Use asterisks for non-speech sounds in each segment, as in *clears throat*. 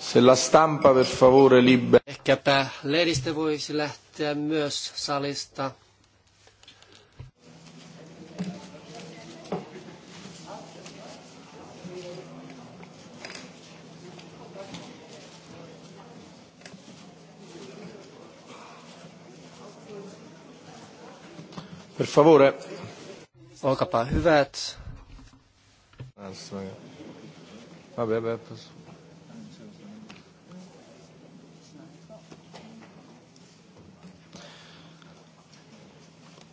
Se la stampa per favore libera. Ehkäpä lehdistö voisi lähteä myös salista. Per favore. Olkapa hyvät. Vabbè, vabbè.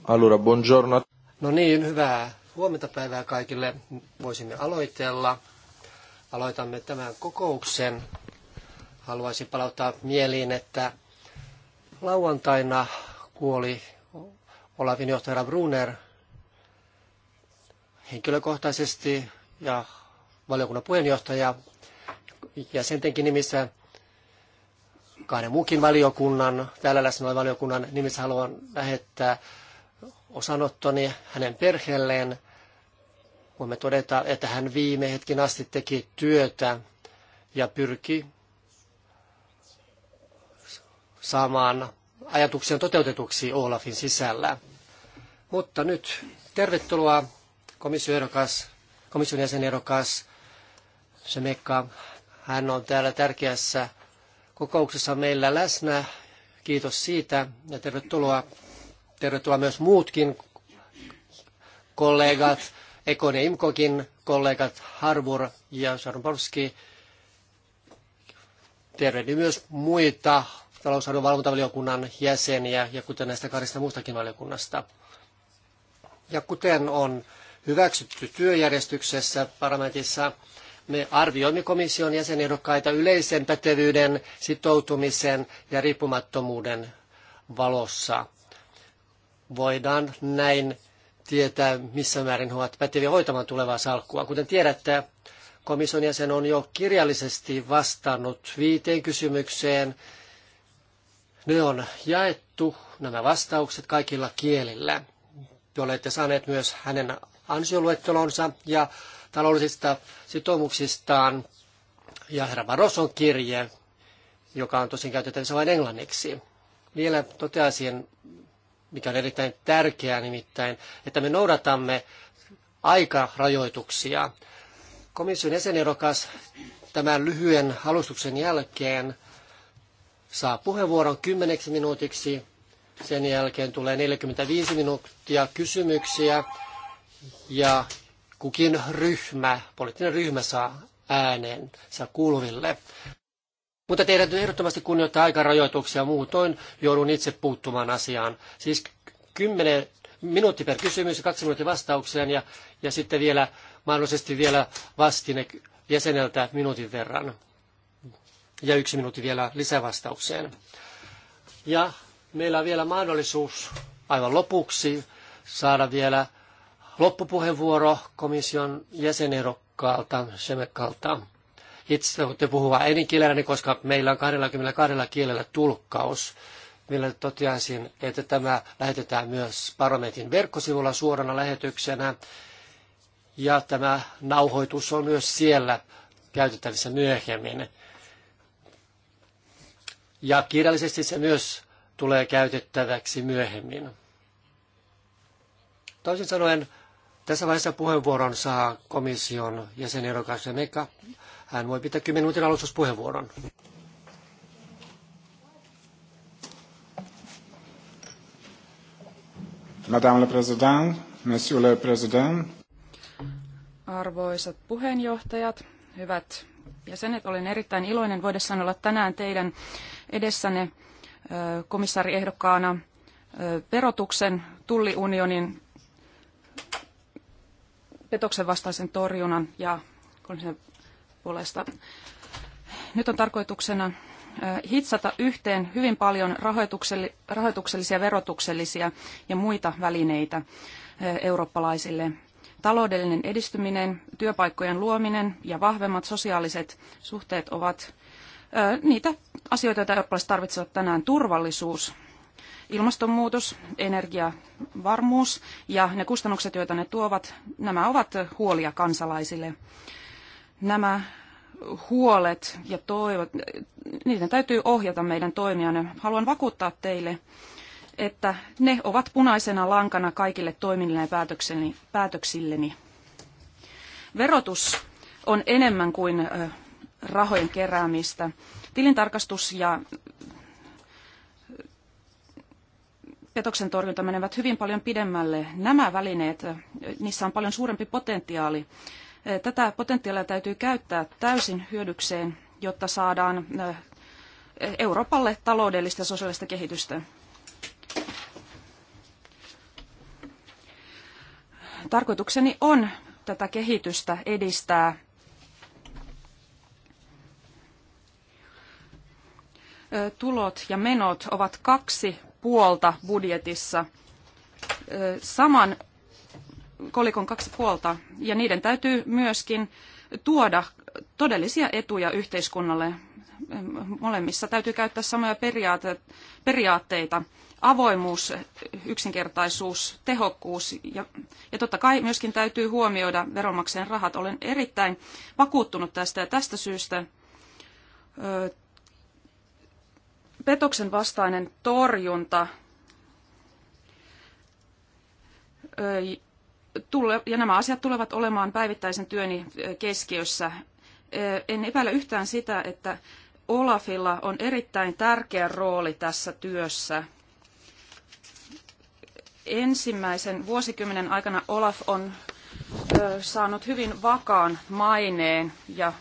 Allora, buongiorno. No niin, hyvää huomenta päivää kaikille. Voisimme aloitella. Aloitamme tämän kokouksen. Haluaisin palauttaa mieliin, että lauantaina kuoli Olavin johtaja Bruner henkilökohtaisesti ja valiokunnan puheenjohtaja jäsentenkin nimissä kahden muukin valiokunnan, täällä läsnä valiokunnan nimissä haluan lähettää osanottoni hänen perheelleen. Voimme todeta, että hän viime hetkin asti teki työtä ja pyrki saamaan ajatuksen toteutetuksi Olafin sisällä. Mutta nyt tervetuloa komission, komission jäsenehdokas Semekka. Hän on täällä tärkeässä kokouksessa meillä läsnä. Kiitos siitä ja tervetuloa, tervetuloa myös muutkin kollegat, Ekon ja Imkokin kollegat Harbour ja Sarnopolski. Tervehdin myös muita talousarvon valvontavaliokunnan jäseniä ja kuten näistä kahdesta muustakin valiokunnasta. Ja kuten on hyväksytty työjärjestyksessä parlamentissa, me arvioimme komission jäsenehdokkaita yleisen pätevyyden, sitoutumisen ja riippumattomuuden valossa. Voidaan näin tietää, missä määrin he ovat päteviä hoitamaan tulevaa salkkua. Kuten tiedätte, komission jäsen on jo kirjallisesti vastannut viiteen kysymykseen. Ne on jaettu, nämä vastaukset, kaikilla kielillä. Te olette saaneet myös hänen ansioluettelonsa ja taloudellisista sitoumuksistaan. Ja herra Barroson kirje, joka on tosin käytettävissä vain englanniksi. Vielä toteaisin, mikä on erittäin tärkeää nimittäin, että me noudatamme aikarajoituksia. Komission jäsenerokas tämän lyhyen alustuksen jälkeen saa puheenvuoron kymmeneksi minuutiksi. Sen jälkeen tulee 45 minuuttia kysymyksiä ja kukin ryhmä, poliittinen ryhmä saa äänen, saa kuuluville. Mutta teidän ehdottomasti kunnioittaa aikarajoituksia, muutoin joudun itse puuttumaan asiaan. Siis 10 minuutti per kysymys ja kaksi minuuttia vastaukseen ja, ja sitten vielä mahdollisesti vielä vastine jäseneltä minuutin verran. Ja yksi minuutti vielä lisävastaukseen. Ja meillä on vielä mahdollisuus aivan lopuksi saada vielä loppupuheenvuoro komission jäsenehdokkaalta Semekalta. Itse voitte puhua äidinkielelläni, koska meillä on 22 kielellä tulkkaus. Millä toteaisin, että tämä lähetetään myös parlamentin verkkosivulla suorana lähetyksenä. Ja tämä nauhoitus on myös siellä käytettävissä myöhemmin. Ja kirjallisesti se myös tulee käytettäväksi myöhemmin. Toisin sanoen tässä vaiheessa puheenvuoron saa komission jäsenehdokas Semeka. Hän voi pitää 10 minuutin alustuspuheenvuoron. Madame le Président, Monsieur le Président. Arvoisat puheenjohtajat, hyvät jäsenet, olen erittäin iloinen voidessani olla tänään teidän edessänne komissaariehdokkaana verotuksen, tulliunionin petoksen vastaisen torjunnan ja sen puolesta. Nyt on tarkoituksena hitsata yhteen hyvin paljon rahoituksellisia, verotuksellisia ja muita välineitä eurooppalaisille. Taloudellinen edistyminen, työpaikkojen luominen ja vahvemmat sosiaaliset suhteet ovat niitä asioita, joita eurooppalaiset tarvitsevat tänään. Turvallisuus Ilmastonmuutos, energiavarmuus ja ne kustannukset, joita ne tuovat, nämä ovat huolia kansalaisille. Nämä huolet ja toivot, niiden täytyy ohjata meidän toimia. Haluan vakuuttaa teille, että ne ovat punaisena lankana kaikille toimille ja päätöksilleni. Verotus on enemmän kuin rahojen keräämistä. Tilintarkastus ja petoksen torjunta menevät hyvin paljon pidemmälle. Nämä välineet, niissä on paljon suurempi potentiaali. Eh, tätä potentiaalia täytyy käyttää täysin hyödykseen, jotta saadaan eh, Euroopalle taloudellista ja sosiaalista kehitystä. Tarkoitukseni on tätä kehitystä edistää eh, tulot ja menot ovat kaksi puolta budjetissa, saman kolikon kaksi puolta, ja niiden täytyy myöskin tuoda todellisia etuja yhteiskunnalle. Molemmissa täytyy käyttää samoja periaatteita. Avoimuus, yksinkertaisuus, tehokkuus ja, ja totta kai myöskin täytyy huomioida veronmaksajien rahat. Olen erittäin vakuuttunut tästä ja tästä syystä petoksen vastainen torjunta ja nämä asiat tulevat olemaan päivittäisen työni keskiössä. En epäile yhtään sitä, että Olafilla on erittäin tärkeä rooli tässä työssä. Ensimmäisen vuosikymmenen aikana Olaf on saanut hyvin vakaan maineen ja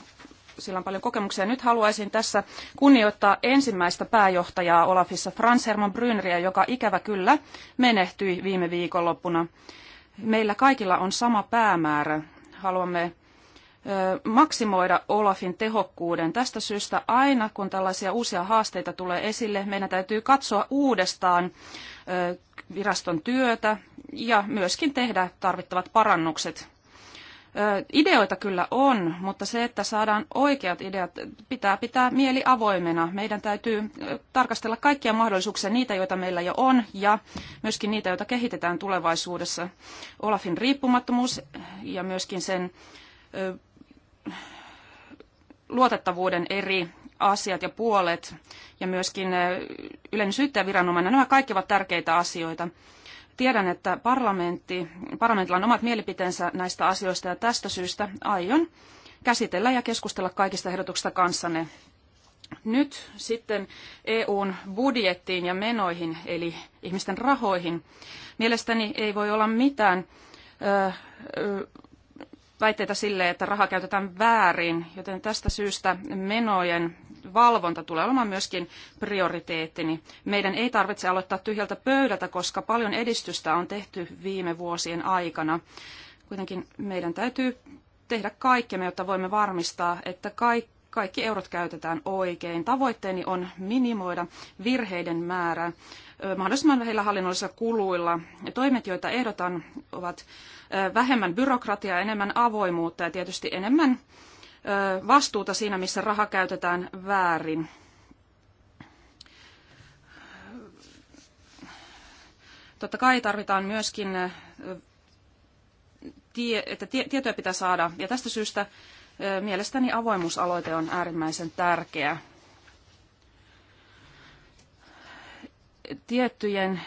sillä on paljon kokemuksia. Nyt haluaisin tässä kunnioittaa ensimmäistä pääjohtajaa Olafissa, Frans Hermann Bryneriä, joka ikävä kyllä menehtyi viime viikonloppuna. Meillä kaikilla on sama päämäärä. Haluamme maksimoida Olafin tehokkuuden. Tästä syystä aina, kun tällaisia uusia haasteita tulee esille, meidän täytyy katsoa uudestaan viraston työtä ja myöskin tehdä tarvittavat parannukset ideoita kyllä on, mutta se, että saadaan oikeat ideat, pitää pitää mieli avoimena. Meidän täytyy tarkastella kaikkia mahdollisuuksia, niitä joita meillä jo on ja myöskin niitä, joita kehitetään tulevaisuudessa. Olafin riippumattomuus ja myöskin sen luotettavuuden eri asiat ja puolet ja myöskin yleinen syyttäjäviranomainen, nämä kaikki ovat tärkeitä asioita. Tiedän, että parlamentti, parlamentilla on omat mielipiteensä näistä asioista ja tästä syystä aion käsitellä ja keskustella kaikista ehdotuksista kanssanne. Nyt sitten EUn budjettiin ja menoihin, eli ihmisten rahoihin. Mielestäni ei voi olla mitään ö, ö, väitteitä sille, että raha käytetään väärin, joten tästä syystä menojen valvonta tulee olemaan myöskin prioriteettini. Meidän ei tarvitse aloittaa tyhjältä pöydältä, koska paljon edistystä on tehty viime vuosien aikana. Kuitenkin meidän täytyy tehdä kaikkemme, jotta voimme varmistaa, että kaikki kaikki eurot käytetään oikein. Tavoitteeni on minimoida virheiden määrä mahdollisimman vähillä hallinnollisilla kuluilla. Ja toimet, joita ehdotan, ovat vähemmän byrokratiaa, enemmän avoimuutta ja tietysti enemmän vastuuta siinä, missä raha käytetään väärin. Totta kai tarvitaan myöskin, että tietoja pitää saada, ja tästä syystä mielestäni avoimuusaloite on äärimmäisen tärkeä. Tiettyjen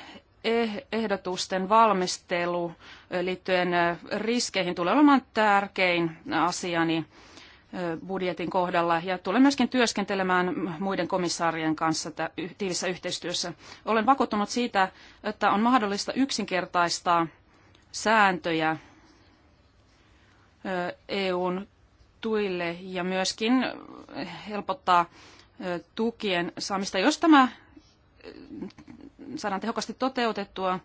e, ehdotusten valmistelu liittyen riskeihin tulee olemaan tärkein asiani. Niin budjetin kohdalla ja tulen myöskin työskentelemään muiden komissaarien kanssa tiivissä yhteistyössä. Olen vakuuttunut siitä, että on mahdollista yksinkertaistaa sääntöjä EUn tuille ja myöskin helpottaa tukien saamista. Jos tämä saadaan tehokkaasti toteutettua,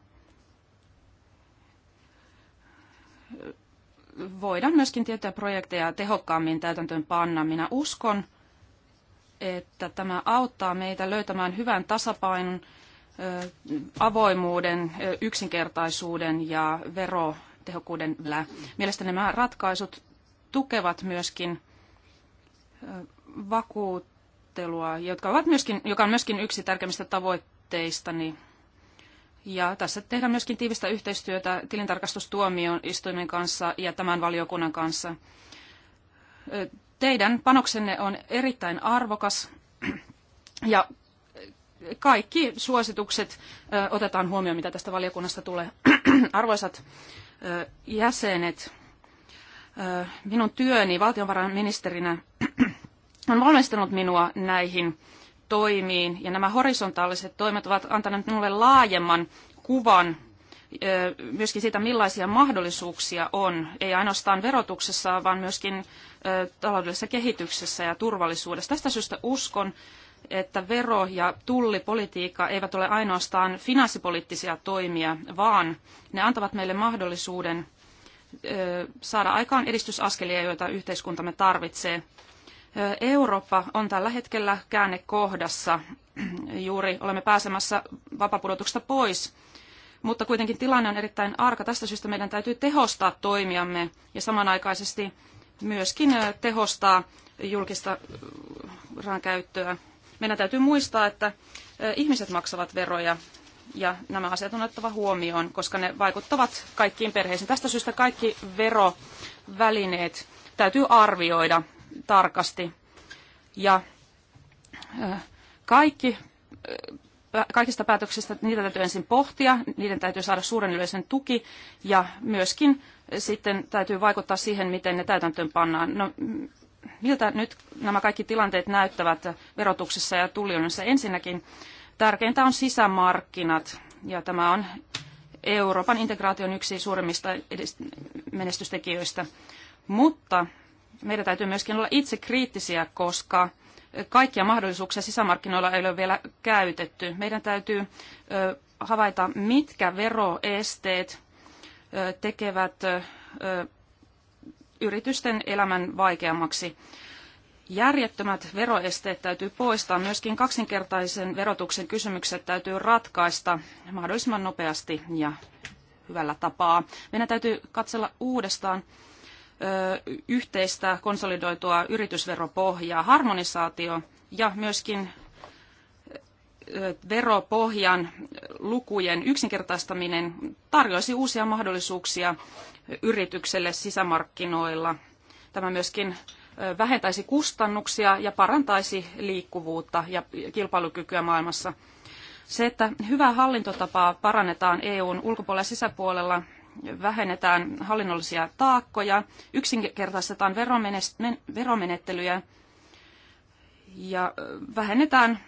voidaan myöskin tiettyjä projekteja tehokkaammin täytäntöön panna. Minä uskon, että tämä auttaa meitä löytämään hyvän tasapainon avoimuuden, yksinkertaisuuden ja verotehokkuuden välillä. Mielestäni nämä ratkaisut tukevat myöskin vakuuttelua, jotka ovat myöskin, joka on myöskin yksi tärkeimmistä tavoitteistani. Niin ja tässä tehdään myöskin tiivistä yhteistyötä tilintarkastustuomioistuimen kanssa ja tämän valiokunnan kanssa. Teidän panoksenne on erittäin arvokas *clears throat* ja kaikki suositukset otetaan huomioon, mitä tästä valiokunnasta tulee. *clears throat* Arvoisat jäsenet, minun työni valtionvarainministerinä *clears throat* on valmistanut minua näihin toimiin. Ja nämä horisontaaliset toimet ovat antaneet minulle laajemman kuvan myöskin siitä, millaisia mahdollisuuksia on, ei ainoastaan verotuksessa, vaan myöskin taloudellisessa kehityksessä ja turvallisuudessa. Tästä syystä uskon, että vero- ja tullipolitiikka eivät ole ainoastaan finanssipoliittisia toimia, vaan ne antavat meille mahdollisuuden saada aikaan edistysaskelia, joita yhteiskuntamme tarvitsee. Eurooppa on tällä hetkellä käännekohdassa. Juuri olemme pääsemässä vapapudotuksesta pois mutta kuitenkin tilanne on erittäin arka. Tästä syystä meidän täytyy tehostaa toimiamme ja samanaikaisesti myöskin tehostaa julkista rahankäyttöä. Meidän täytyy muistaa, että ihmiset maksavat veroja ja nämä asiat on otettava huomioon, koska ne vaikuttavat kaikkiin perheisiin. Tästä syystä kaikki verovälineet täytyy arvioida tarkasti. Ja kaikki, kaikista päätöksistä niitä täytyy ensin pohtia, niiden täytyy saada suuren yleisen tuki ja myöskin sitten täytyy vaikuttaa siihen, miten ne täytäntöön pannaan. No, miltä nyt nämä kaikki tilanteet näyttävät verotuksessa ja tullionissa? Ensinnäkin tärkeintä on sisämarkkinat ja tämä on Euroopan integraation yksi suurimmista menestystekijöistä. Mutta meidän täytyy myöskin olla itse kriittisiä, koska kaikkia mahdollisuuksia sisämarkkinoilla ei ole vielä käytetty. Meidän täytyy havaita, mitkä veroesteet tekevät yritysten elämän vaikeammaksi. Järjettömät veroesteet täytyy poistaa. Myöskin kaksinkertaisen verotuksen kysymykset täytyy ratkaista mahdollisimman nopeasti ja hyvällä tapaa. Meidän täytyy katsella uudestaan yhteistä konsolidoitua yritysveropohjaa, harmonisaatio ja myöskin veropohjan lukujen yksinkertaistaminen tarjoaisi uusia mahdollisuuksia yritykselle sisämarkkinoilla. Tämä myöskin vähentäisi kustannuksia ja parantaisi liikkuvuutta ja kilpailukykyä maailmassa. Se, että hyvää hallintotapaa parannetaan EUn ulkopuolella ja sisäpuolella, vähennetään hallinnollisia taakkoja, yksinkertaistetaan veromenettelyjä ja vähennetään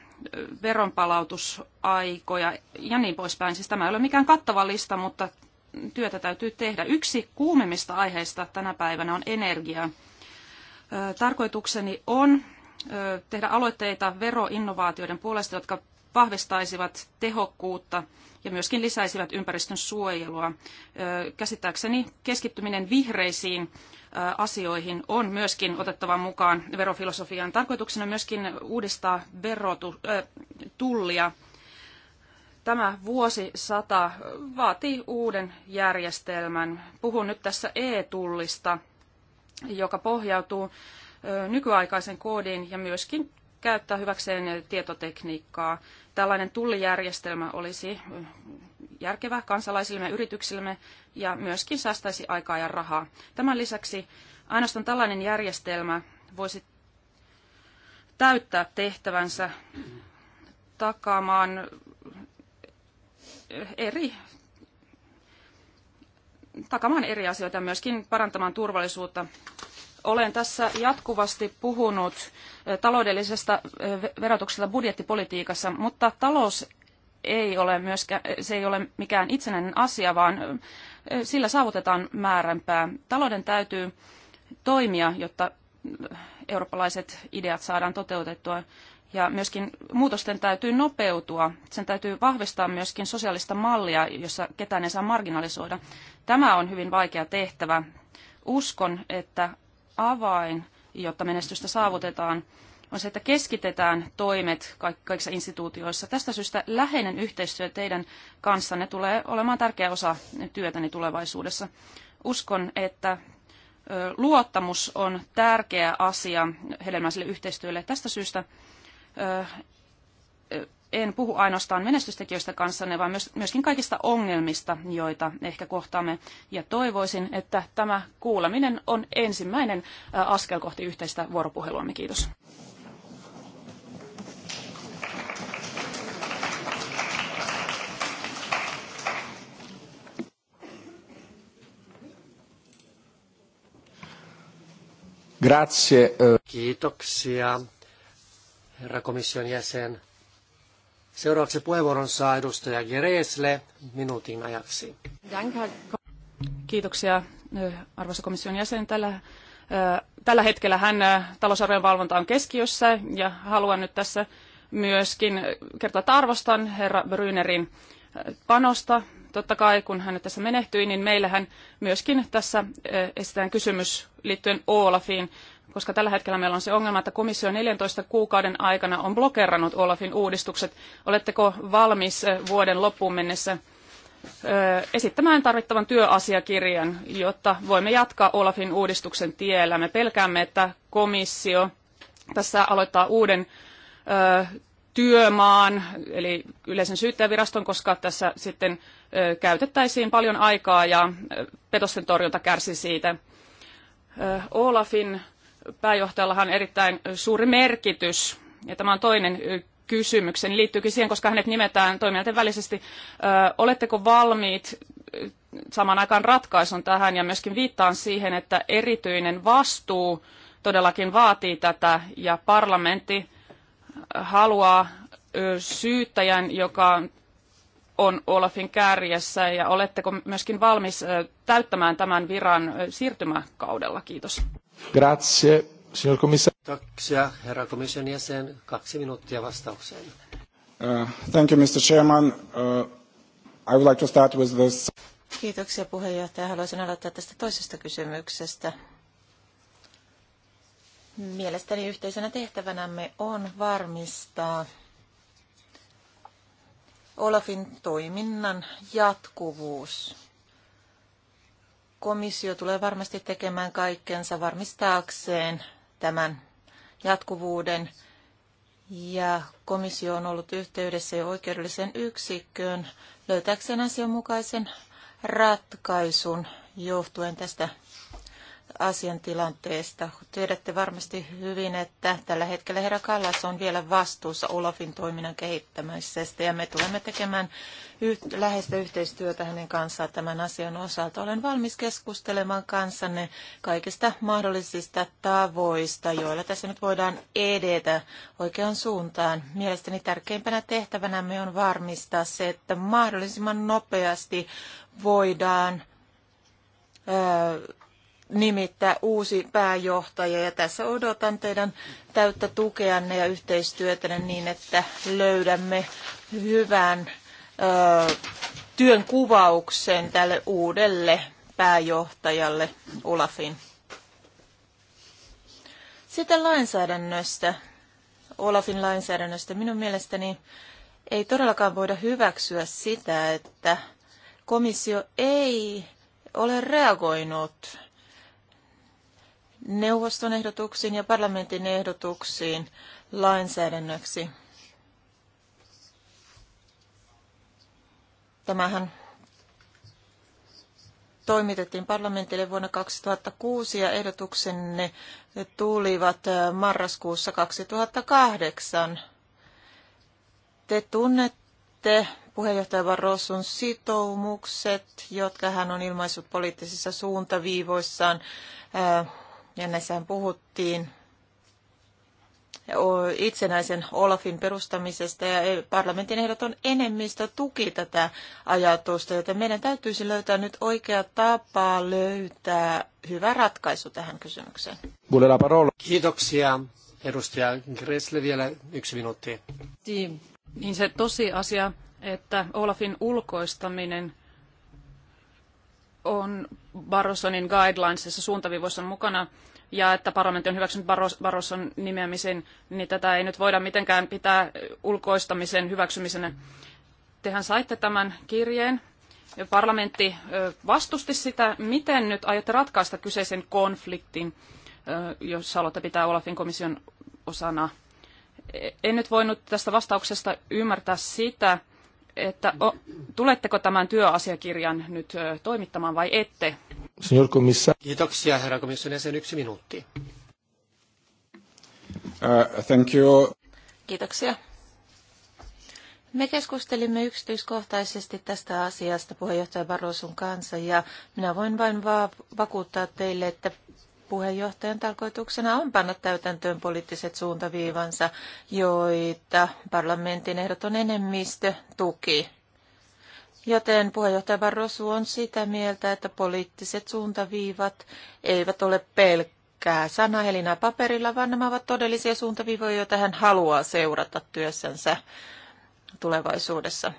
veronpalautusaikoja ja niin poispäin. Siis tämä ei ole mikään kattava lista, mutta työtä täytyy tehdä. Yksi kuumimmista aiheista tänä päivänä on energia. Tarkoitukseni on tehdä aloitteita veroinnovaatioiden puolesta, jotka vahvistaisivat tehokkuutta ja myöskin lisäisivät ympäristön suojelua. Käsittääkseni keskittyminen vihreisiin asioihin on myöskin otettava mukaan verofilosofian. Tarkoituksena myöskin uudistaa verotu, tullia. Tämä vuosisata vaatii uuden järjestelmän. Puhun nyt tässä e-tullista, joka pohjautuu nykyaikaisen koodin ja myöskin käyttää hyväkseen tietotekniikkaa. Tällainen tullijärjestelmä olisi järkevä kansalaisillemme, yrityksillemme ja myöskin säästäisi aikaa ja rahaa. Tämän lisäksi ainoastaan tällainen järjestelmä voisi täyttää tehtävänsä takaamaan eri takamaan eri asioita ja myöskin parantamaan turvallisuutta olen tässä jatkuvasti puhunut taloudellisesta verotuksesta budjettipolitiikassa, mutta talous ei ole myöskään, se ei ole mikään itsenäinen asia, vaan sillä saavutetaan määränpää. Talouden täytyy toimia, jotta eurooppalaiset ideat saadaan toteutettua. Ja myöskin muutosten täytyy nopeutua. Sen täytyy vahvistaa myöskin sosiaalista mallia, jossa ketään ei saa marginalisoida. Tämä on hyvin vaikea tehtävä. Uskon, että avain, jotta menestystä saavutetaan, on se, että keskitetään toimet kaikissa instituutioissa. Tästä syystä läheinen yhteistyö teidän kanssanne tulee olemaan tärkeä osa työtäni tulevaisuudessa. Uskon, että luottamus on tärkeä asia hedelmäiselle yhteistyölle. Tästä syystä en puhu ainoastaan menestystekijöistä kanssanne, vaan myöskin kaikista ongelmista, joita ehkä kohtaamme. Ja toivoisin, että tämä kuuleminen on ensimmäinen askel kohti yhteistä vuoropuheluamme. Kiitos. Grazie. Kiitoksia, herra komission jäsen. Seuraavaksi puheenvuoron saa edustaja Geresle minuutin ajaksi. Kiitoksia eh, arvoisa komission jäsen. Tällä, eh, tällä hetkellä hän eh, talousarvion valvonta on keskiössä ja haluan nyt tässä myöskin kertoa, että arvostan herra Brynerin panosta. Totta kai, kun hän tässä menehtyi, niin meillähän myöskin tässä esitetään kysymys liittyen Olafiin koska tällä hetkellä meillä on se ongelma, että komissio 14 kuukauden aikana on blokerannut Olafin uudistukset. Oletteko valmis eh, vuoden loppuun mennessä eh, esittämään tarvittavan työasiakirjan, jotta voimme jatkaa Olafin uudistuksen tiellä. Me pelkäämme, että komissio tässä aloittaa uuden eh, työmaan, eli yleisen syyttäjäviraston, koska tässä sitten käytettäisiin paljon aikaa ja petosten torjunta kärsi siitä. Olafin pääjohtajallahan erittäin suuri merkitys, ja tämä on toinen kysymyksen liittyykin siihen, koska hänet nimetään toimijoiden välisesti. Ö, oletteko valmiit saman aikaan ratkaisun tähän ja myöskin viittaan siihen, että erityinen vastuu todellakin vaatii tätä ja parlamentti haluaa ö, syyttäjän, joka on Olafin kärjessä ja oletteko myöskin valmis täyttämään tämän viran siirtymäkaudella? Kiitos. Grazie, signor commissario. Kiitoksia, herra komission jäsen. Kaksi minuuttia vastaukseen. Uh, thank you, Mr. Chairman. Uh, I would like to start with this. Kiitoksia puheenjohtaja. Haluaisin aloittaa tästä toisesta kysymyksestä. Mielestäni yhteisenä tehtävänämme on varmistaa Olafin toiminnan jatkuvuus komissio tulee varmasti tekemään kaikkensa varmistaakseen tämän jatkuvuuden. Ja komissio on ollut yhteydessä jo oikeudelliseen yksikköön löytääkseen asianmukaisen ratkaisun johtuen tästä asian tilanteesta. Tiedätte varmasti hyvin, että tällä hetkellä herra Kallas on vielä vastuussa Olafin toiminnan kehittämisestä ja me tulemme tekemään yht- läheistä yhteistyötä hänen kanssaan tämän asian osalta. Olen valmis keskustelemaan kanssanne kaikista mahdollisista tavoista, joilla tässä nyt voidaan edetä oikeaan suuntaan. Mielestäni tärkeimpänä tehtävänämme on varmistaa se, että mahdollisimman nopeasti voidaan nimittää uusi pääjohtaja ja tässä odotan teidän täyttä tukeanne ja yhteistyötänne niin, että löydämme hyvän ö, työn kuvauksen tälle uudelle pääjohtajalle Olafin. Sitten lainsäädännöstä, Olafin lainsäädännöstä. Minun mielestäni ei todellakaan voida hyväksyä sitä, että komissio ei ole reagoinut neuvoston ehdotuksiin ja parlamentin ehdotuksiin lainsäädännöksi. Tämähän toimitettiin parlamentille vuonna 2006 ja ehdotuksenne tulivat äh, marraskuussa 2008. Te tunnette puheenjohtaja Barroson sitoumukset, jotka hän on ilmaissut poliittisissa suuntaviivoissaan äh, ja näissähän puhuttiin itsenäisen Olafin perustamisesta ja parlamentin ehdoton enemmistö tuki tätä ajatusta, joten meidän täytyisi löytää nyt oikea tapa löytää hyvä ratkaisu tähän kysymykseen. Kiitoksia. Edustaja Gressle vielä yksi minuutti. Niin se tosiasia, että Olafin ulkoistaminen on Barrosonin guidelinesissa on mukana ja että parlamentti on hyväksynyt Barroson nimeämisen, niin tätä ei nyt voida mitenkään pitää ulkoistamisen hyväksymisenä. Tehän saitte tämän kirjeen. Parlamentti vastusti sitä. Miten nyt aiotte ratkaista kyseisen konfliktin, jos haluatte pitää Olafin komission osana? E, en nyt voinut tästä vastauksesta ymmärtää sitä, että o, tuletteko tämän työasiakirjan nyt toimittamaan vai ette? Signor Kiitoksia, herra komission jäsen. Yksi minuutti. Uh, thank you. Kiitoksia. Me keskustelimme yksityiskohtaisesti tästä asiasta puheenjohtaja Barroson kanssa ja minä voin vain va- vakuuttaa teille, että Puheenjohtajan tarkoituksena on panna täytäntöön poliittiset suuntaviivansa, joita parlamentin ehdoton enemmistö tuki. Joten puheenjohtaja Barroso on sitä mieltä, että poliittiset suuntaviivat eivät ole pelkkää sanahelinää paperilla, vaan nämä ovat todellisia suuntaviivoja, joita hän haluaa seurata työssänsä tulevaisuudessa.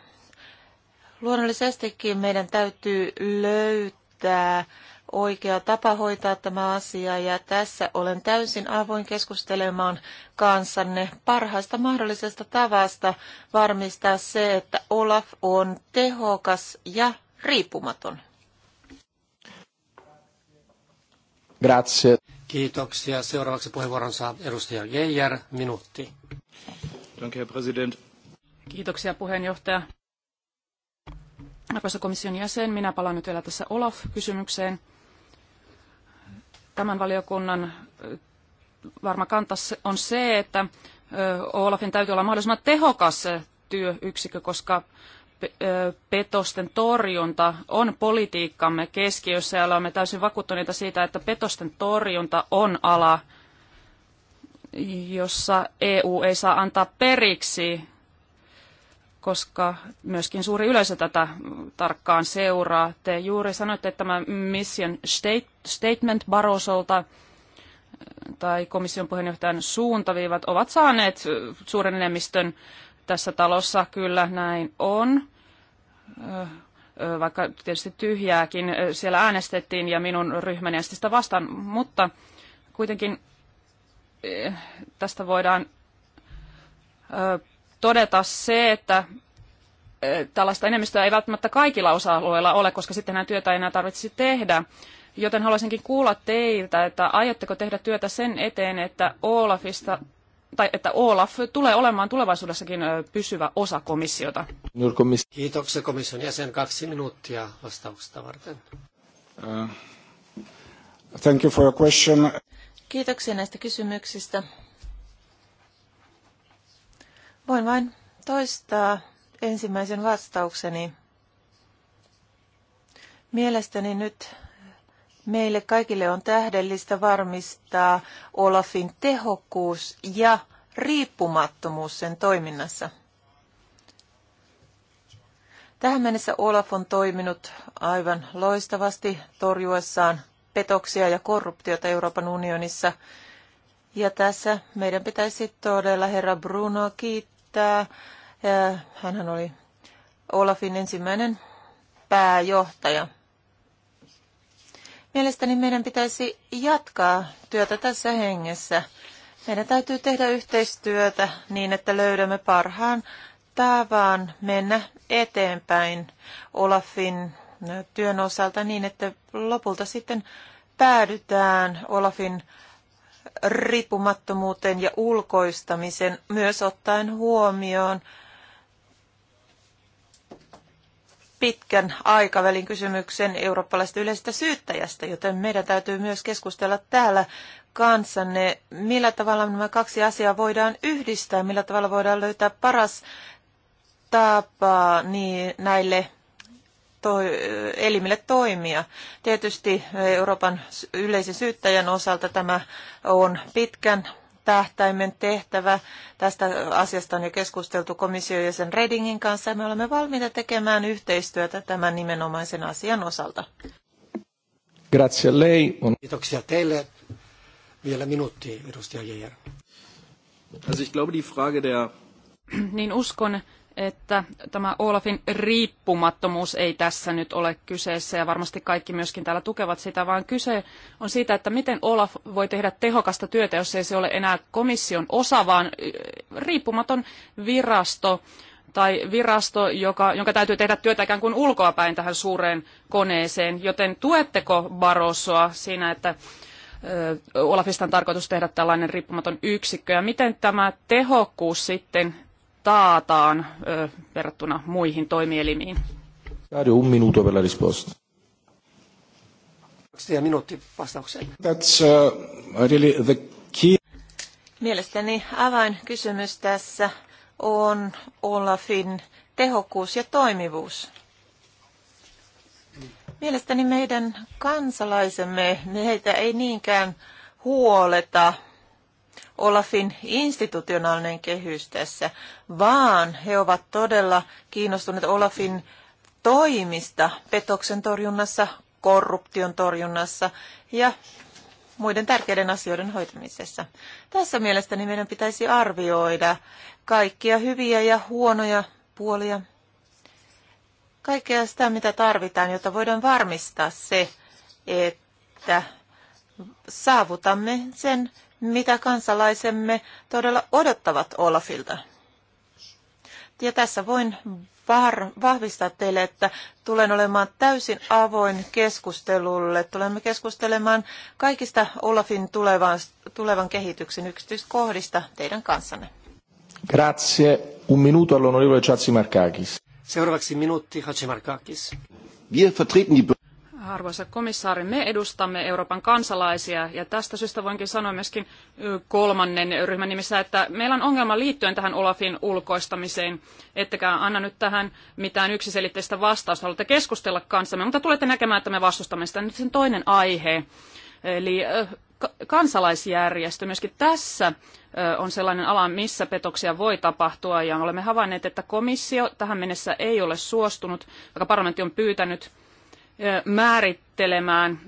Luonnollisestikin meidän täytyy löytää oikea tapa hoitaa tämä asia ja tässä olen täysin avoin keskustelemaan kanssanne parhaasta mahdollisesta tavasta varmistaa se, että Olaf on tehokas ja riippumaton. Grazie. Kiitoksia. Seuraavaksi puheenvuoron saa edustaja Geijer, minuutti. Danke, Herr President. Kiitoksia puheenjohtaja. Arvoisa komission jäsen, minä palaan nyt vielä tässä Olaf-kysymykseen tämän valiokunnan varma kanta on se, että Olafin täytyy olla mahdollisimman tehokas työyksikkö, koska petosten torjunta on politiikkamme keskiössä ja olemme täysin vakuuttuneita siitä, että petosten torjunta on ala, jossa EU ei saa antaa periksi, koska myöskin suuri yleisö tätä tarkkaan seuraa. Te juuri sanoitte, että tämä mission state statement Barosolta äh, tai komission puheenjohtajan suuntaviivat ovat saaneet äh, suuren enemmistön tässä talossa. Kyllä näin on. Äh, vaikka tietysti tyhjääkin siellä äänestettiin ja minun ryhmäni äänesti sitä vastaan, mutta kuitenkin tästä voidaan todeta se, että tällaista enemmistöä ei välttämättä kaikilla osa-alueilla ole, koska sittenhän työtä ei enää tarvitsisi tehdä. Joten haluaisinkin kuulla teiltä, että aiotteko tehdä työtä sen eteen, että Olafista tai että Olaf tulee olemaan tulevaisuudessakin pysyvä osa komissiota. Kiitoksia komission jäsen. Kaksi minuuttia vastauksesta varten. Uh, thank you for your question. Kiitoksia näistä kysymyksistä. Voin vain toistaa ensimmäisen vastaukseni. Mielestäni nyt Meille kaikille on tähdellistä varmistaa Olafin tehokkuus ja riippumattomuus sen toiminnassa. Tähän mennessä Olaf on toiminut aivan loistavasti torjuessaan petoksia ja korruptiota Euroopan unionissa. Ja tässä meidän pitäisi todella herra Bruno kiittää. Hänhän oli Olafin ensimmäinen pääjohtaja. Mielestäni meidän pitäisi jatkaa työtä tässä hengessä. Meidän täytyy tehdä yhteistyötä niin, että löydämme parhaan tavan mennä eteenpäin Olafin työn osalta niin, että lopulta sitten päädytään Olafin riippumattomuuteen ja ulkoistamisen myös ottaen huomioon pitkän aikavälin kysymyksen eurooppalaisesta yleisestä syyttäjästä, joten meidän täytyy myös keskustella täällä kanssanne, millä tavalla nämä kaksi asiaa voidaan yhdistää, millä tavalla voidaan löytää paras tapa niin näille elimille toimia. Tietysti Euroopan yleisen syyttäjän osalta tämä on pitkän tähtäimen tehtävä. Tästä asiasta on jo keskusteltu komission ja sen Redingin kanssa ja me olemme valmiita tekemään yhteistyötä tämän nimenomaisen asian osalta. Grazie lei. Kiitoksia teille. Vielä minuutti, edustaja Jäger. Also ich glaube, die Frage der... niin uskon, että tämä Olafin riippumattomuus ei tässä nyt ole kyseessä ja varmasti kaikki myöskin täällä tukevat sitä, vaan kyse on siitä, että miten Olaf voi tehdä tehokasta työtä, jos ei se ole enää komission osa, vaan riippumaton virasto tai virasto, joka, jonka täytyy tehdä työtä ikään kuin ulkoapäin tähän suureen koneeseen. Joten tuetteko Barrosoa siinä, että Olafista on tarkoitus tehdä tällainen riippumaton yksikkö ja miten tämä tehokkuus sitten taataan verrattuna muihin toimielimiin? Saari, un minuto per la risposta. minuutti vastaukseen. That's uh, really the key. Mielestäni avainkysymys tässä on Olafin tehokkuus ja toimivuus. Mielestäni meidän kansalaisemme, meitä ei niinkään huoleta Olafin institutionaalinen kehys tässä, vaan he ovat todella kiinnostuneet Olafin toimista petoksen torjunnassa, korruption torjunnassa ja muiden tärkeiden asioiden hoitamisessa. Tässä mielestäni meidän pitäisi arvioida kaikkia hyviä ja huonoja puolia, kaikkea sitä, mitä tarvitaan, jotta voidaan varmistaa se, että saavutamme sen mitä kansalaisemme todella odottavat Olafilta. Ja tässä voin vahvistaa teille, että tulen olemaan täysin avoin keskustelulle. Tulemme keskustelemaan kaikista Olafin tulevan, tulevan kehityksen yksityiskohdista teidän kanssanne. Grazie. Un minuto all'onorevole Chatsimarkakis. Seuraavaksi minuutti Chatsimarkakis. Arvoisa komissaari, me edustamme Euroopan kansalaisia ja tästä syystä voinkin sanoa myöskin kolmannen ryhmän nimissä, että meillä on ongelma liittyen tähän Olafin ulkoistamiseen. Ettekä anna nyt tähän mitään yksiselitteistä vastausta, haluatte keskustella kanssamme, mutta tulette näkemään, että me vastustamme sitä. Nyt sen toinen aihe, eli kansalaisjärjestö myöskin tässä on sellainen ala, missä petoksia voi tapahtua ja olemme havainneet, että komissio tähän mennessä ei ole suostunut, vaikka parlamentti on pyytänyt määrittelemään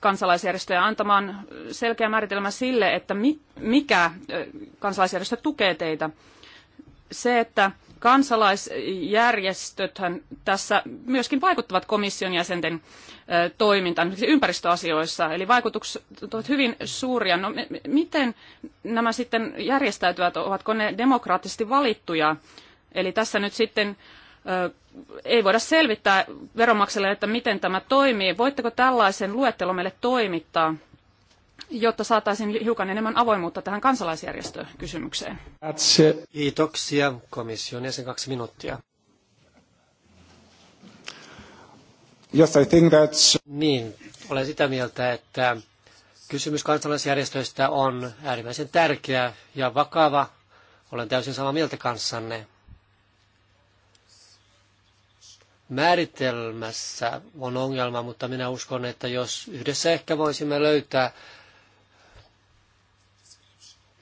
kansalaisjärjestöjä, antamaan selkeä määritelmä sille, että mikä kansalaisjärjestö tukee teitä. Se, että kansalaisjärjestöthän tässä myöskin vaikuttavat komission jäsenten toimintaan, esimerkiksi ympäristöasioissa, eli vaikutukset ovat hyvin suuria. No, miten nämä sitten järjestäytyvät, ovatko ne demokraattisesti valittuja? Eli tässä nyt sitten ei voida selvittää veronmaksajalle, että miten tämä toimii. Voitteko tällaisen luettelon meille toimittaa, jotta saataisiin hiukan enemmän avoimuutta tähän kansalaisjärjestökysymykseen? Kiitoksia komission jäsen kaksi minuuttia. Yes, I think that's... Niin, olen sitä mieltä, että kysymys kansalaisjärjestöistä on äärimmäisen tärkeä ja vakava. Olen täysin samaa mieltä kanssanne. määritelmässä on ongelma, mutta minä uskon, että jos yhdessä ehkä voisimme löytää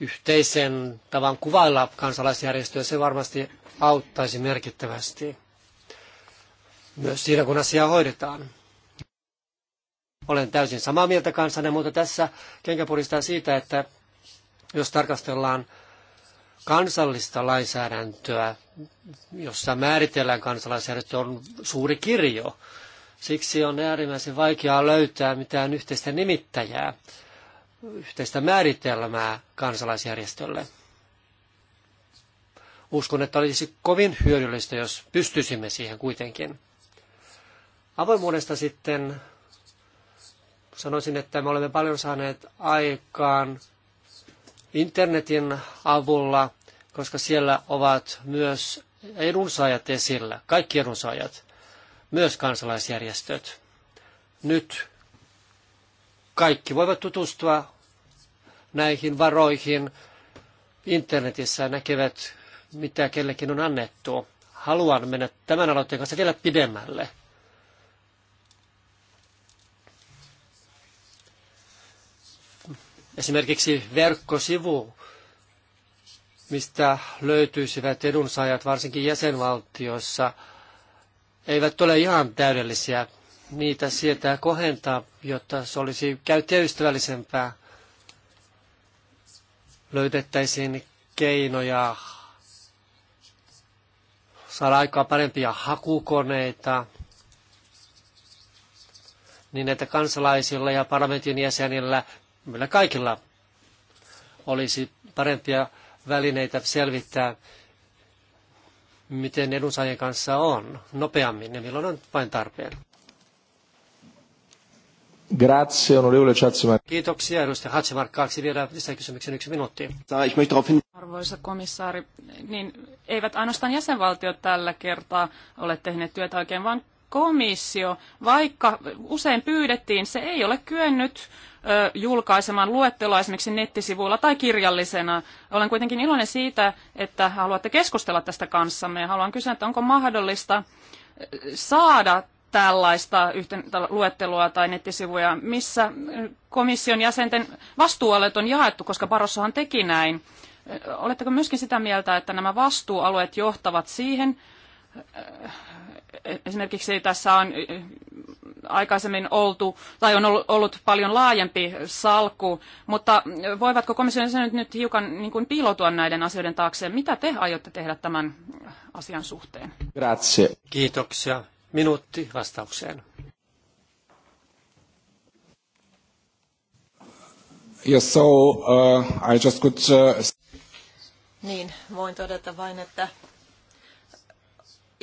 yhteisen tavan kuvailla kansalaisjärjestöä, se varmasti auttaisi merkittävästi myös siinä, kun asiaa hoidetaan. Olen täysin samaa mieltä kanssanne, mutta tässä kenkä puristaa siitä, että jos tarkastellaan kansallista lainsäädäntöä, jossa määritellään kansalaisjärjestö, on suuri kirjo. Siksi on äärimmäisen vaikeaa löytää mitään yhteistä nimittäjää, yhteistä määritelmää kansalaisjärjestölle. Uskon, että olisi kovin hyödyllistä, jos pystyisimme siihen kuitenkin. Avoimuudesta sitten sanoisin, että me olemme paljon saaneet aikaan internetin avulla, koska siellä ovat myös edunsaajat esillä, kaikki edunsaajat, myös kansalaisjärjestöt. Nyt kaikki voivat tutustua näihin varoihin internetissä ja näkevät, mitä kellekin on annettu. Haluan mennä tämän aloitteen kanssa vielä pidemmälle. Esimerkiksi verkkosivu, mistä löytyisivät edunsaajat varsinkin jäsenvaltioissa, eivät ole ihan täydellisiä. Niitä sietää kohentaa, jotta se olisi käyttäjäystävällisempää. Löydettäisiin keinoja saada aikaa parempia hakukoneita, niin että kansalaisilla ja parlamentin jäsenillä meillä kaikilla olisi parempia välineitä selvittää, miten edunsaajien kanssa on nopeammin ja milloin on vain tarpeen. Grazie, onorevole Chatsimark. Kiitoksia, edustaja Hatsimark. Kaksi vielä lisäkysymyksen yksi minuutti. Arvoisa komissaari, niin eivät ainoastaan jäsenvaltiot tällä kertaa ole tehneet työtä oikein, vaan komissio, vaikka usein pyydettiin, se ei ole kyennyt julkaisemaan luetteloa esimerkiksi nettisivuilla tai kirjallisena. Olen kuitenkin iloinen siitä, että haluatte keskustella tästä kanssamme ja haluan kysyä, että onko mahdollista saada tällaista yhten, luettelua tai nettisivuja, missä komission jäsenten vastuualueet on jaettu, koska Barossohan teki näin. Oletteko myöskin sitä mieltä, että nämä vastuualueet johtavat siihen, esimerkiksi tässä on aikaisemmin oltu, tai on ollut paljon laajempi salkku, mutta voivatko komission jäsenet nyt hiukan niin kuin piilotua näiden asioiden taakse? Mitä te aiotte tehdä tämän asian suhteen? Grazie. Kiitoksia. Minuutti vastaukseen. Yes, so, uh, I just could, uh... Niin, voin todeta vain, että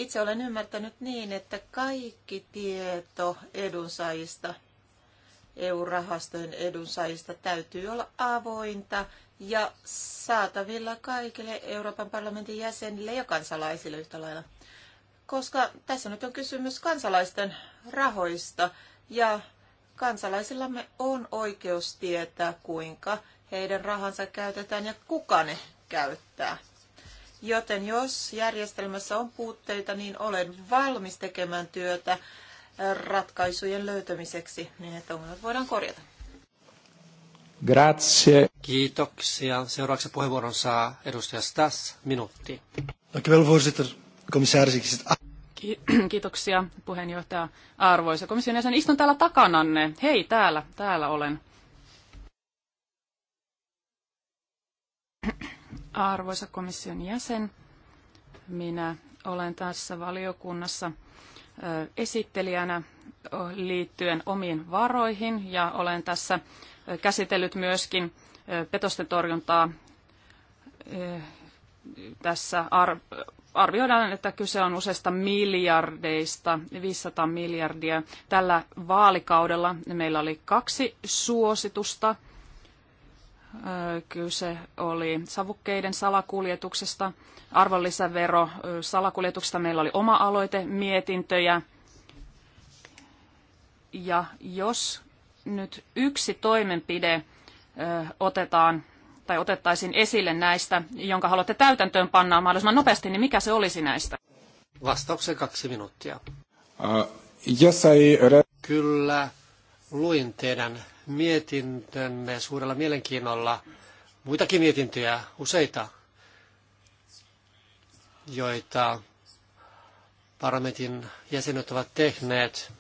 itse olen ymmärtänyt niin, että kaikki tieto edunsaajista, EU-rahastojen edunsaajista täytyy olla avointa ja saatavilla kaikille Euroopan parlamentin jäsenille ja kansalaisille yhtä lailla. Koska tässä nyt on kysymys kansalaisten rahoista ja kansalaisillamme on oikeus tietää, kuinka heidän rahansa käytetään ja kuka ne käyttää. Joten jos järjestelmässä on puutteita, niin olen valmis tekemään työtä äh, ratkaisujen löytämiseksi, niin että ongelmat voidaan korjata. Grazie. Kiitoksia. Seuraavaksi puheenvuoron saa edustaja Stas, minuutti. *clears throat* Kiitoksia puheenjohtaja Arvoisa komission jäsen. Istun täällä takananne. Hei, täällä, täällä olen. Arvoisa komission jäsen, minä olen tässä valiokunnassa esittelijänä liittyen omiin varoihin ja olen tässä käsitellyt myöskin petosten torjuntaa. Tässä arvioidaan, että kyse on useista miljardeista, 500 miljardia. Tällä vaalikaudella meillä oli kaksi suositusta – kyse oli savukkeiden salakuljetuksesta, arvonlisävero salakuljetuksesta. Meillä oli oma aloite, mietintöjä. Ja jos nyt yksi toimenpide otetaan tai otettaisiin esille näistä, jonka haluatte täytäntöön panna mahdollisimman nopeasti, niin mikä se olisi näistä? Vastauksen kaksi minuuttia. Uh, yes, I... Kyllä, luin teidän mietintömme suurella mielenkiinnolla. Muitakin mietintöjä, useita, joita parlamentin jäsenet ovat tehneet.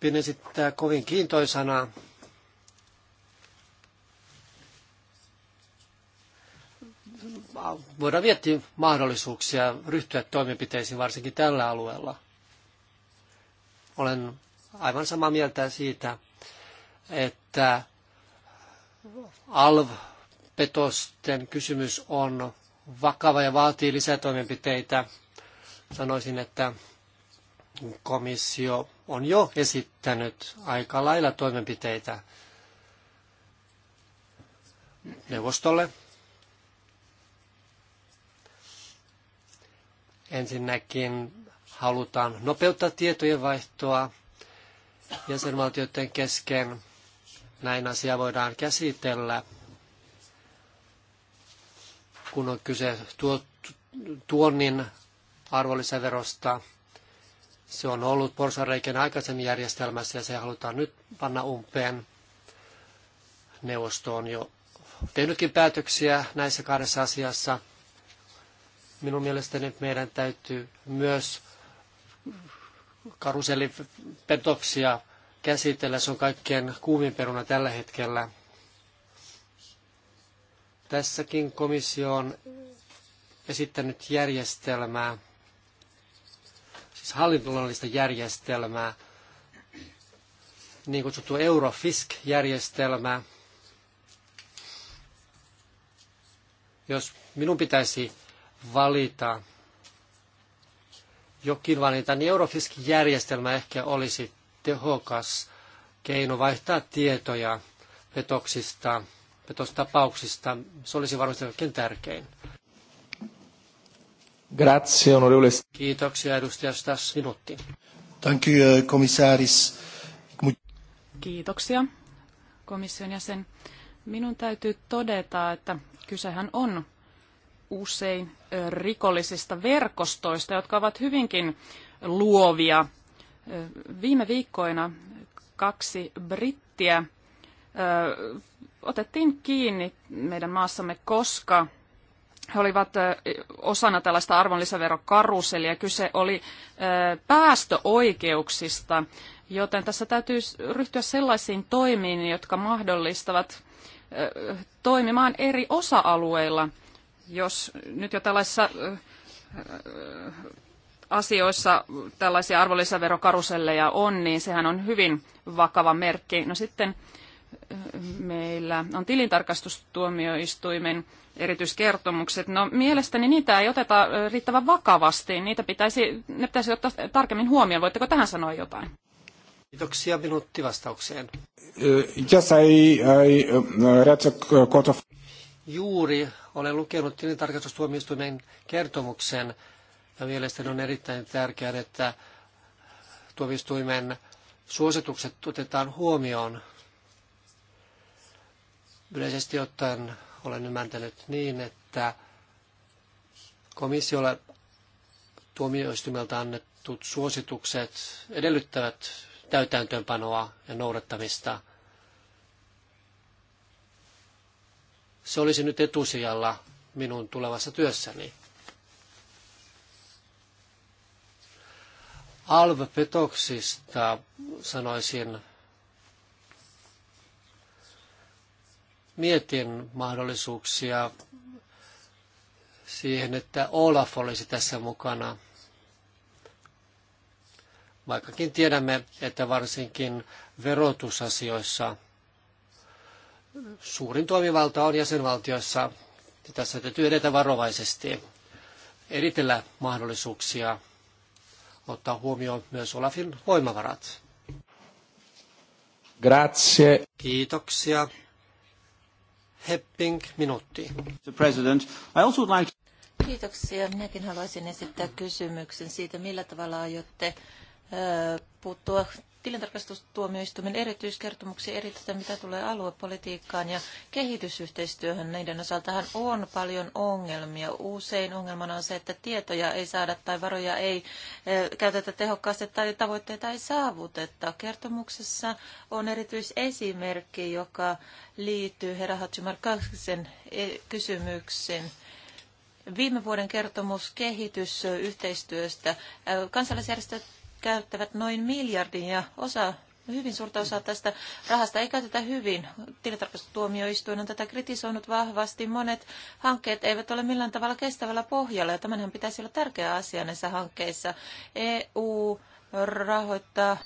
Pidän esittää kovin kiintoisana voidaan miettiä mahdollisuuksia ryhtyä toimenpiteisiin varsinkin tällä alueella. Olen aivan samaa mieltä siitä, että alvpetosten kysymys on vakava ja vaatii lisätoimenpiteitä. Sanoisin, että komissio on jo esittänyt aika lailla toimenpiteitä neuvostolle. Ensinnäkin halutaan nopeuttaa tietojenvaihtoa jäsenvaltioiden kesken näin asia voidaan käsitellä, kun on kyse tuonnin arvonlisäverosta. Se on ollut porsareiken aikaisemmin järjestelmässä ja se halutaan nyt panna umpeen. Neuvosto on jo tehnytkin päätöksiä näissä kahdessa asiassa. Minun mielestäni meidän täytyy myös karusellipetoksia käsitellä. Se on kaikkien kuumin peruna tällä hetkellä. Tässäkin komissio on esittänyt järjestelmää, siis hallinnollista järjestelmää, niin kutsuttu Eurofisk-järjestelmää. Jos minun pitäisi valita jokin valinta, niin Eurofisk-järjestelmä ehkä olisi tehokas keino vaihtaa tietoja petoksista, petostapauksista. Se olisi varmasti kaikkein tärkein. Grazie, onorevole. Kiitoksia, edustaja Stas, minuutti. Thank you, uh, Kiitoksia, komission jäsen. Minun täytyy todeta, että kysehän on usein rikollisista verkostoista, jotka ovat hyvinkin luovia Viime viikkoina kaksi brittiä otettiin kiinni meidän maassamme, koska he olivat osana tällaista arvonlisäverokaruselia. Kyse oli päästöoikeuksista, joten tässä täytyy ryhtyä sellaisiin toimiin, jotka mahdollistavat toimimaan eri osa-alueilla. Jos nyt jo tällaisessa asioissa tällaisia arvonlisäverokaruselleja on, niin sehän on hyvin vakava merkki. No sitten meillä on tilintarkastustuomioistuimen erityiskertomukset. No mielestäni niitä ei oteta riittävän vakavasti. Niitä pitäisi, ne pitäisi ottaa tarkemmin huomioon. Voitteko tähän sanoa jotain? Kiitoksia minuutti vastaukseen. Yes, I, I read the court of... Juuri olen lukenut tilintarkastustuomioistuimen kertomuksen ja mielestäni on erittäin tärkeää, että tuomistuimen suositukset otetaan huomioon. Yleisesti ottaen olen ymmärtänyt niin, että komissiolle tuomioistuimelta annetut suositukset edellyttävät täytäntöönpanoa ja noudattamista. Se olisi nyt etusijalla minun tulevassa työssäni. alvepetoksista sanoisin, mietin mahdollisuuksia siihen, että Olaf olisi tässä mukana. Vaikkakin tiedämme, että varsinkin verotusasioissa suurin toimivalta on jäsenvaltioissa. Tässä täytyy edetä varovaisesti, eritellä mahdollisuuksia ottaa huomioon myös Olafin voimavarat. Grazie. Kiitoksia. Hepping, minuutti. The President, I also like... Kiitoksia. Minäkin haluaisin esittää kysymyksen siitä, millä tavalla aiotte puuttua tilintarkastustuomioistuimen erityiskertomuksia erityisesti mitä tulee aluepolitiikkaan ja kehitysyhteistyöhön. Niiden osaltahan on paljon ongelmia. Usein ongelmana on se, että tietoja ei saada tai varoja ei eh, käytetä tehokkaasti tai tavoitteita ei saavuteta. Kertomuksessa on erityisesimerkki, joka liittyy herra Hatsimarkaksen eh, kysymykseen. Viime vuoden kertomus kehitysyhteistyöstä. Eh, kansalaisjärjestöt käyttävät noin miljardin ja osa hyvin suurta osaa tästä rahasta ei käytetä hyvin. Tilintarkastustuomioistuin on tätä kritisoinut vahvasti. Monet hankkeet eivät ole millään tavalla kestävällä pohjalla ja tämänhän pitäisi olla tärkeä asia näissä hankkeissa. EU rahoittaa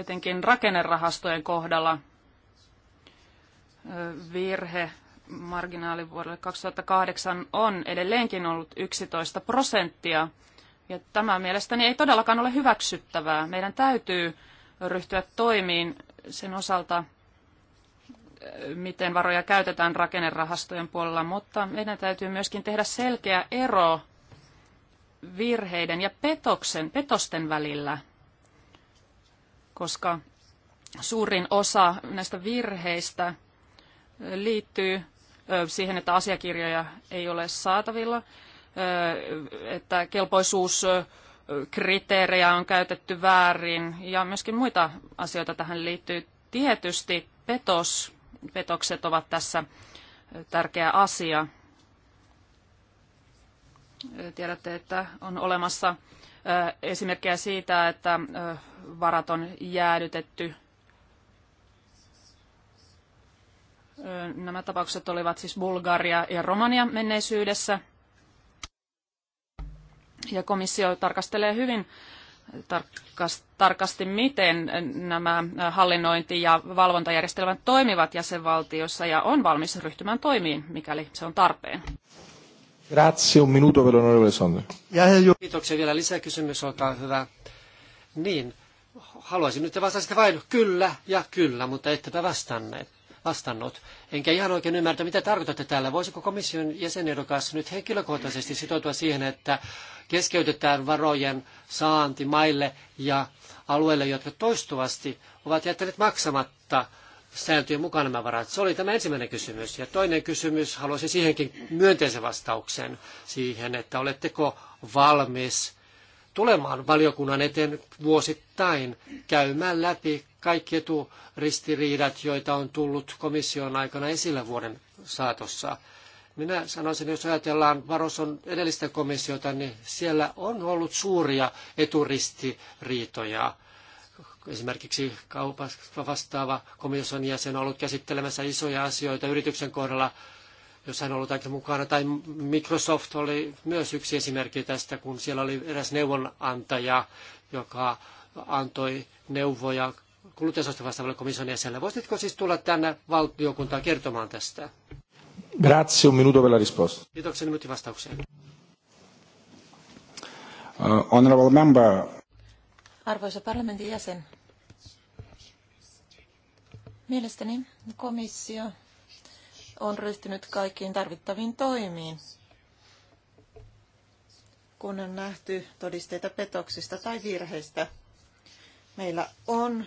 etenkin rakennerahastojen kohdalla virhe marginaali vuodelle 2008 on edelleenkin ollut 11 prosenttia. Ja tämä mielestäni ei todellakaan ole hyväksyttävää. Meidän täytyy ryhtyä toimiin sen osalta, miten varoja käytetään rakennerahastojen puolella, mutta meidän täytyy myöskin tehdä selkeä ero virheiden ja petoksen, petosten välillä – koska suurin osa näistä virheistä liittyy siihen, että asiakirjoja ei ole saatavilla, että kelpoisuuskriteerejä on käytetty väärin ja myöskin muita asioita tähän liittyy. Tietysti petos, petokset ovat tässä tärkeä asia. Tiedätte, että on olemassa esimerkkejä siitä, että varat on jäädytetty. Nämä tapaukset olivat siis Bulgaria ja Romania menneisyydessä. Ja komissio tarkastelee hyvin tarkasti, miten nämä hallinnointi- ja valvontajärjestelmät toimivat jäsenvaltiossa ja on valmis ryhtymään toimiin, mikäli se on tarpeen. Grazie, un minuto per l'onorevole Sonne. Kiitoksia vielä lisäkysymys, olkaa hyvä. Niin, haluaisin nyt te vastasitte vain kyllä ja kyllä, mutta ettepä vastanneet. Vastannut. Enkä ihan oikein ymmärtä, mitä tarkoitatte täällä. Voisiko komission jäsenehdokas nyt henkilökohtaisesti sitoutua siihen, että keskeytetään varojen saanti maille ja alueille, jotka toistuvasti ovat jättäneet maksamatta sääntöjen mukaan nämä varat? Se oli tämä ensimmäinen kysymys. Ja toinen kysymys, haluaisin siihenkin myönteisen vastauksen siihen, että oletteko valmis tulemaan valiokunnan eteen vuosittain käymään läpi kaikki eturistiriidat, joita on tullut komission aikana esillä vuoden saatossa. Minä sanoisin, jos ajatellaan Varoson edellistä komissiota, niin siellä on ollut suuria eturistiriitoja Esimerkiksi kaupasta vastaava komission jäsen on ollut käsittelemässä isoja asioita yrityksen kohdalla, jos hän on ollut aika mukana. Tai Microsoft oli myös yksi esimerkki tästä, kun siellä oli eräs neuvonantaja, joka antoi neuvoja kuluttajasosta vastaavalle komission jäsenelle. Voisitko siis tulla tänne valtiokuntaan kertomaan tästä? Grazie, un minuto per la risposta. Kiitoksia minuutin vastaukseen. Uh, honorable member. Arvoisa parlamentin jäsen, Mielestäni komissio on ryhtynyt kaikkiin tarvittaviin toimiin, kun on nähty todisteita petoksista tai virheistä. Meillä on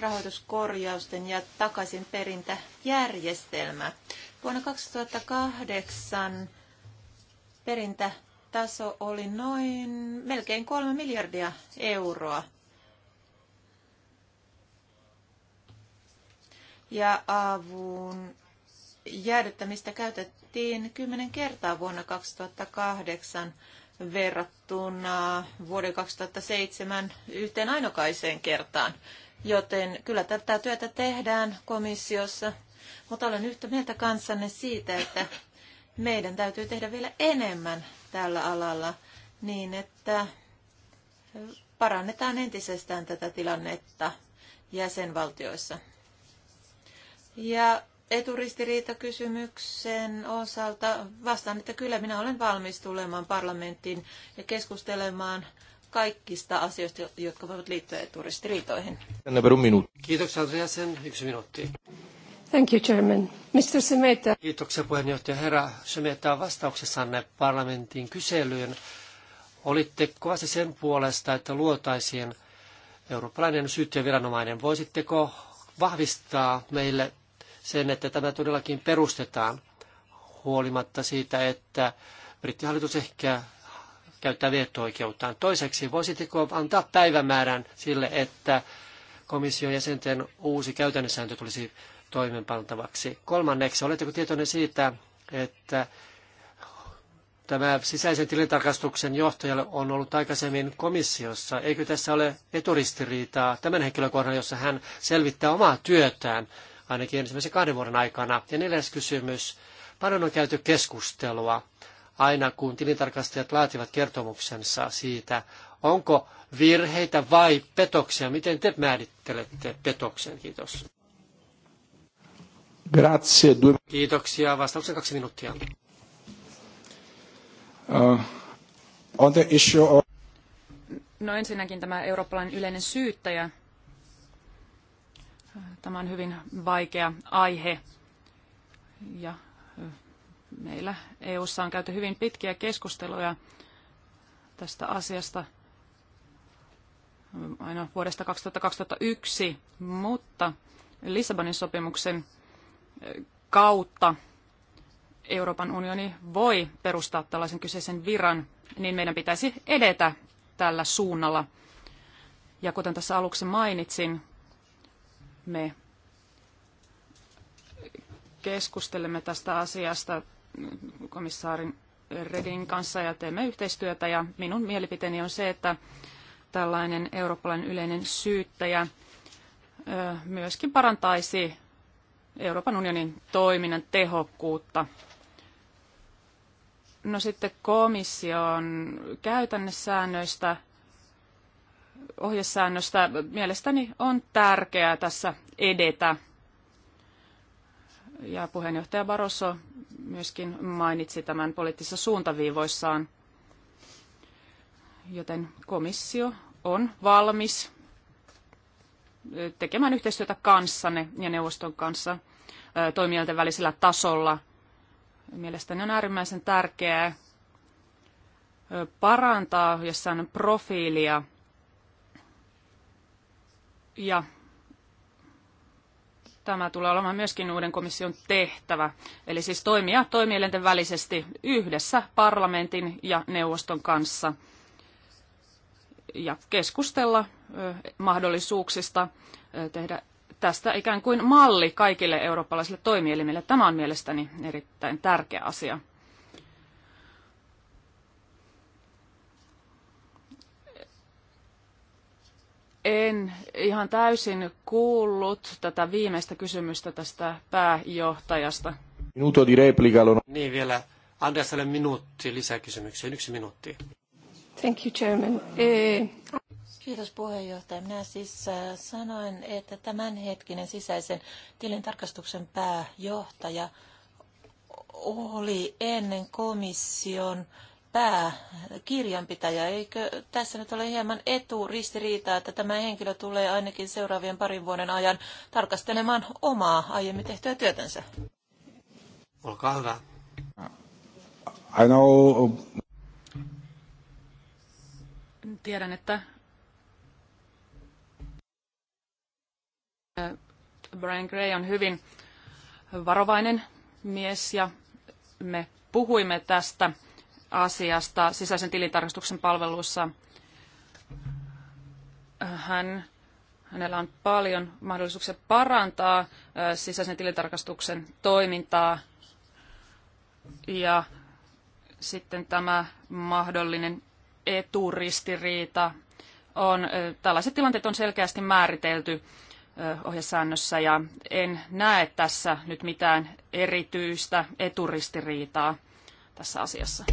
rahoituskorjausten ja takaisinperintäjärjestelmä. Vuonna 2008 perintätaso oli noin melkein 3 miljardia euroa ja avun jäädyttämistä käytettiin kymmenen kertaa vuonna 2008 verrattuna vuoden 2007 yhteen ainokaiseen kertaan. Joten kyllä tätä työtä tehdään komissiossa, mutta olen yhtä mieltä kanssanne siitä, että meidän täytyy tehdä vielä enemmän tällä alalla niin, että parannetaan entisestään tätä tilannetta jäsenvaltioissa. Ja eturistiriitakysymyksen osalta vastaan, että kyllä minä olen valmis tulemaan parlamenttiin ja keskustelemaan kaikista asioista, jotka voivat liittyä eturistiriitoihin. Kiitoksia Andreasen. Yksi minuutti. Thank you, Chairman. Mr. Semeta. Kiitoksia puheenjohtaja herra Semeta vastauksessanne parlamentin kyselyyn. Olitte kovasti sen puolesta, että luotaisiin eurooppalainen syyttäjäviranomainen. Voisitteko vahvistaa meille sen, että tämä todellakin perustetaan huolimatta siitä, että brittihallitus ehkä käyttää veto-oikeuttaan. Toiseksi, voisitteko antaa päivämäärän sille, että komission jäsenten uusi käytännössääntö tulisi toimenpantavaksi? Kolmanneksi, oletteko tietoinen siitä, että tämä sisäisen tilintarkastuksen johtajalle on ollut aikaisemmin komissiossa. Eikö tässä ole eturistiriitaa tämän henkilökohdan, jossa hän selvittää omaa työtään ainakin ensimmäisen kahden vuoden aikana. Ja neljäs kysymys. Paljon on käyty keskustelua aina, kun tilintarkastajat laativat kertomuksensa siitä, onko virheitä vai petoksia. Miten te määrittelette petoksen? Kiitos. Grazie. Kiitoksia. Vastauksen kaksi minuuttia. Uh, on the issue of... No ensinnäkin tämä eurooppalainen yleinen syyttäjä. Tämä on hyvin vaikea aihe ja meillä EU:ssa on käyty hyvin pitkiä keskusteluja tästä asiasta aina vuodesta 2021, 2001 mutta Lissabonin sopimuksen kautta Euroopan unioni voi perustaa tällaisen kyseisen viran, niin meidän pitäisi edetä tällä suunnalla. Ja kuten tässä aluksi mainitsin, me keskustelemme tästä asiasta komissaarin Redin kanssa ja teemme yhteistyötä. Ja minun mielipiteeni on se, että tällainen eurooppalainen yleinen syyttäjä myöskin parantaisi Euroopan unionin toiminnan tehokkuutta. No sitten komission käytännössäännöistä – ohjesäännöstä mielestäni on tärkeää tässä edetä. Ja puheenjohtaja Barroso myöskin mainitsi tämän poliittisissa suuntaviivoissaan. Joten komissio on valmis tekemään yhteistyötä kanssanne ja neuvoston kanssa toimijoiden välisellä tasolla. Mielestäni on äärimmäisen tärkeää parantaa jossain profiilia – ja tämä tulee olemaan myöskin uuden komission tehtävä, eli siis toimia toimielinten välisesti yhdessä parlamentin ja neuvoston kanssa ja keskustella mahdollisuuksista tehdä tästä ikään kuin malli kaikille eurooppalaisille toimielimille. Tämä on mielestäni erittäin tärkeä asia. En ihan täysin kuullut tätä viimeistä kysymystä tästä pääjohtajasta. Minuuto di replica. Niin vielä Andersalle minuutti lisäkysymyksiä, Yksi minuutti. Thank you, Chairman. Eh, Kiitos puheenjohtaja. Minä siis äh, sanoin, että tämänhetkinen sisäisen tilintarkastuksen pääjohtaja oli ennen komission pääkirjanpitäjä. Eikö tässä nyt ole hieman eturistiriitaa, että tämä henkilö tulee ainakin seuraavien parin vuoden ajan tarkastelemaan omaa aiemmin tehtyä työtänsä? Olkaa hyvä. I know... Um, Tiedän, että äh, Brian Gray on hyvin varovainen mies ja me puhuimme tästä asiasta sisäisen tilintarkastuksen palveluissa. Hän, hänellä on paljon mahdollisuuksia parantaa sisäisen tilintarkastuksen toimintaa ja sitten tämä mahdollinen eturistiriita on, tällaiset tilanteet on selkeästi määritelty ohjesäännössä ja en näe tässä nyt mitään erityistä eturistiriitaa tässä asiassa.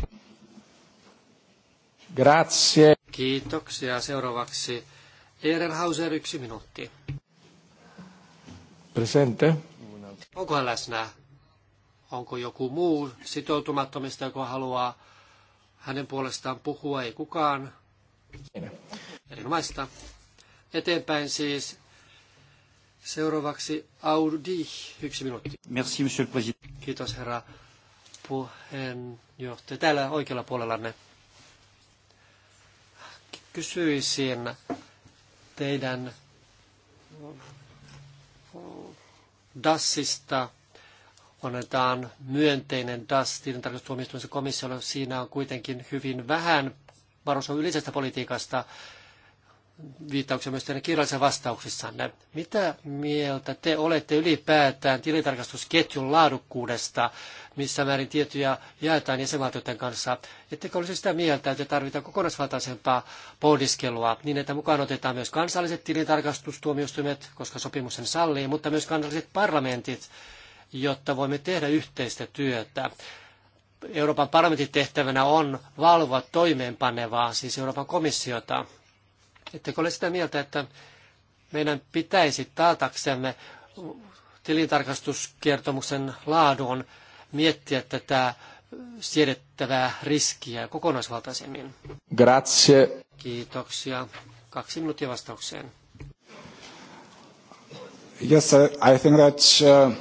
Grazie. Kiitoksia. Seuraavaksi Ehrenhauser, yksi minuutti. Presente. Onko hän läsnä? Onko joku muu sitoutumattomista, joka haluaa hänen puolestaan puhua? Ei kukaan. Erinomaista. Eteenpäin siis. Seuraavaksi Audi, yksi minuutti. Merci, monsieur le président. Kiitos, herra puheenjohtaja. Täällä oikealla puolellanne kysyisin teidän DASista. Onnetaan myönteinen DAS tilintarkastustuomioistuimessa komissiolle. Siinä on kuitenkin hyvin vähän varoitus yleisestä politiikasta viittauksia myös teidän kirjallisissa vastauksissanne. Mitä mieltä te olette ylipäätään tilintarkastusketjun laadukkuudesta, missä määrin tietoja jaetaan jäsenvaltioiden kanssa? Ettekö olisi sitä mieltä, että tarvitaan kokonaisvaltaisempaa pohdiskelua niin, että mukaan otetaan myös kansalliset tilintarkastustuomioistuimet, koska sopimus sen sallii, mutta myös kansalliset parlamentit, jotta voimme tehdä yhteistä työtä? Euroopan parlamentin tehtävänä on valvoa toimeenpanevaa, siis Euroopan komissiota Ettekö ole sitä mieltä, että meidän pitäisi taataksemme tilintarkastuskertomuksen laadun miettiä tätä siedettävää riskiä kokonaisvaltaisemmin? Grazie. Kiitoksia. Kaksi minuuttia vastaukseen. Yes, I think that... Uh...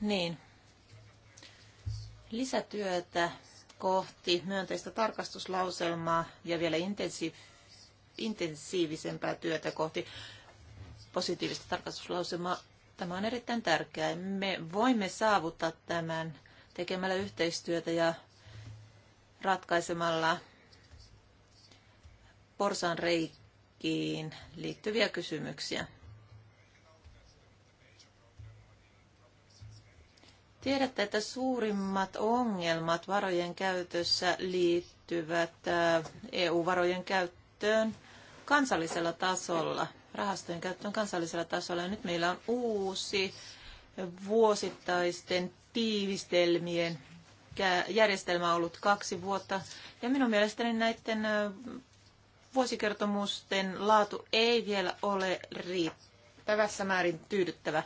Niin. Lisätyötä kohti myönteistä tarkastuslauselmaa ja vielä intensiivistä intensiivisempää työtä kohti positiivista tarkastuslausemaa. Tämä on erittäin tärkeää. Me voimme saavuttaa tämän tekemällä yhteistyötä ja ratkaisemalla porsan reikkiin liittyviä kysymyksiä. Tiedätte, että suurimmat ongelmat varojen käytössä liittyvät EU-varojen käyttöön käyttöön kansallisella tasolla, rahastojen käyttöön kansallisella tasolla. Ja nyt meillä on uusi vuosittaisten tiivistelmien järjestelmä on ollut kaksi vuotta. Ja minun mielestäni näiden vuosikertomusten laatu ei vielä ole riittävässä määrin tyydyttävä.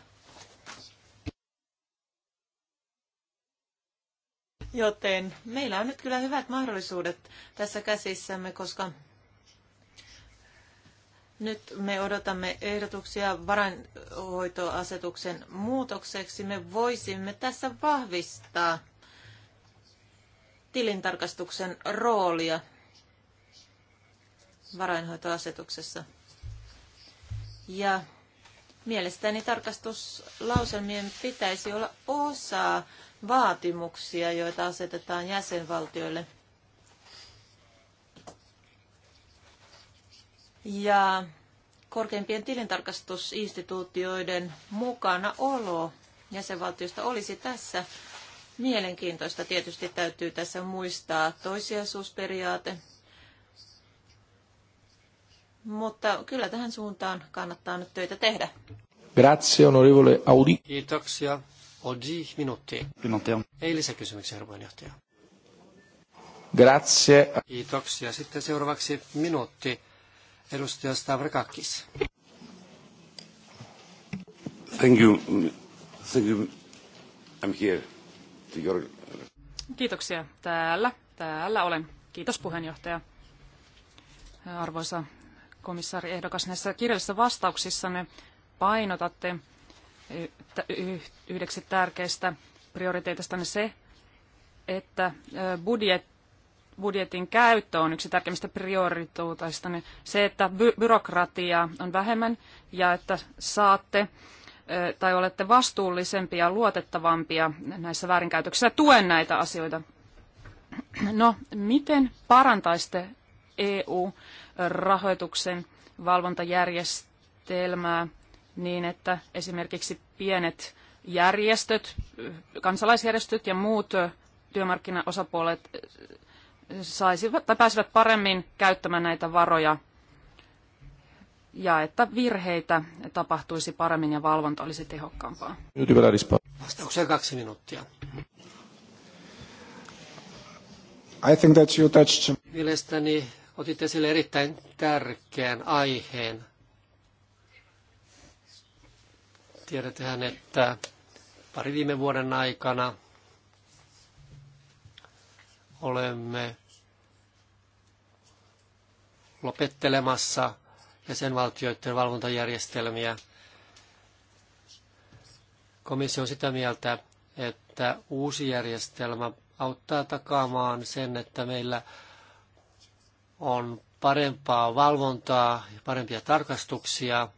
Joten meillä on nyt kyllä hyvät mahdollisuudet tässä käsissämme, koska nyt me odotamme ehdotuksia varainhoitoasetuksen muutokseksi. Me voisimme tässä vahvistaa tilintarkastuksen roolia varainhoitoasetuksessa. Ja mielestäni tarkastuslauselmien pitäisi olla osa vaatimuksia, joita asetetaan jäsenvaltioille – ja korkeimpien tilintarkastusinstituutioiden mukana olo jäsenvaltiosta olisi tässä mielenkiintoista. Tietysti täytyy tässä muistaa toisiasuusperiaate, mutta kyllä tähän suuntaan kannattaa nyt töitä tehdä. Grazie, onorevole Audi. Kiitoksia. Oggi minuutti. Ei lisäkysymyksiä, herra puheenjohtaja. Grazie. Kiitoksia. Sitten seuraavaksi minuutti edustaja Stavrakakis. Thank you. Thank you. I'm here. To your... Kiitoksia. Täällä. Täällä olen. Kiitos puheenjohtaja. Arvoisa komissaari ehdokas, näissä kirjallisissa me painotatte yhdeksi tärkeistä prioriteetistanne se, että budjetti budjetin käyttö on yksi tärkeimmistä prioriteeteista. Niin se, että by- byrokratiaa on vähemmän ja että saatte tai olette vastuullisempia ja luotettavampia näissä väärinkäytöksissä. Tuen näitä asioita. No, miten parantaisitte EU-rahoituksen valvontajärjestelmää niin, että esimerkiksi pienet järjestöt, kansalaisjärjestöt ja muut työmarkkinaosapuolet saisivat tai pääsivät paremmin käyttämään näitä varoja ja että virheitä tapahtuisi paremmin ja valvonta olisi tehokkaampaa. Vastauksia kaksi minuuttia. I think that you touched... Mielestäni otit esille erittäin tärkeän aiheen. Tiedätehän, että pari viime vuoden aikana olemme lopettelemassa jäsenvaltioiden valvontajärjestelmiä. Komissio on sitä mieltä, että uusi järjestelmä auttaa takaamaan sen, että meillä on parempaa valvontaa ja parempia tarkastuksia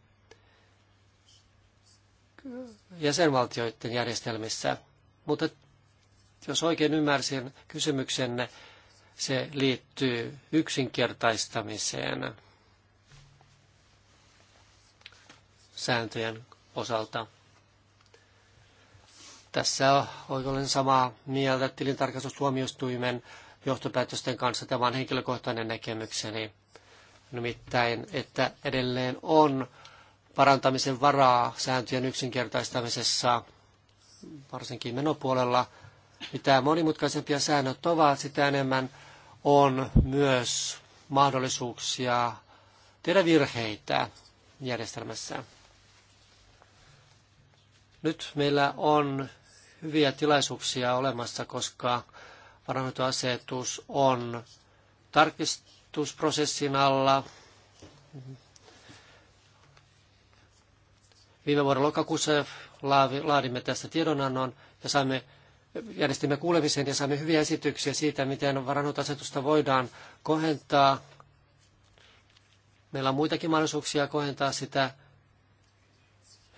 jäsenvaltioiden järjestelmissä. Mutta jos oikein ymmärsin kysymyksenne, se liittyy yksinkertaistamiseen sääntöjen osalta. Tässä olen samaa mieltä tilintarkastustuomioistuimen johtopäätösten kanssa. Tämä on henkilökohtainen näkemykseni. Nimittäin, että edelleen on parantamisen varaa sääntöjen yksinkertaistamisessa, varsinkin menopuolella – mitä monimutkaisempia säännöt ovat, sitä enemmän on myös mahdollisuuksia tehdä virheitä järjestelmässä. Nyt meillä on hyviä tilaisuuksia olemassa, koska varainhoitoasetus on tarkistusprosessin alla. Viime vuoden lokakuussa laadimme tästä tiedonannon ja saimme järjestimme kuulemisen ja saimme hyviä esityksiä siitä, miten varannutasetusta voidaan kohentaa. Meillä on muitakin mahdollisuuksia kohentaa sitä.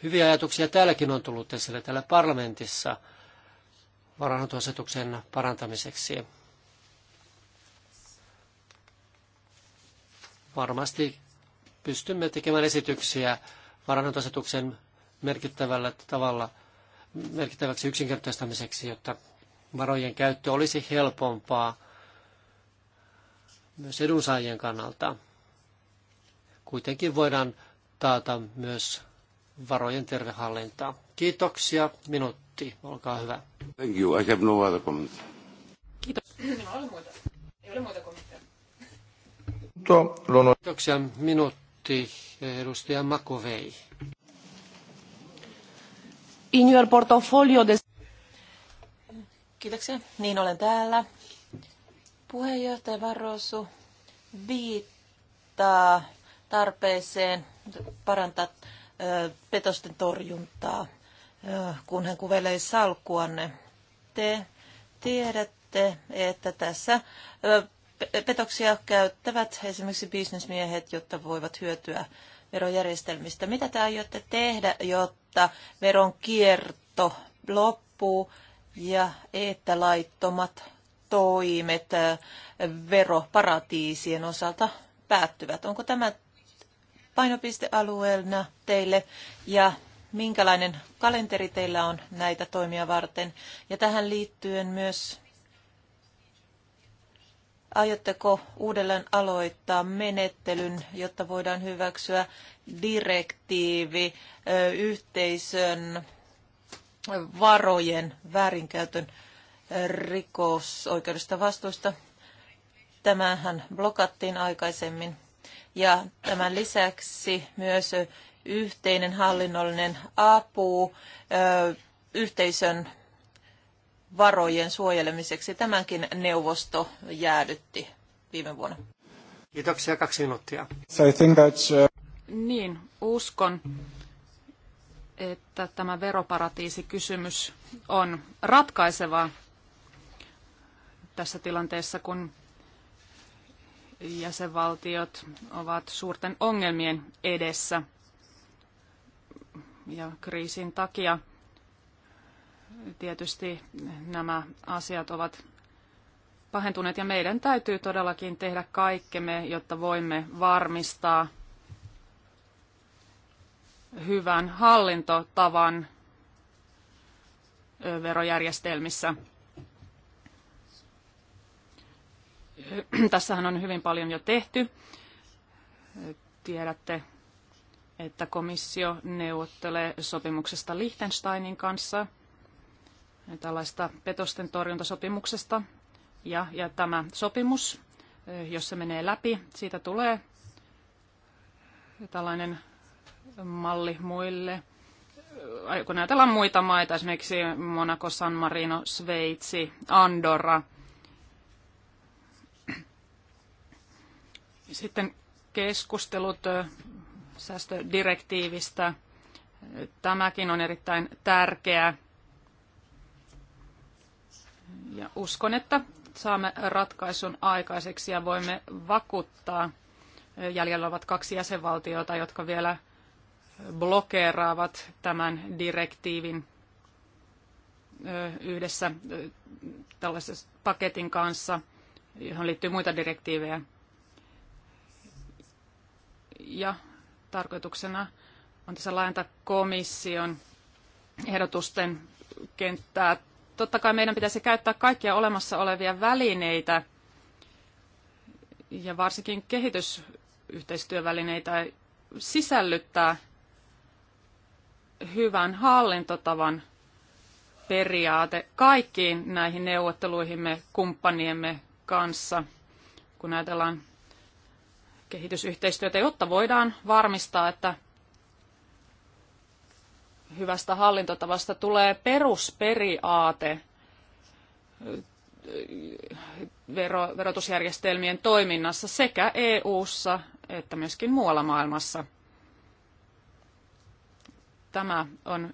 Hyviä ajatuksia täälläkin on tullut esille täällä parlamentissa varannutasetuksen parantamiseksi. Varmasti pystymme tekemään esityksiä varannutasetuksen merkittävällä tavalla – merkittäväksi yksinkertaistamiseksi, jotta varojen käyttö olisi helpompaa myös edunsaajien kannalta. Kuitenkin voidaan taata myös varojen tervehallintaa. Kiitoksia. Minuutti. Olkaa hyvä. Thank you. I have no other comments. Kiitos. Minulla muita. Ei ole muita kommentteja. Kiitoksia. Minuutti. Edustaja Makovei in your portfolio de... Kiitoksia. Niin olen täällä. Puheenjohtaja Varosu viittaa tarpeeseen parantaa petosten torjuntaa, kun hän kuvelee salkkuanne. Te tiedätte, että tässä petoksia käyttävät esimerkiksi bisnesmiehet, jotta voivat hyötyä verojärjestelmistä. Mitä te aiotte tehdä, jotta veron kierto loppuu ja että laittomat toimet äh, veroparatiisien osalta päättyvät? Onko tämä painopistealueena teille ja minkälainen kalenteri teillä on näitä toimia varten? Ja tähän liittyen myös Aiotteko uudelleen aloittaa menettelyn, jotta voidaan hyväksyä direktiivi yhteisön varojen väärinkäytön rikosoikeudesta vastuusta? Tämähän blokattiin aikaisemmin. Ja tämän lisäksi myös yhteinen hallinnollinen apu yhteisön varojen suojelemiseksi. Tämänkin neuvosto jäädytti viime vuonna. Kiitoksia, kaksi minuuttia. So I think uh... Niin, uskon, että tämä veroparatiisikysymys on ratkaiseva tässä tilanteessa, kun jäsenvaltiot ovat suurten ongelmien edessä ja kriisin takia tietysti nämä asiat ovat pahentuneet ja meidän täytyy todellakin tehdä kaikkemme, jotta voimme varmistaa hyvän hallintotavan verojärjestelmissä. Tässähän on hyvin paljon jo tehty. Tiedätte, että komissio neuvottelee sopimuksesta Liechtensteinin kanssa – tällaista petosten torjuntasopimuksesta. Ja, ja tämä sopimus, jos se menee läpi, siitä tulee tällainen malli muille. Kun ajatellaan muita maita, esimerkiksi Monaco, San Marino, Sveitsi, Andorra. Sitten keskustelut säästödirektiivistä. Tämäkin on erittäin tärkeä ja uskon, että saamme ratkaisun aikaiseksi ja voimme vakuuttaa jäljellä ovat kaksi jäsenvaltiota, jotka vielä blokeeraavat tämän direktiivin yhdessä tällaisen paketin kanssa, johon liittyy muita direktiivejä. Ja tarkoituksena on tässä laajentaa komission ehdotusten kenttää totta kai meidän pitäisi käyttää kaikkia olemassa olevia välineitä ja varsinkin kehitysyhteistyövälineitä sisällyttää hyvän hallintotavan periaate kaikkiin näihin neuvotteluihimme kumppaniemme kanssa, kun ajatellaan kehitysyhteistyötä, jotta voidaan varmistaa, että hyvästä hallintotavasta tulee perusperiaate vero, verotusjärjestelmien toiminnassa sekä EU:ssa että myöskin muualla maailmassa. Tämä on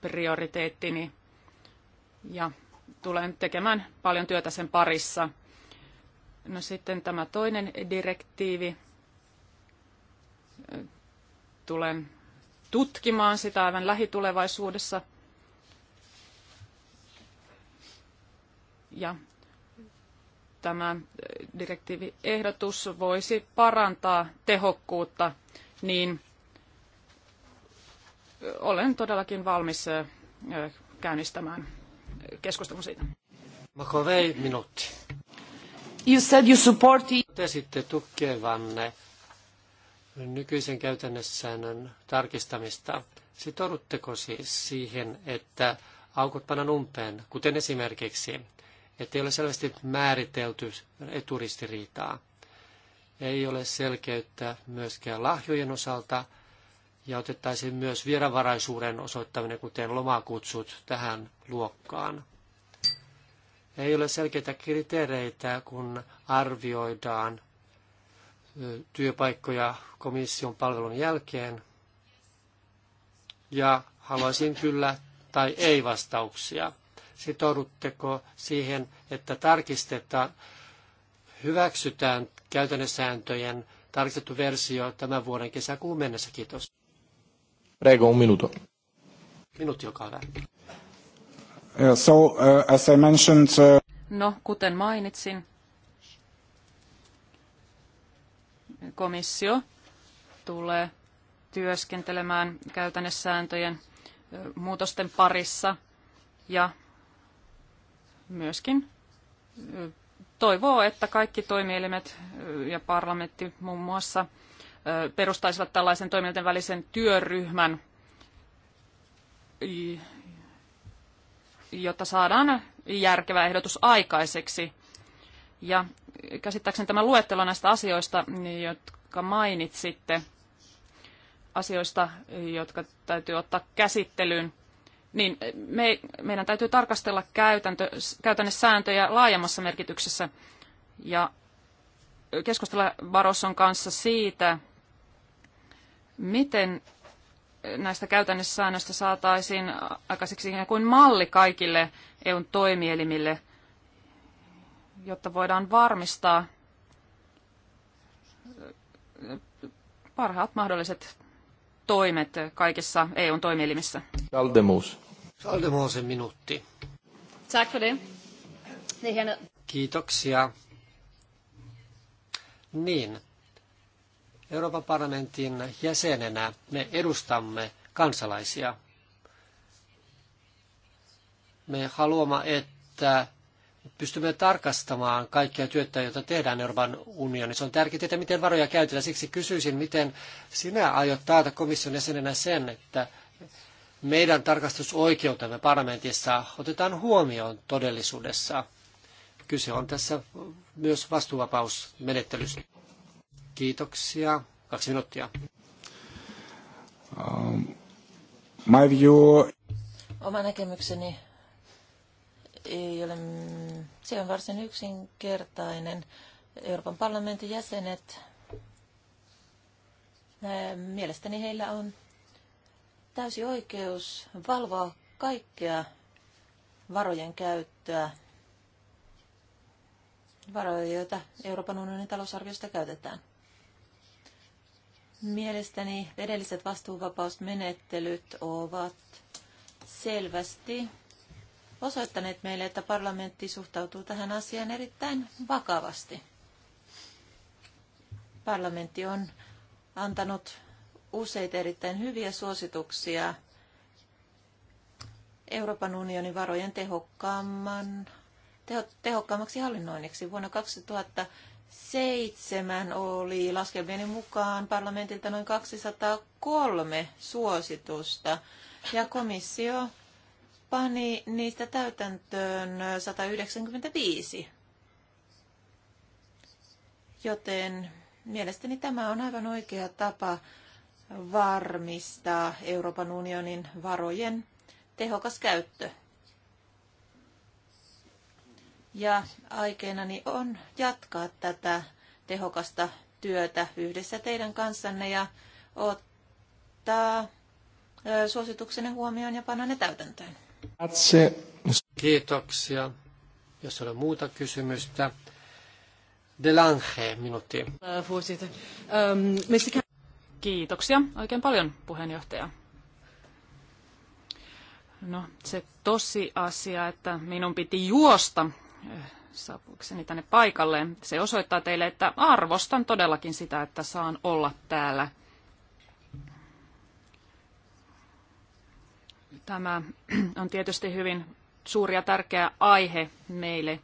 prioriteettini ja tulen tekemään paljon työtä sen parissa. No sitten tämä toinen direktiivi. Tulen tutkimaan sitä aivan lähitulevaisuudessa. Ja tämä eh, direktiiviehdotus voisi parantaa tehokkuutta, niin eh, olen todellakin valmis eh, käynnistämään keskustelun siitä. Makovei minuutti. You said you support... sitten tukevanne nykyisen käytännössäännön tarkistamista. Sitoudutteko siis siihen, että aukot panan umpeen, kuten esimerkiksi, että ei ole selvästi määritelty eturistiriitaa, ei ole selkeyttä myöskään lahjojen osalta, ja otettaisiin myös vieravaraisuuden osoittaminen, kuten lomakutsut, tähän luokkaan. Ei ole selkeitä kriteereitä, kun arvioidaan työpaikkoja komission palvelun jälkeen. Ja haluaisin kyllä tai ei vastauksia. Sitoudutteko siihen, että tarkistetaan, hyväksytään sääntöjen tarkistettu versio tämän vuoden kesäkuun mennessä? Kiitos. Prego, un minuto. Minuutti, joka hyvä. Yeah, uh, so, uh, as I mentioned, uh... No, kuten mainitsin, komissio tulee työskentelemään käytännössääntöjen muutosten parissa ja myöskin toivoo, että kaikki toimielimet ja parlamentti muun muassa perustaisivat tällaisen toimielinten välisen työryhmän, jotta saadaan järkevä ehdotus aikaiseksi ja käsittääkseni tämä luettelo näistä asioista, niin jotka mainitsitte, asioista, jotka täytyy ottaa käsittelyyn, niin me, meidän täytyy tarkastella käytäntö, sääntöjä laajemmassa merkityksessä ja keskustella Barosson kanssa siitä, miten näistä käytännössäännöistä saataisiin aikaiseksi kuin malli kaikille EUn toimielimille – jotta voidaan varmistaa parhaat mahdolliset toimet kaikissa EUn toimielimissä. Saldemus. Saldemusen minuutti. Tack för det. Kiitoksia. Niin, Euroopan parlamentin jäsenenä me edustamme kansalaisia. Me haluamme, että pystymme tarkastamaan kaikkia työtä, jota tehdään Euroopan unionissa. On tärkeää tietää, miten varoja käytetään. Siksi kysyisin, miten sinä aiot taata komission jäsenenä sen, että meidän tarkastusoikeutemme parlamentissa otetaan huomioon todellisuudessa. Kyse on tässä myös vastuuvapausmenettelystä. Kiitoksia. Kaksi minuuttia. Um, my view... Oma näkemykseni ei ole, mm, se on varsin yksinkertainen. Euroopan parlamentin jäsenet, mielestäni heillä on täysi oikeus valvoa kaikkea varojen käyttöä, varoja, joita Euroopan unionin talousarviosta käytetään. Mielestäni edelliset vastuuvapausmenettelyt ovat selvästi osoittaneet meille, että parlamentti suhtautuu tähän asiaan erittäin vakavasti. Parlamentti on antanut useita erittäin hyviä suosituksia Euroopan unionin varojen tehokkaamman, teho, tehokkaammaksi hallinnoinniksi. Vuonna 2007 oli laskelmieni mukaan parlamentilta noin 203 suositusta ja komissio pani niistä täytäntöön 195. Joten mielestäni tämä on aivan oikea tapa varmistaa Euroopan unionin varojen tehokas käyttö. Ja aikeenani on jatkaa tätä tehokasta työtä yhdessä teidän kanssanne ja ottaa suosituksenne huomioon ja panna ne täytäntöön. Kiitoksia. Jos on muuta kysymystä. Delange, minuutti. Äh, ehm, Kiitoksia oikein paljon, puheenjohtaja. No, se tosiasia, että minun piti juosta äh, saapuukseni tänne paikalle, se osoittaa teille, että arvostan todellakin sitä, että saan olla täällä Tämä *clears throat* on tietysti hyvin suuri ja tärkeä aihe meille.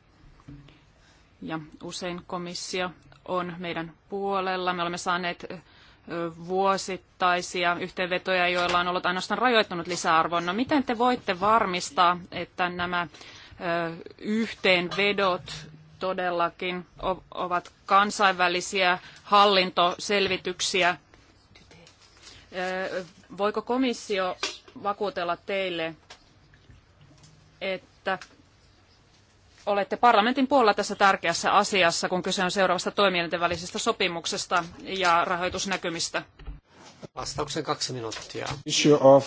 Ja usein komissio on meidän puolella. Me olemme saaneet vuosittaisia yhteenvetoja, joilla on ollut ainoastaan rajoittunut lisäarvoa. No miten te voitte varmistaa, että nämä yhteenvedot todellakin ovat kansainvälisiä hallintoselvityksiä? Voiko komissio vakuutella teille, että olette parlamentin puolella tässä tärkeässä asiassa, kun kyse on seuraavasta toimielinten välisestä sopimuksesta ja rahoitusnäkymistä. Vastauksen kaksi minuuttia. Uh,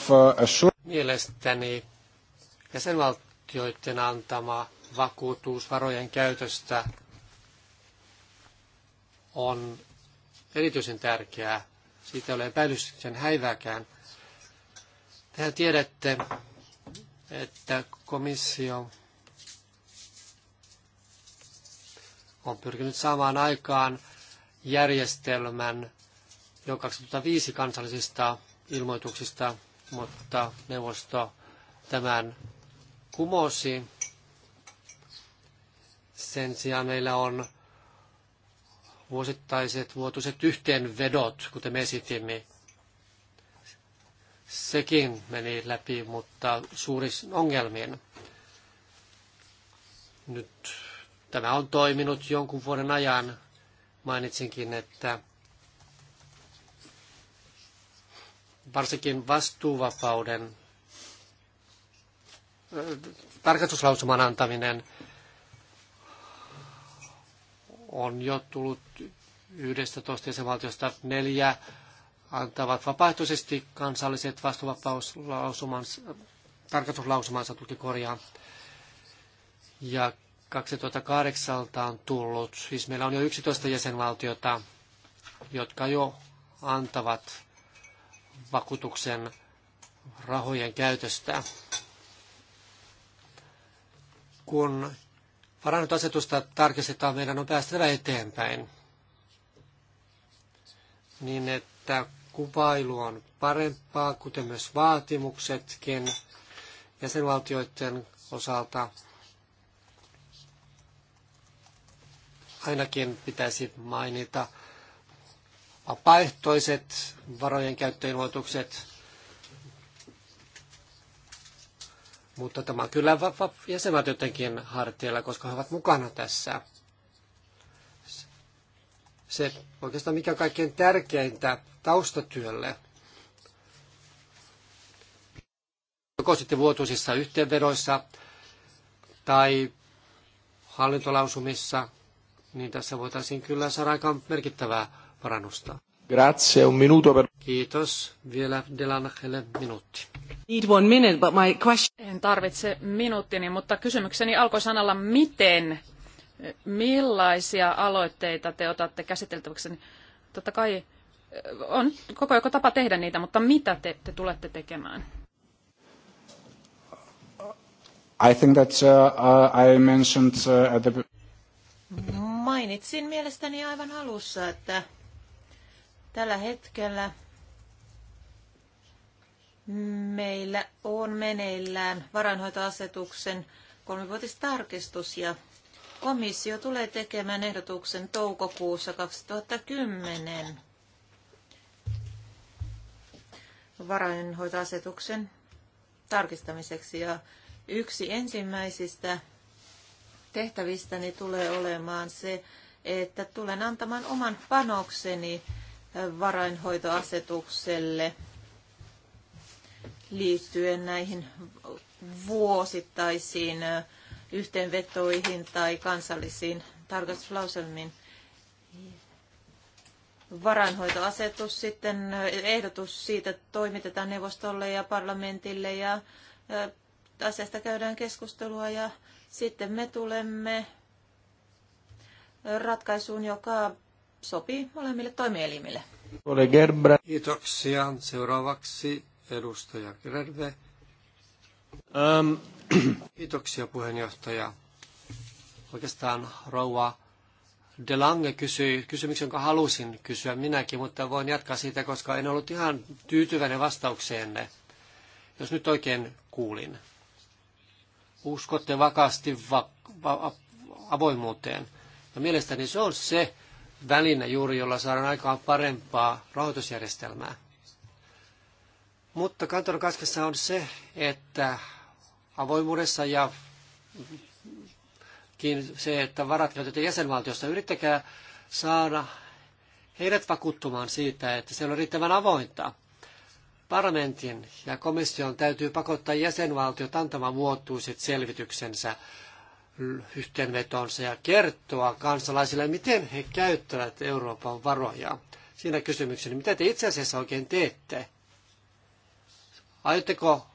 Mielestäni jäsenvaltioiden antama vakuutus varojen käytöstä on erityisen tärkeää. Siitä ei ole epäilys häivääkään – Tehän tiedätte, että komissio on pyrkinyt saamaan aikaan järjestelmän jo 2005 kansallisista ilmoituksista, mutta neuvosto tämän kumosi. Sen sijaan meillä on vuosittaiset vuotuiset yhteenvedot, kuten me esitimme sekin meni läpi, mutta suurin ongelmien. Nyt tämä on toiminut jonkun vuoden ajan. Mainitsinkin, että varsinkin vastuuvapauden äh, tarkastuslausuman antaminen on jo tullut 11 jäsenvaltiosta neljä antavat vapaaehtoisesti kansalliset vastuuvapauslausumansa, tarkastuslausumansa korjaa. Ja 2008 on tullut, siis meillä on jo 11 jäsenvaltiota, jotka jo antavat vakuutuksen rahojen käytöstä. Kun varannut asetusta tarkistetaan, meidän on päästävä eteenpäin niin, että kuvailu on parempaa, kuten myös vaatimuksetkin jäsenvaltioiden osalta. Ainakin pitäisi mainita vapaaehtoiset varojen käyttöilmoitukset, mutta tämä on kyllä jäsenvaltioidenkin harteilla, koska he ovat mukana tässä se oikeastaan mikä on kaikkein tärkeintä taustatyölle. Joko sitten vuotuisissa yhteenvedoissa tai hallintolausumissa, niin tässä voitaisiin kyllä saada aika merkittävää parannusta. Grazie, un minuto per... Kiitos. Vielä Delanachelle minuutti. Need one minute, but my question... En tarvitse minuuttini, mutta kysymykseni alkoi sanalla miten millaisia aloitteita te otatte käsiteltäväksi. Totta kai eh, on koko joko tapa tehdä niitä, mutta mitä te, te tulette tekemään? I think that uh, uh I mentioned uh, at the... No, mainitsin mielestäni aivan alussa, että tällä hetkellä meillä on meneillään varainhoitoasetuksen kolmivuotistarkistus ja Komissio tulee tekemään ehdotuksen toukokuussa 2010 varainhoitoasetuksen tarkistamiseksi ja yksi ensimmäisistä tehtävistäni tulee olemaan se, että tulen antamaan oman panokseni varainhoitoasetukselle liittyen näihin vuosittaisiin yhteenvetoihin tai kansallisiin tarkastuslauselmiin. Varainhoitoasetus sitten, ehdotus siitä toimitetaan neuvostolle ja parlamentille ja asiasta käydään keskustelua ja sitten me tulemme ratkaisuun, joka sopii molemmille toimielimille. Ole Gerbra. Kiitoksia. Seuraavaksi edustaja Gerve. Um, Kiitoksia puheenjohtaja. Oikeastaan rouva Delange kysyi kysymyksen, jonka halusin kysyä minäkin, mutta voin jatkaa siitä, koska en ollut ihan tyytyväinen vastaukseenne, jos nyt oikein kuulin. Uskotte vakaasti va- va- avoimuuteen. Ja mielestäni se on se väline juuri, jolla saadaan aikaan parempaa rahoitusjärjestelmää. Mutta kantoron kaskessa on se, että avoimuudessa ja se, että varat käytetään jäsenvaltiosta Yrittäkää saada heidät vakuuttumaan siitä, että se on riittävän avointa. Parlamentin ja komission täytyy pakottaa jäsenvaltiot antamaan vuotuiset selvityksensä yhteenvetonsa ja kertoa kansalaisille, miten he käyttävät Euroopan varoja. Siinä kysymyksessä, mitä te itse asiassa oikein teette? Aiotteko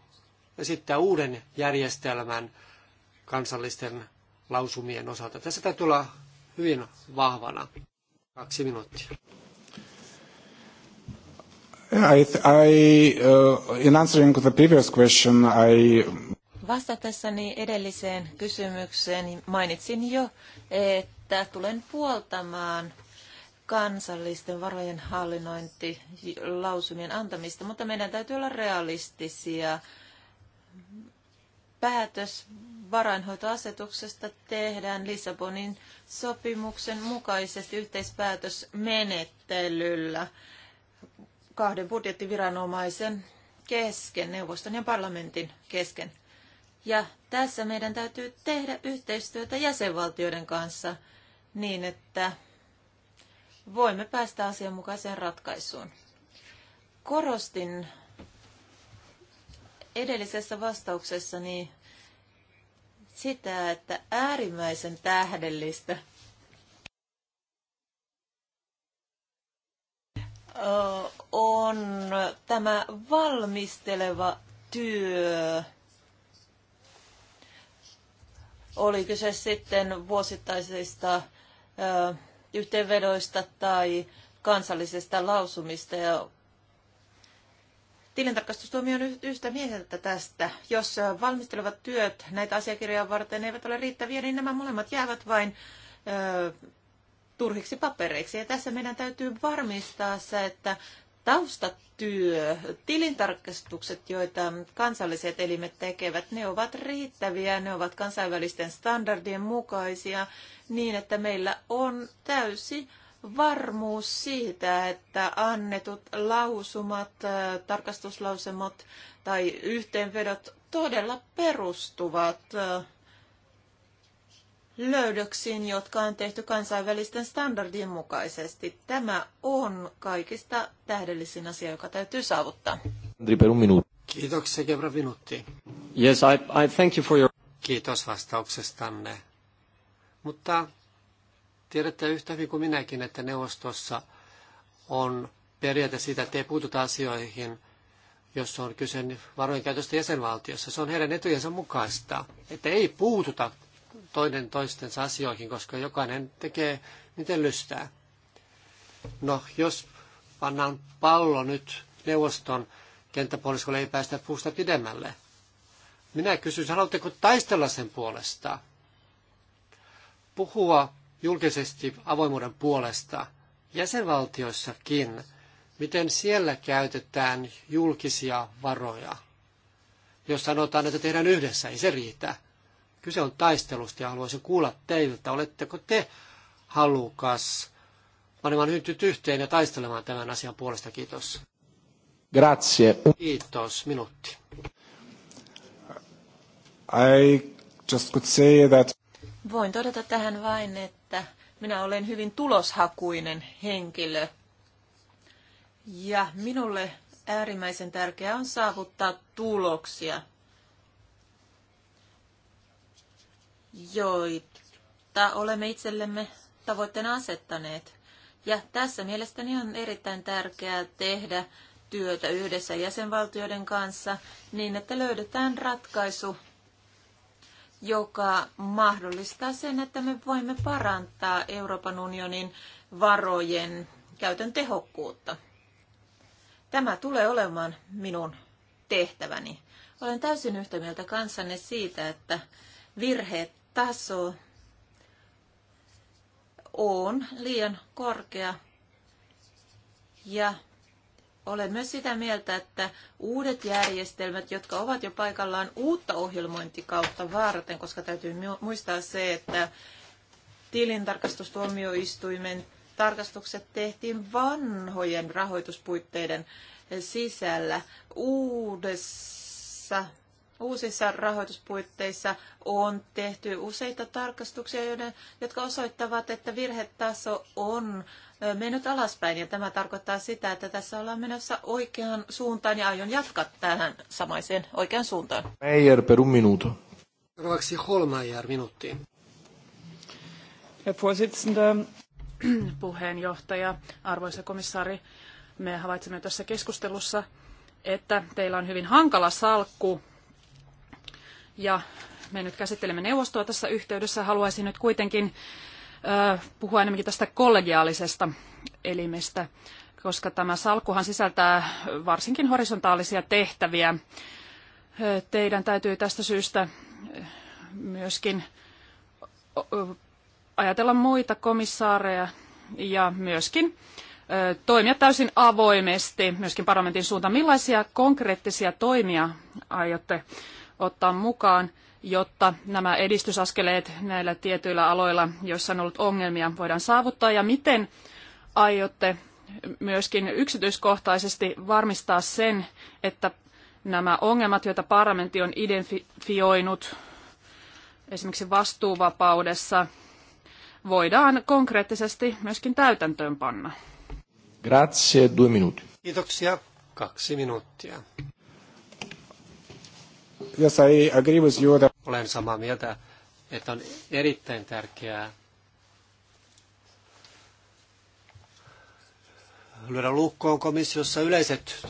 esittää uuden järjestelmän kansallisten lausumien osalta. Tässä täytyy olla hyvin vahvana. Kaksi minuuttia. I, I, uh, in answering the previous question, I... Vastatessani edelliseen kysymykseen mainitsin jo, että tulen puoltamaan kansallisten varojen hallinnointi lausumien antamista, mutta meidän täytyy olla realistisia päätös varainhoitoasetuksesta tehdään Lissabonin sopimuksen mukaisesti yhteispäätösmenettelyllä kahden budjettiviranomaisen kesken, neuvoston ja parlamentin kesken. Ja tässä meidän täytyy tehdä yhteistyötä jäsenvaltioiden kanssa niin, että voimme päästä asianmukaiseen ratkaisuun. Korostin edellisessä vastauksessani sitä, että äärimmäisen tähdellistä on tämä valmisteleva työ. Oli kyse sitten vuosittaisista yhteenvedoista tai kansallisesta lausumista ja Tilintarkastustuomio on yhtä mieltä tästä. Jos valmistelevat työt näitä asiakirjoja varten eivät ole riittäviä, niin nämä molemmat jäävät vain ö, turhiksi papereiksi. Ja tässä meidän täytyy varmistaa se, että taustatyö, tilintarkastukset, joita kansalliset elimet tekevät, ne ovat riittäviä, ne ovat kansainvälisten standardien mukaisia niin, että meillä on täysi varmuus siitä, että annetut lausumat, äh, tarkastuslausemat tai yhteenvedot todella perustuvat äh, löydöksiin, jotka on tehty kansainvälisten standardien mukaisesti. Tämä on kaikista tähdellisin asia, joka täytyy saavuttaa. Kiitoksia, Kevra Vinutti. Yes, I, I thank you for your... Kiitos vastauksestanne. Mutta Tiedätte yhtä hyvin kuin minäkin, että neuvostossa on periaate siitä, että ei puututa asioihin, jos on kyse varojen käytöstä jäsenvaltiossa. Se on heidän etujensa mukaista, että ei puututa toinen toistensa asioihin, koska jokainen tekee miten lystää. No, jos pannaan pallo nyt neuvoston kenttäpuoliskolle, ei päästä puusta pidemmälle. Minä kysyn, haluatteko taistella sen puolesta? Puhua julkisesti avoimuuden puolesta jäsenvaltioissakin, miten siellä käytetään julkisia varoja. Jos sanotaan, että tehdään yhdessä, ei se riitä. Kyse on taistelusta ja haluaisin kuulla teiltä, oletteko te halukas panemaan hyntyt yhteen ja taistelemaan tämän asian puolesta. Kiitos. Grazie. Kiitos. Minuutti. I just could say that... Voin todeta tähän vain, että minä olen hyvin tuloshakuinen henkilö. Ja minulle äärimmäisen tärkeää on saavuttaa tuloksia, joita olemme itsellemme tavoitteena asettaneet. Ja tässä mielestäni on erittäin tärkeää tehdä työtä yhdessä jäsenvaltioiden kanssa niin, että löydetään ratkaisu joka mahdollistaa sen, että me voimme parantaa Euroopan unionin varojen käytön tehokkuutta. Tämä tulee olemaan minun tehtäväni. Olen täysin yhtä mieltä kanssanne siitä, että virhetaso on liian korkea ja olen myös sitä mieltä, että uudet järjestelmät, jotka ovat jo paikallaan uutta ohjelmointikautta varten, koska täytyy muistaa se, että tilintarkastustuomioistuimen tarkastukset tehtiin vanhojen rahoituspuitteiden sisällä uudessa uusissa rahoituspuitteissa on tehty useita tarkastuksia, joiden, jotka osoittavat, että virhetaso on mennyt alaspäin. Ja tämä tarkoittaa sitä, että tässä ollaan menossa oikeaan suuntaan ja aion jatkaa tähän samaiseen oikeaan suuntaan. Meijer per un minuto. Seuraavaksi Holmeijer minuuttiin. *clears throat* puheenjohtaja, arvoisa komissaari, me havaitsemme tässä keskustelussa, että teillä on hyvin hankala salkku ja me nyt käsittelemme neuvostoa tässä yhteydessä. Haluaisin nyt kuitenkin puhua enemmänkin tästä kollegiaalisesta elimestä, koska tämä salkkuhan sisältää varsinkin horisontaalisia tehtäviä. Teidän täytyy tästä syystä myöskin ajatella muita komissaareja ja myöskin toimia täysin avoimesti myöskin parlamentin suuntaan. Millaisia konkreettisia toimia aiotte ottaa mukaan, jotta nämä edistysaskeleet näillä tietyillä aloilla, joissa on ollut ongelmia, voidaan saavuttaa ja miten aiotte myöskin yksityiskohtaisesti varmistaa sen, että nämä ongelmat, joita parlamentti on identifioinut esimerkiksi vastuuvapaudessa, voidaan konkreettisesti myöskin täytäntöönpanna. Grazie, due minuti. Kiitoksia, kaksi minuuttia. Yes, I agree with you that... Olen samaa mieltä, että on erittäin tärkeää lyödä lukkoon komissiossa yleiset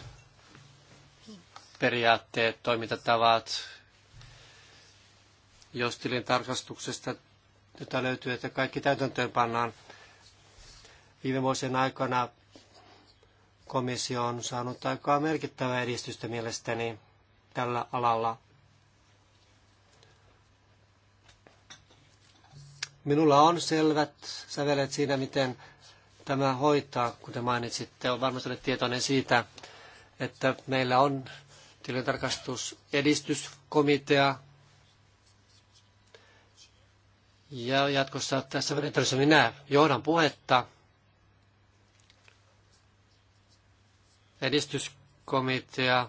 periaatteet, toimintatavat, jos tilin tarkastuksesta jota löytyy, että kaikki täytäntöön pannaan. Viime vuosien aikana komissio on saanut aikaa merkittävää edistystä mielestäni tällä alalla. Minulla on selvät sävelet siinä, miten tämä hoitaa, kuten mainitsitte. on varmasti tietoinen siitä, että meillä on tilintarkastusedistyskomitea. Ja jatkossa tässä menettelyssä minä johdan puhetta. Edistyskomitea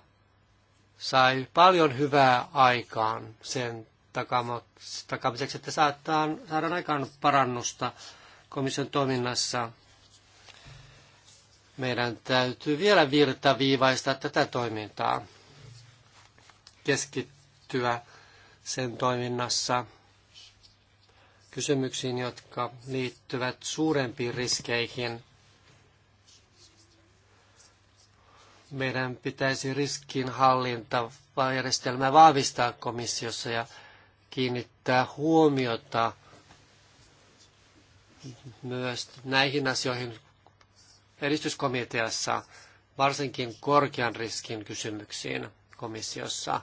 sai paljon hyvää aikaan sen takamiseksi, että saattaa, saada aikaan parannusta komission toiminnassa. Meidän täytyy vielä virtaviivaistaa tätä toimintaa, keskittyä sen toiminnassa kysymyksiin, jotka liittyvät suurempiin riskeihin – meidän pitäisi riskinhallintajärjestelmää vahvistaa komissiossa ja kiinnittää huomiota myös näihin asioihin edistyskomiteassa, varsinkin korkean riskin kysymyksiin komissiossa.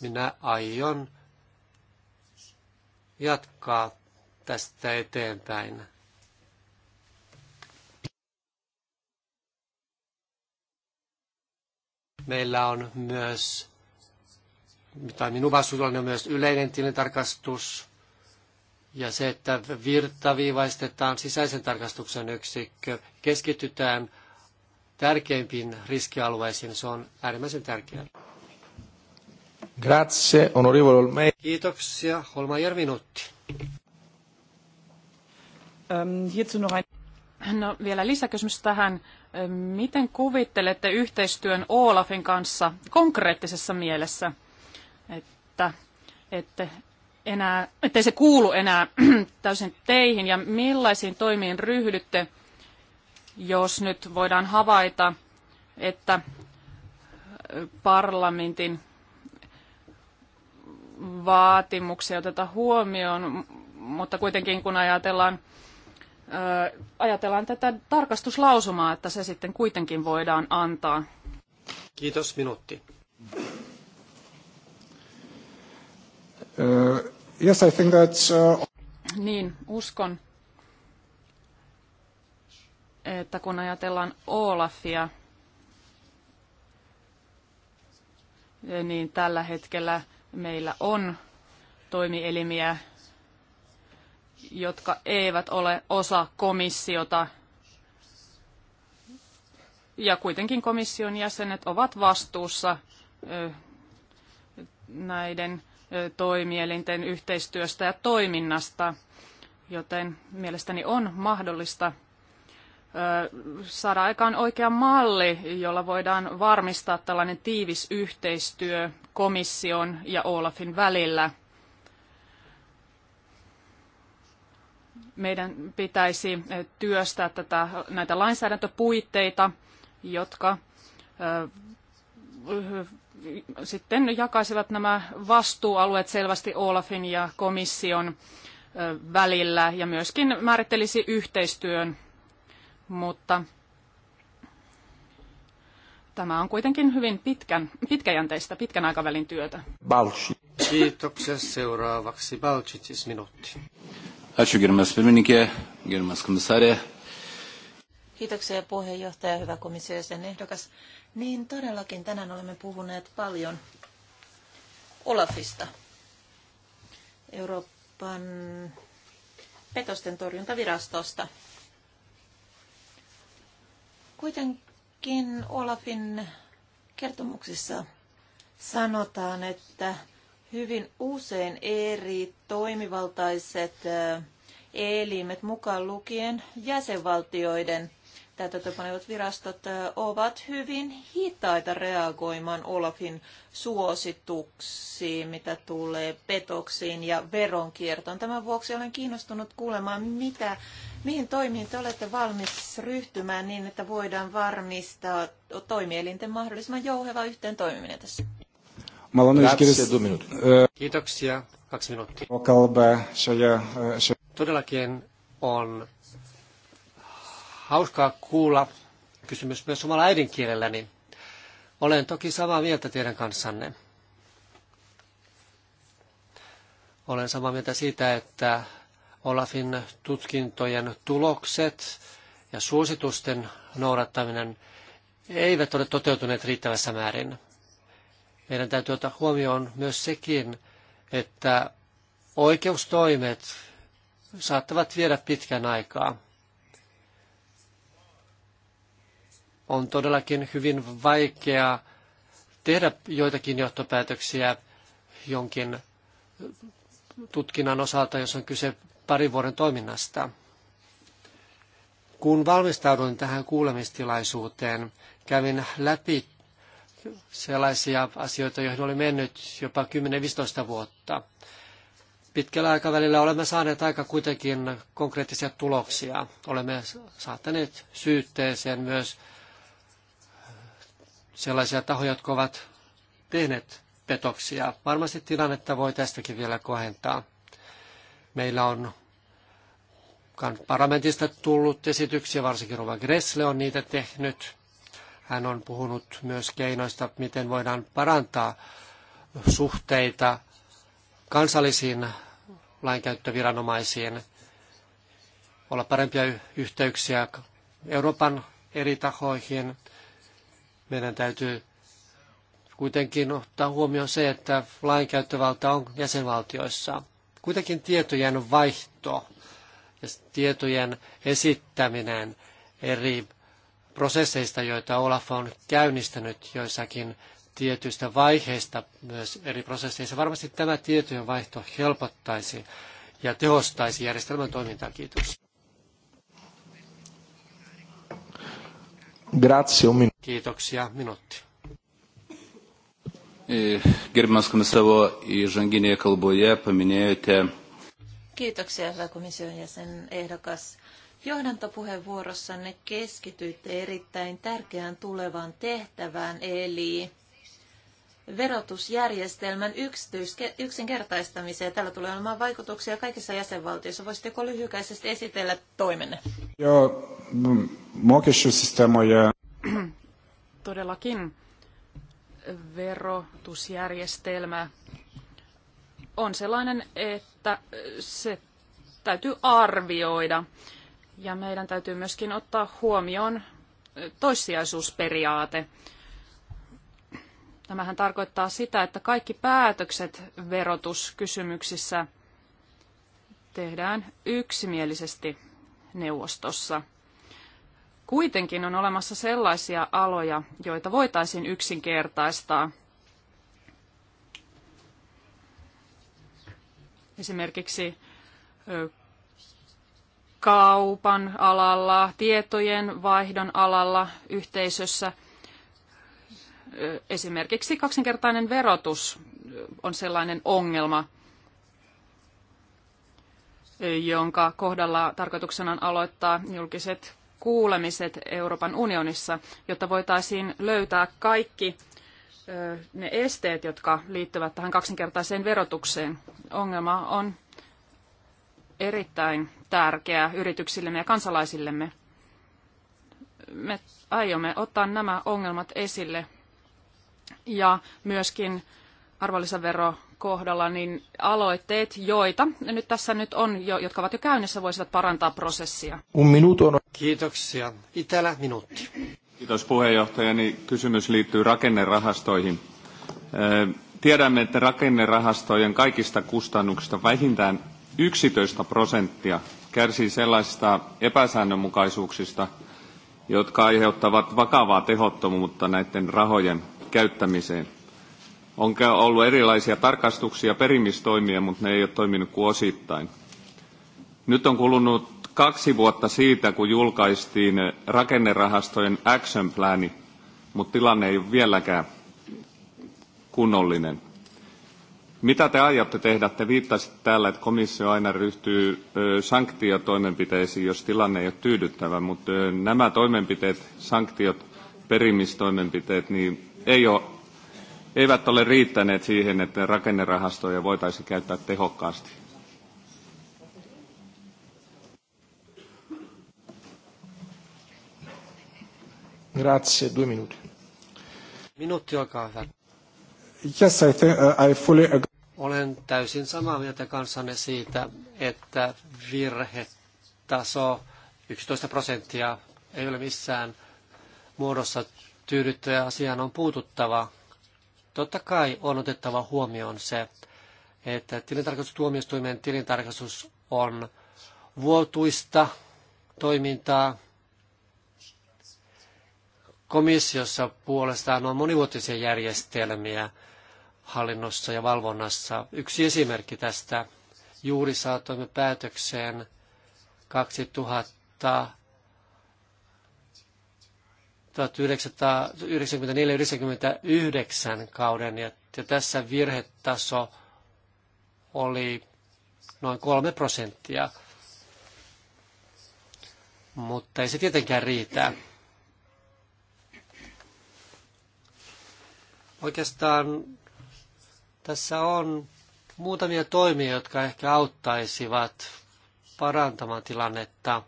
Minä aion jatkaa tästä eteenpäin. Meillä on myös, tai minun vastuullani on myös yleinen tilintarkastus ja se, että virtaviivaistetaan sisäisen tarkastuksen yksikkö, keskitytään tärkeimpiin riskialueisiin, se on äärimmäisen tärkeää. Grazie, onorevole Olmeier. Kiitoksia, Holma Järvinutti. Um, ähm, hierzu noch ein... No vielä lisäkysymys tähän. Miten kuvittelette yhteistyön Olafin kanssa konkreettisessa mielessä, että, että enää, ettei se kuulu enää *clears throat* täysin teihin ja millaisiin toimiin ryhdytte, jos nyt voidaan havaita, että parlamentin vaatimuksia otetaan huomioon, mutta kuitenkin kun ajatellaan ajatellaan tätä tarkastuslausumaa, että se sitten kuitenkin voidaan antaa. Kiitos, minuutti. Uh, yes, I think that's, uh... Niin, uskon, että kun ajatellaan Olafia, niin tällä hetkellä meillä on toimielimiä, jotka eivät ole osa komissiota. Ja kuitenkin komission jäsenet ovat vastuussa näiden toimielinten yhteistyöstä ja toiminnasta, joten mielestäni on mahdollista saada aikaan oikea malli, jolla voidaan varmistaa tällainen tiivis yhteistyö komission ja Olafin välillä – meidän pitäisi eh, työstää tätä, näitä lainsäädäntöpuitteita, jotka eh, eh, sitten jakaisivat nämä vastuualueet selvästi Olafin ja komission välillä ja myöskin määrittelisi yhteistyön, mutta tämä on kuitenkin hyvin pitkän, pitkäjänteistä, pitkän aikavälin työtä. Balci. Kiitoksia. Seuraavaksi Balcicis minuutti. Ačiū, gerbiamas pirmininkė, gerbiamas komisarė. Kiitoksia puheenjohtaja, hyvä komissio ja sen ehdokas. Niin todellakin tänään olemme puhuneet paljon Olafista, Euroopan petosten torjuntavirastosta. Kuitenkin Olafin kertomuksissa sanotaan, että hyvin usein eri toimivaltaiset elimet mukaan lukien jäsenvaltioiden täytäntöpanevat virastot ovat hyvin hitaita reagoimaan Olafin suosituksiin, mitä tulee petoksiin ja veronkiertoon. Tämän vuoksi olen kiinnostunut kuulemaan, mitä, mihin toimiin te olette valmis ryhtymään niin, että voidaan varmistaa toimielinten mahdollisimman jouheva yhteen toimiminen tässä. Malonu išgirsti. Eh, Kiitoksia. Kaksi minuuttia. Kalbe, šioje, šioje. Todellakin on hauskaa kuulla kysymys myös omalla äidinkielelläni. Olen toki samaa mieltä teidän kanssanne. Olen samaa mieltä siitä, että Olafin tutkintojen tulokset ja suositusten noudattaminen eivät ole toteutuneet riittävässä määrin. Meidän täytyy ottaa huomioon myös sekin, että oikeustoimet saattavat viedä pitkän aikaa. On todellakin hyvin vaikeaa tehdä joitakin johtopäätöksiä jonkin tutkinnan osalta, jos on kyse parin vuoden toiminnasta. Kun valmistauduin tähän kuulemistilaisuuteen, kävin läpi sellaisia asioita, joihin oli mennyt jopa 10-15 vuotta. Pitkällä aikavälillä olemme saaneet aika kuitenkin konkreettisia tuloksia. Olemme saattaneet syytteeseen myös sellaisia tahoja, jotka ovat tehneet petoksia. Varmasti tilannetta voi tästäkin vielä kohentaa. Meillä on parlamentista tullut esityksiä, varsinkin Rova Gressle on niitä tehnyt. Hän on puhunut myös keinoista, miten voidaan parantaa suhteita kansallisiin lainkäyttöviranomaisiin, olla parempia yhteyksiä Euroopan eri tahoihin. Meidän täytyy kuitenkin ottaa huomioon se, että lainkäyttövalta on jäsenvaltioissa. Kuitenkin tietojen vaihto ja tietojen esittäminen eri prosesseista, joita Olaf on käynnistänyt joissakin tietyistä vaiheista myös eri prosesseissa. Varmasti tämä tietojen vaihto helpottaisi ja tehostaisi järjestelmän toimintaa. Kiitos. Grazie, un Kiitoksia. Minuutti. Eh, gerbiamas komisaro, įžanginėje kalboje paminėjote. Kiitoksia, hyvä komission jäsen ehdokas. Johdantopuheenvuorossanne keskityitte erittäin tärkeään tulevaan tehtävään, eli verotusjärjestelmän yksinkertaistamiseen. Tällä tulee olemaan vaikutuksia kaikissa jäsenvaltioissa. Voisitteko lyhykäisesti esitellä toimenne? Joo, mokessusysteemoja. Mm, *clears throat* Todellakin verotusjärjestelmä on sellainen, että se täytyy arvioida ja meidän täytyy myöskin ottaa huomioon toissijaisuusperiaate. Tämähän tarkoittaa sitä, että kaikki päätökset verotuskysymyksissä tehdään yksimielisesti neuvostossa. Kuitenkin on olemassa sellaisia aloja, joita voitaisiin yksinkertaistaa. Esimerkiksi kaupan alalla, tietojen vaihdon alalla yhteisössä. Esimerkiksi kaksinkertainen verotus on sellainen ongelma, jonka kohdalla tarkoituksena on aloittaa julkiset kuulemiset Euroopan unionissa, jotta voitaisiin löytää kaikki ne esteet, jotka liittyvät tähän kaksinkertaiseen verotukseen. Ongelma on erittäin tärkeä yrityksillemme ja kansalaisillemme. Me aiomme ottaa nämä ongelmat esille ja myöskin arvonlisävero kohdalla, niin aloitteet, joita nyt tässä nyt on, jo, jotka ovat jo käynnissä, voisivat parantaa prosessia. Un minuto. Kiitoksia. Itälä minuutti. Kiitos puheenjohtajani. Niin kysymys liittyy rakennerahastoihin. Tiedämme, että rakennerahastojen kaikista kustannuksista vähintään 11 prosenttia kärsii sellaisista epäsäännönmukaisuuksista, jotka aiheuttavat vakavaa tehottomuutta näiden rahojen käyttämiseen. On ollut erilaisia tarkastuksia perimistoimia, mutta ne ei ole toiminut kuin osittain. Nyt on kulunut kaksi vuotta siitä, kun julkaistiin rakennerahastojen action plani, mutta tilanne ei ole vieläkään kunnollinen. Mitä te aiotte tehdä? Te viittasitte täällä, että komissio aina ryhtyy sanktiotoimenpiteisiin, jos tilanne ei ole tyydyttävä, mutta nämä toimenpiteet, sanktiot, perimistoimenpiteet, niin ei ole, eivät ole riittäneet siihen, että rakennerahastoja voitaisiin käyttää tehokkaasti. Grazie, due minuti. Minuutti, olkaa hyvä. Yes, I, think, uh, I fully agree. Olen täysin samaa mieltä kanssanne siitä, että virhetaso 11 prosenttia ei ole missään muodossa tyydyttävä asiaan on puututtava. Totta kai on otettava huomioon se, että tilintarkastustuomioistuimen tilintarkastus on vuotuista toimintaa. Komissiossa puolestaan on monivuotisia järjestelmiä, hallinnossa ja valvonnassa. Yksi esimerkki tästä. Juuri saatoimme päätökseen 2000 1994-1999 kauden ja, ja tässä virhetaso oli noin kolme prosenttia. Mutta ei se tietenkään riitä. Oikeastaan tässä on muutamia toimia, jotka ehkä auttaisivat parantamaan tilannetta.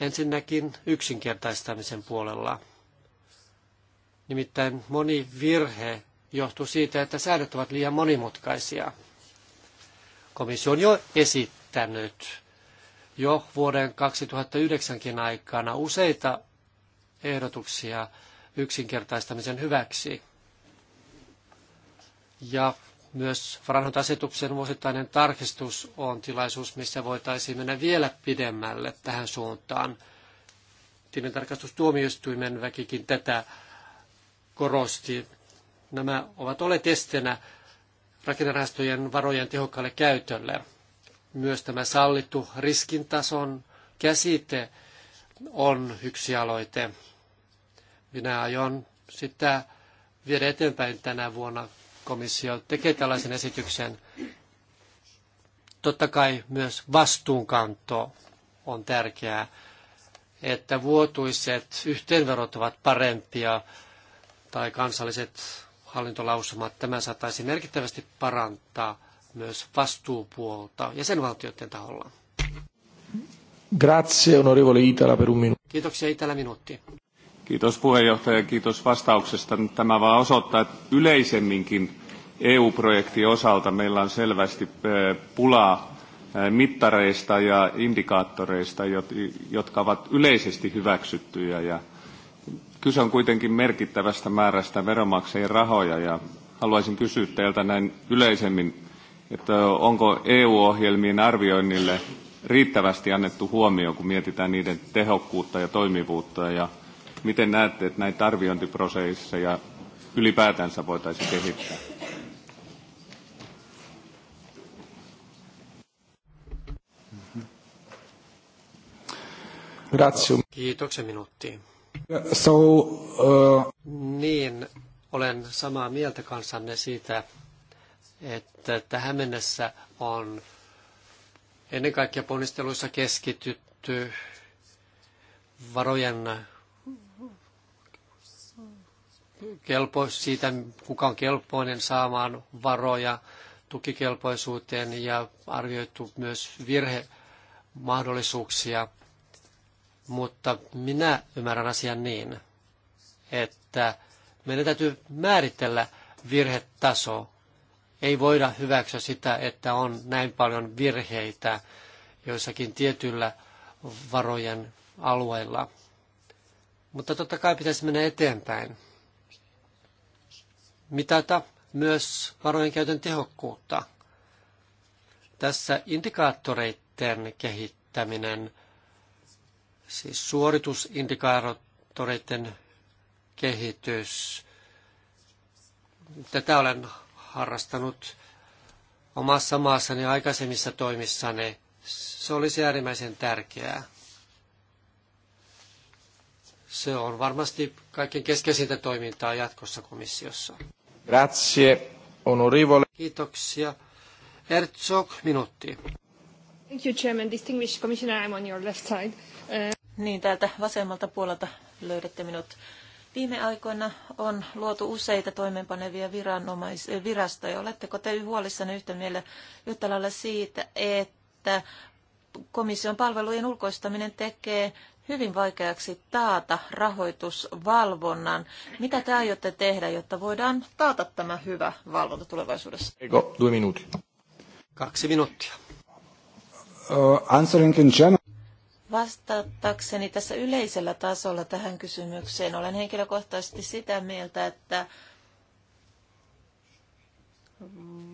Ensinnäkin yksinkertaistamisen puolella. Nimittäin moni virhe johtuu siitä, että säädöt ovat liian monimutkaisia. Komissio on jo esittänyt jo vuoden 2009kin aikana useita ehdotuksia yksinkertaistamisen hyväksi. Ja myös varanhoitasetuksen vuosittainen tarkistus on tilaisuus, missä voitaisiin mennä vielä pidemmälle tähän suuntaan. Tilintarkastustuomioistuimen väkikin tätä korosti. Nämä ovat olleet estenä rakennerahastojen varojen tehokkaalle käytölle. Myös tämä sallittu riskintason käsite on yksi aloite. Minä aion sitä viedä eteenpäin tänä vuonna komissio tekee tällaisen esityksen, totta kai myös vastuunkanto on tärkeää, että vuotuiset yhteenverot ovat parempia tai kansalliset hallintolausumat. Tämä saattaisi merkittävästi parantaa myös vastuupuolta jäsenvaltioiden taholla. Grazie, onorevole Itala, per un minuutti. Kiitoksia Itala minuutti. Kiitos puheenjohtaja, kiitos vastauksesta. Tämä vaan osoittaa, että yleisemminkin EU-projektin osalta meillä on selvästi eh, pulaa eh, mittareista ja indikaattoreista, jotka ovat yleisesti hyväksyttyjä. Ja kyse on kuitenkin merkittävästä määrästä veronmaksajien rahoja ja haluaisin kysyä teiltä näin yleisemmin, että onko EU-ohjelmien arvioinnille riittävästi annettu huomioon, kun mietitään niiden tehokkuutta ja toimivuutta ja Miten näette, että näitä arviointiprosesseja ylipäätänsä voitaisiin kehittää? Mm-hmm. Grazie. Kiitoksen minuuttiin. So, uh... Niin, olen samaa mieltä kanssanne siitä, että tähän mennessä on ennen kaikkea ponnisteluissa keskitytty varojen kelpo siitä, kuka on kelpoinen saamaan varoja tukikelpoisuuteen ja arvioitu myös virhemahdollisuuksia. Mutta minä ymmärrän asian niin, että meidän täytyy määritellä virhetaso. Ei voida hyväksyä sitä, että on näin paljon virheitä joissakin tietyillä varojen alueilla. Mutta totta kai pitäisi mennä eteenpäin mitata myös varojen käytön tehokkuutta. Tässä indikaattoreiden kehittäminen, siis suoritusindikaattoreiden kehitys, tätä olen harrastanut omassa maassani aikaisemmissa toimissani. Se olisi äärimmäisen tärkeää. Se on varmasti kaiken keskeisintä toimintaa jatkossa komissiossa. Grazie, onorevole. Kiitoksia. Herzog, minuutti. Thank you, Chairman. Distinguished Commissioner, I'm on your left side. Uh, niin, täältä vasemmalta puolelta löydätte minut. Viime aikoina on luotu useita toimeenpanevia viranomais- eh, virastoja. Oletteko te huolissanne yhtä, mielellä, yhtä lailla siitä, että komission palvelujen ulkoistaminen tekee hyvin vaikeaksi taata rahoitusvalvonnan. Mitä te aiotte tehdä, jotta voidaan taata tämä hyvä valvonta tulevaisuudessa? Eikö, due minuutti. Kaksi minuuttia. Uh, answering in general. Vastatakseni tässä yleisellä tasolla tähän kysymykseen olen henkilökohtaisesti sitä mieltä, että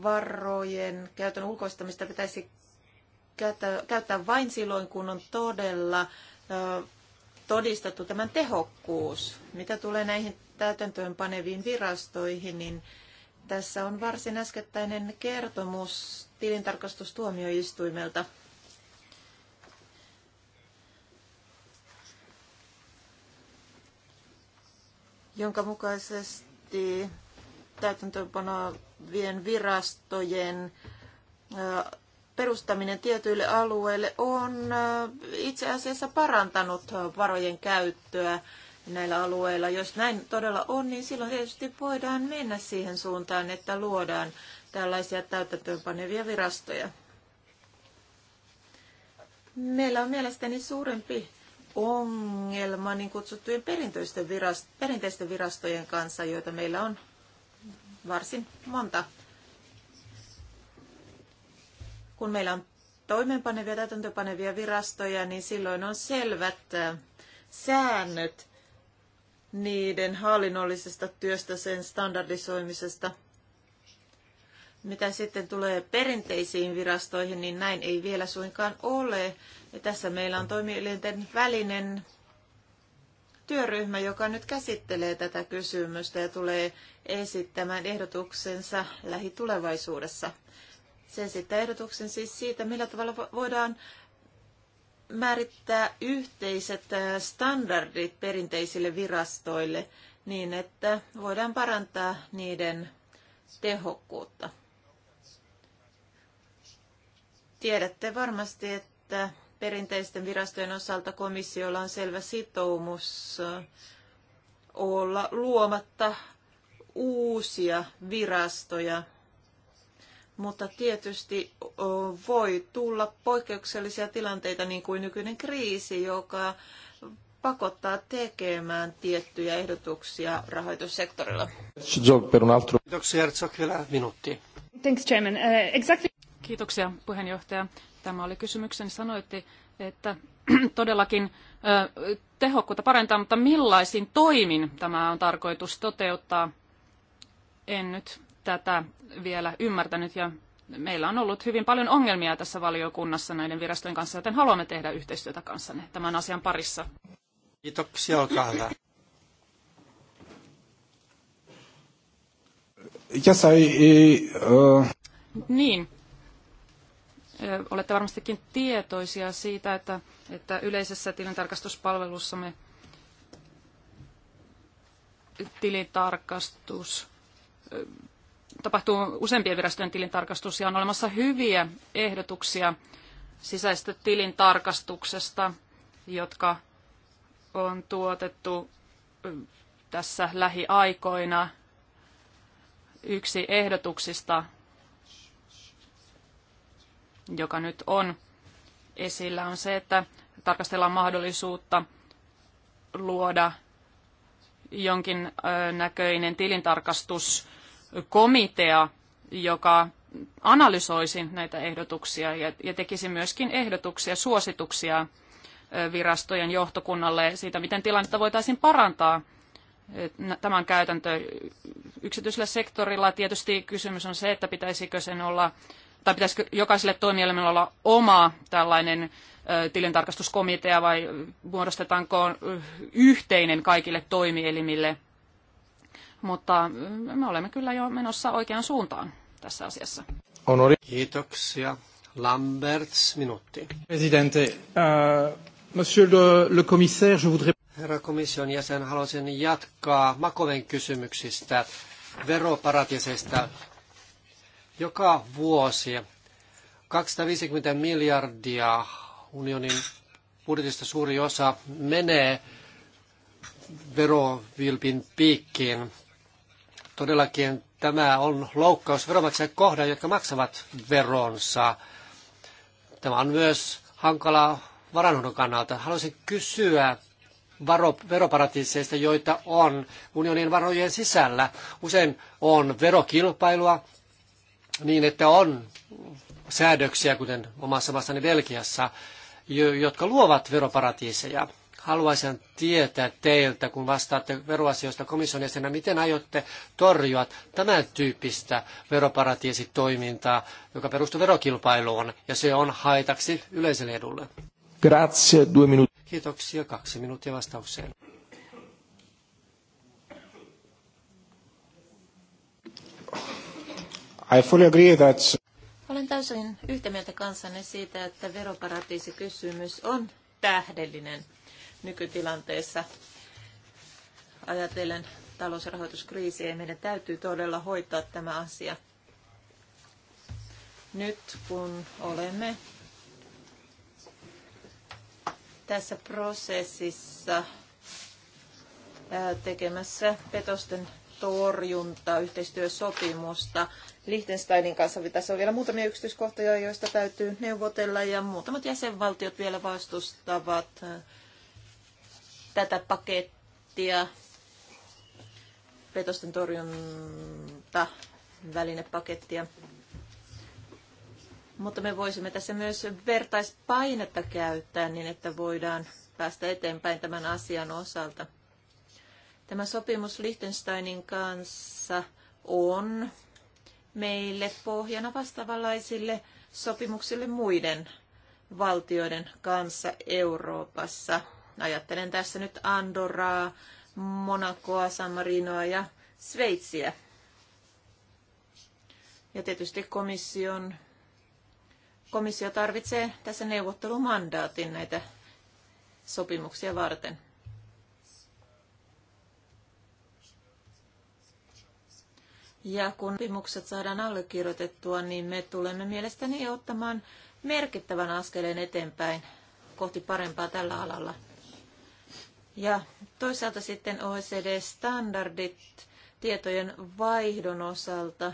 varojen käytön ulkoistamista pitäisi käyttää, käyttää vain silloin, kun on todella todistettu tämän tehokkuus. Mitä tulee näihin täytäntöön paneviin virastoihin, niin tässä on varsin äskettäinen kertomus tilintarkastustuomioistuimelta. jonka mukaisesti täytäntöönpanovien virastojen perustaminen tietyille alueille on äh, itse asiassa parantanut varojen käyttöä näillä alueilla. Jos näin todella on, niin silloin tietysti voidaan mennä siihen suuntaan, että luodaan tällaisia täytäntöönpanevia virastoja. Meillä on mielestäni suurempi ongelma niin kutsuttujen perinteisten, perinteisten virastojen kanssa, joita meillä on varsin monta kun meillä on toimeenpanevia ja täytäntöpanevia virastoja, niin silloin on selvät säännöt niiden hallinnollisesta työstä, sen standardisoimisesta. Mitä sitten tulee perinteisiin virastoihin, niin näin ei vielä suinkaan ole. Ja tässä meillä on toimielinten välinen työryhmä, joka nyt käsittelee tätä kysymystä ja tulee esittämään ehdotuksensa lähitulevaisuudessa. Se esittää ehdotuksen siis siitä, millä tavalla voidaan määrittää yhteiset äh, standardit perinteisille virastoille niin, että voidaan parantaa niiden tehokkuutta. Tiedätte varmasti, että perinteisten virastojen osalta komissiolla on selvä sitoumus äh, olla luomatta uusia virastoja mutta tietysti voi tulla poikkeuksellisia tilanteita, niin kuin nykyinen kriisi, joka pakottaa tekemään tiettyjä ehdotuksia rahoitussektorilla. Kiitoksia, Herzog, minuutti. Thanks, Chairman. Uh, exactly. Kiitoksia, puheenjohtaja. Tämä oli kysymyksen. Sanoitte, että *clears throat* todellakin tehokkuutta parantaa, mutta millaisin toimin tämä on tarkoitus toteuttaa? En nyt tätä vielä ymmärtänyt ja meillä on ollut hyvin paljon ongelmia tässä valiokunnassa näiden virastojen kanssa, joten haluamme tehdä yhteistyötä kanssanne tämän asian parissa. Kiitoksia, olkaa hyvä. Yes, I, uh... Niin. Olette varmastikin tietoisia siitä, että, että yleisessä tilintarkastuspalvelussamme tilintarkastus tapahtuu useampien virastojen tilintarkastus ja on olemassa hyviä ehdotuksia sisäistä tilintarkastuksesta, jotka on tuotettu tässä lähiaikoina. Yksi ehdotuksista, joka nyt on esillä, on se, että tarkastellaan mahdollisuutta luoda jonkin näköinen tilintarkastus komitea, joka analysoisi näitä ehdotuksia ja, ja tekisi myöskin ehdotuksia, suosituksia virastojen johtokunnalle siitä, miten tilannetta voitaisiin parantaa. Tämän käytäntö yksityisellä sektorilla tietysti kysymys on se, että pitäisikö sen olla tai pitäisikö jokaiselle toimielimelle olla oma tällainen tilintarkastuskomitea vai muodostetaanko yhteinen kaikille toimielimille mutta me olemme kyllä jo menossa oikeaan suuntaan tässä asiassa. Onori. Kiitoksia. Lamberts, minuutti. Presidente, uh, monsieur le, le commissaire, je voudrais... Herra komission jäsen, haluaisin jatkaa Makoven kysymyksistä veroparatiiseista. Joka vuosi 250 miljardia unionin budjetista suuri osa menee verovilpin piikkiin. Todellakin tämä on loukkaus veronmaksajien kohdan, jotka maksavat veronsa. Tämä on myös hankala varanhoidon kannalta. Haluaisin kysyä varo, veroparatiiseista, joita on unionin varojen sisällä. Usein on verokilpailua niin, että on säädöksiä, kuten omassa maassani Belgiassa, jotka luovat veroparatiiseja haluaisin tietää teiltä, kun vastaatte veroasioista komission jäsenenä, miten aiotte torjua tämän tyyppistä veroparatiisitoimintaa, joka perustuu verokilpailuun, ja se on haitaksi yleiselle edulle. Grazie, due Kiitoksia, kaksi minuuttia vastaukseen. I fully agree that... Olen täysin yhtä mieltä kanssanne siitä, että veroparatiisikysymys on tähdellinen nykytilanteessa ajatellen talousrahoituskriisiä. Meidän täytyy todella hoitaa tämä asia. Nyt kun olemme tässä prosessissa tekemässä petosten torjunta, yhteistyösopimusta Liechtensteinin kanssa. Tässä on vielä muutamia yksityiskohtia, joista täytyy neuvotella ja muutamat jäsenvaltiot vielä vastustavat tätä pakettia, petosten torjunta välinepakettia. Mutta me voisimme tässä myös vertaispainetta käyttää niin, että voidaan päästä eteenpäin tämän asian osalta. Tämä sopimus Liechtensteinin kanssa on meille pohjana vastaavanlaisille sopimuksille muiden valtioiden kanssa Euroopassa – Ajattelen tässä nyt Andorraa, Monakoa, San Marinoa ja Sveitsiä. Ja tietysti komission, komissio tarvitsee tässä neuvottelumandaatin näitä sopimuksia varten. Ja kun sopimukset saadaan allekirjoitettua, niin me tulemme mielestäni ottamaan merkittävän askeleen eteenpäin kohti parempaa tällä alalla. Ja toisaalta sitten OECD-standardit tietojen vaihdon osalta.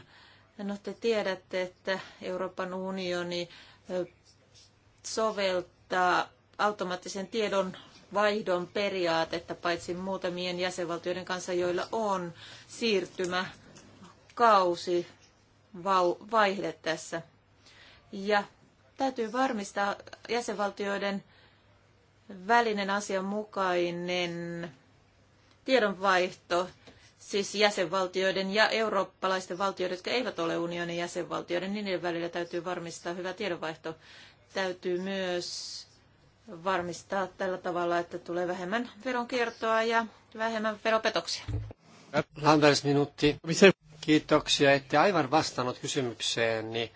No te tiedätte, että Euroopan unioni soveltaa automaattisen tiedon vaihdon periaatetta paitsi muutamien jäsenvaltioiden kanssa, joilla on siirtymäkausi vaihde tässä. Ja täytyy varmistaa jäsenvaltioiden välinen asianmukainen tiedonvaihto siis jäsenvaltioiden ja eurooppalaisten valtioiden, jotka eivät ole unionin jäsenvaltioiden, niiden välillä täytyy varmistaa hyvä tiedonvaihto. Täytyy myös varmistaa tällä tavalla, että tulee vähemmän veronkiertoa ja vähemmän veropetoksia. Landers minuutti. Kiitoksia, ette aivan vastannut kysymykseeni. Niin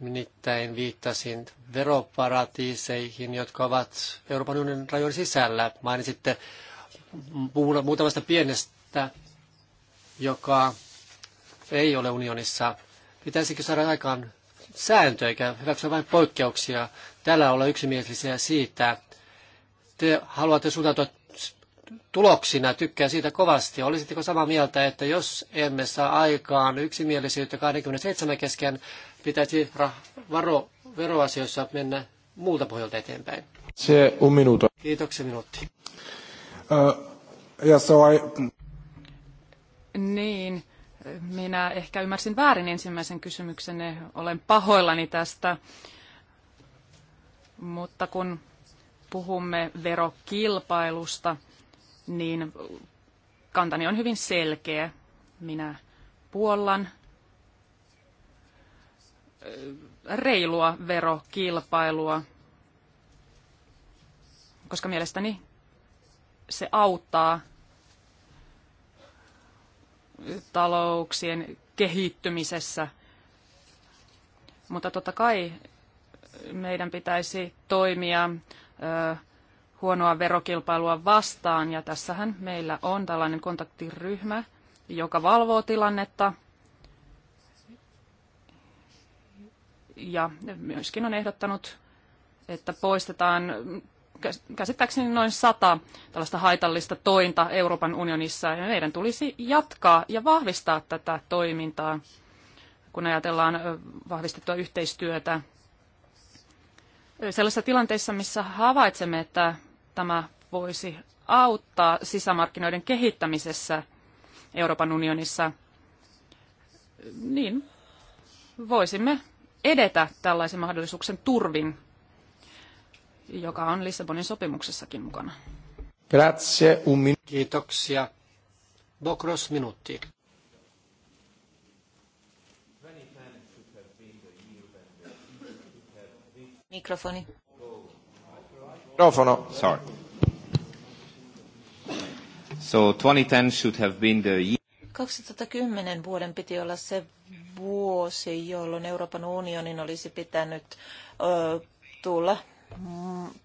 Nimittäin viittasin veroparatiiseihin, jotka ovat Euroopan unionin rajojen sisällä. Mainitsitte muutamasta pienestä, joka ei ole unionissa. Pitäisikö saada aikaan sääntö eikä hyväksyä vain poikkeuksia? Täällä olla yksimielisiä siitä. Te haluatte suuntautua tuloksina, tykkää siitä kovasti. Olisitteko samaa mieltä, että jos emme saa aikaan yksimielisyyttä 27 kesken, pitäisi varo, veroasioissa mennä muulta pohjalta eteenpäin. Se on minuutti. Kiitoksia minuutti. Uh, yeah, so I... Niin, minä ehkä ymmärsin väärin ensimmäisen kysymyksenne. Olen pahoillani tästä. Mutta kun puhumme verokilpailusta, niin kantani on hyvin selkeä. Minä puollan reilua verokilpailua, koska mielestäni se auttaa talouksien kehittymisessä. Mutta totta kai meidän pitäisi toimia huonoa verokilpailua vastaan, ja tässähän meillä on tällainen kontaktiryhmä, joka valvoo tilannetta – ja myöskin on ehdottanut, että poistetaan käsittääkseni noin sata tällaista haitallista tointa Euroopan unionissa, ja meidän tulisi jatkaa ja vahvistaa tätä toimintaa, kun ajatellaan vahvistettua yhteistyötä sellaisissa tilanteissa, missä havaitsemme, että tämä voisi auttaa sisämarkkinoiden kehittämisessä Euroopan unionissa, niin voisimme edetä tällaisen mahdollisuuksen turvin, joka on Lissabonin sopimuksessakin mukana. Grazie, un min- Kiitoksia. Bokros minuutti. Mikrofoni. Mikrofono, sorry. So 2010 should have been the year. 2010 vuoden piti olla se vuosi, jolloin Euroopan unionin olisi pitänyt ö, tulla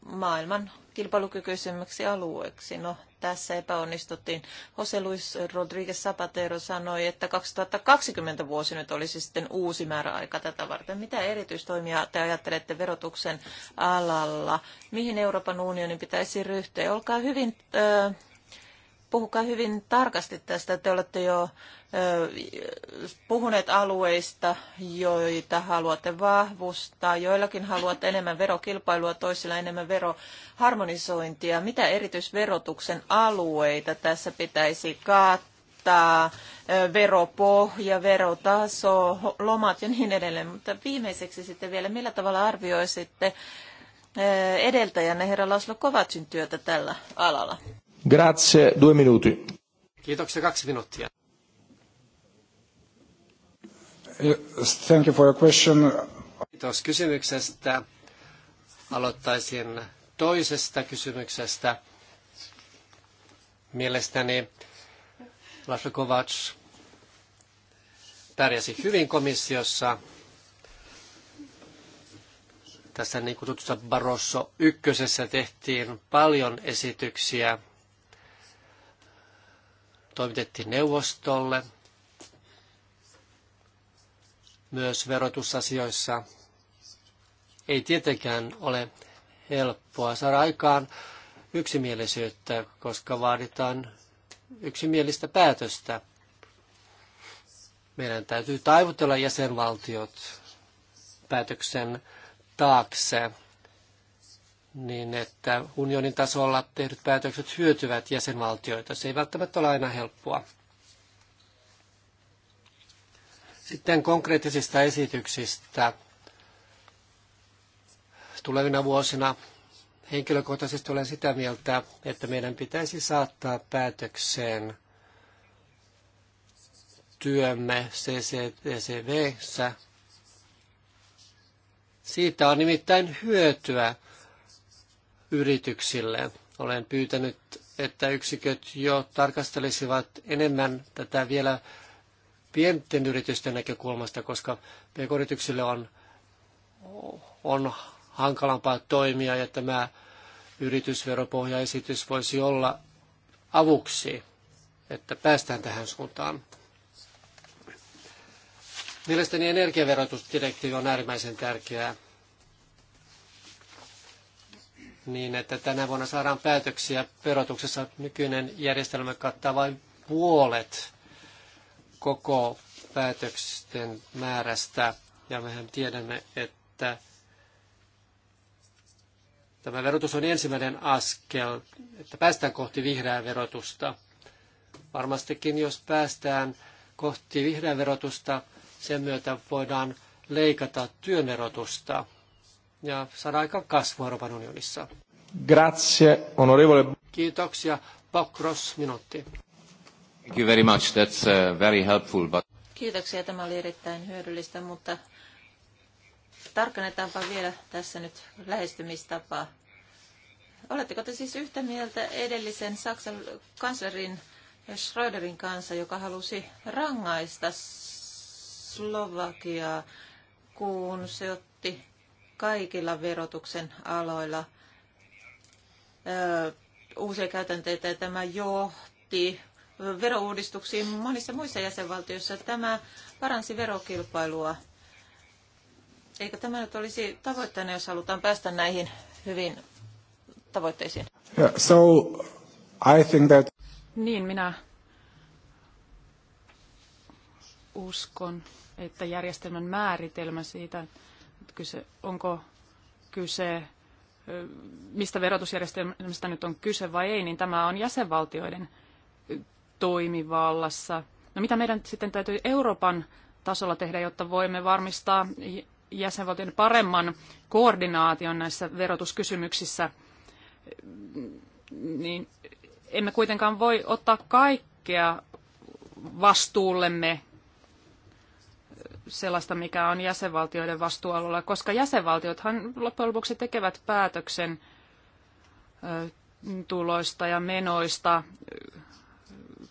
maailman kilpailukykyisemmäksi alueeksi. No, tässä epäonnistuttiin. Jose Luis Rodriguez Zapatero sanoi, että 2020 vuosi nyt olisi sitten uusi määräaika tätä varten. Mitä erityistoimia te ajattelette verotuksen alalla? Mihin Euroopan unionin pitäisi ryhtyä? Olkaa hyvin äh, puhukaa hyvin tarkasti tästä. Te olette jo puhuneet alueista, joita haluatte vahvustaa. Joillakin haluatte enemmän verokilpailua, toisilla enemmän veroharmonisointia. Mitä erityisverotuksen alueita tässä pitäisi kattaa? veropohja, verotaso, lomat ja niin edelleen. Mutta viimeiseksi sitten vielä, millä tavalla arvioisitte edeltäjänne herra Laslo Kovatsin työtä tällä alalla? Grazie, due minuti. Kiitoksia, kaksi minuuttia. Uh, thank you for your question. Kiitos kysymyksestä. Aloittaisin toisesta kysymyksestä. Mielestäni Laszlo Kovacs pärjäsi hyvin komissiossa tässä niin kutsutussa Barroso ykkösessä tehtiin paljon esityksiä toimitettiin neuvostolle myös verotusasioissa. Ei tietenkään ole helppoa saada aikaan yksimielisyyttä, koska vaaditaan yksimielistä päätöstä. Meidän täytyy taivutella jäsenvaltiot päätöksen taakse niin että unionin tasolla tehdyt päätökset hyötyvät jäsenvaltioita. Se ei välttämättä ole aina helppoa. Sitten konkreettisista esityksistä tulevina vuosina henkilökohtaisesti olen sitä mieltä, että meidän pitäisi saattaa päätökseen työmme CCTCVssä. Siitä on nimittäin hyötyä yrityksille. Olen pyytänyt, että yksiköt jo tarkastelisivat enemmän tätä vielä pienten yritysten näkökulmasta, koska pk-yrityksille on, on hankalampaa toimia ja tämä yritysveropohjaesitys voisi olla avuksi, että päästään tähän suuntaan. Mielestäni energiaverotusdirektiivi on äärimmäisen tärkeää niin, että tänä vuonna saadaan päätöksiä verotuksessa. Nykyinen järjestelmä kattaa vain puolet koko päätöksen määrästä. Ja mehän tiedämme, että tämä verotus on ensimmäinen askel, että päästään kohti vihreää verotusta. Varmastikin jos päästään kohti vihreää verotusta, sen myötä voidaan leikata työn verotusta ja saada aikaan kasvua Euroopan unionissa. Grazie, onorevole. Kiitoksia. Bokros, minuutti. Thank you very much. That's uh, very helpful, but... Kiitoksia. Tämä oli erittäin hyödyllistä, mutta tarkennetaanpa vielä tässä nyt lähestymistapaa. Oletteko te siis yhtä mieltä edellisen Saksan kanslerin Schröderin kanssa, joka halusi rangaista Slovakiaa, kun se otti kaikilla verotuksen aloilla uusia käytänteitä ja tämä johti verouudistuksiin monissa muissa jäsenvaltioissa. Tämä paransi verokilpailua. Eikö tämä nyt olisi tavoitteena, jos halutaan päästä näihin hyvin tavoitteisiin? Yeah, so I think that... Niin, minä uskon, että järjestelmän määritelmä siitä, kyse, onko kyse, mistä verotusjärjestelmästä nyt on kyse vai ei, niin tämä on jäsenvaltioiden toimivallassa. No mitä meidän sitten täytyy Euroopan tasolla tehdä, jotta voimme varmistaa jäsenvaltioiden paremman koordinaation näissä verotuskysymyksissä, niin emme kuitenkaan voi ottaa kaikkea vastuullemme sellaista, mikä on jäsenvaltioiden vastuualueella, koska jäsenvaltiothan loppujen lopuksi tekevät päätöksen tuloista ja menoista,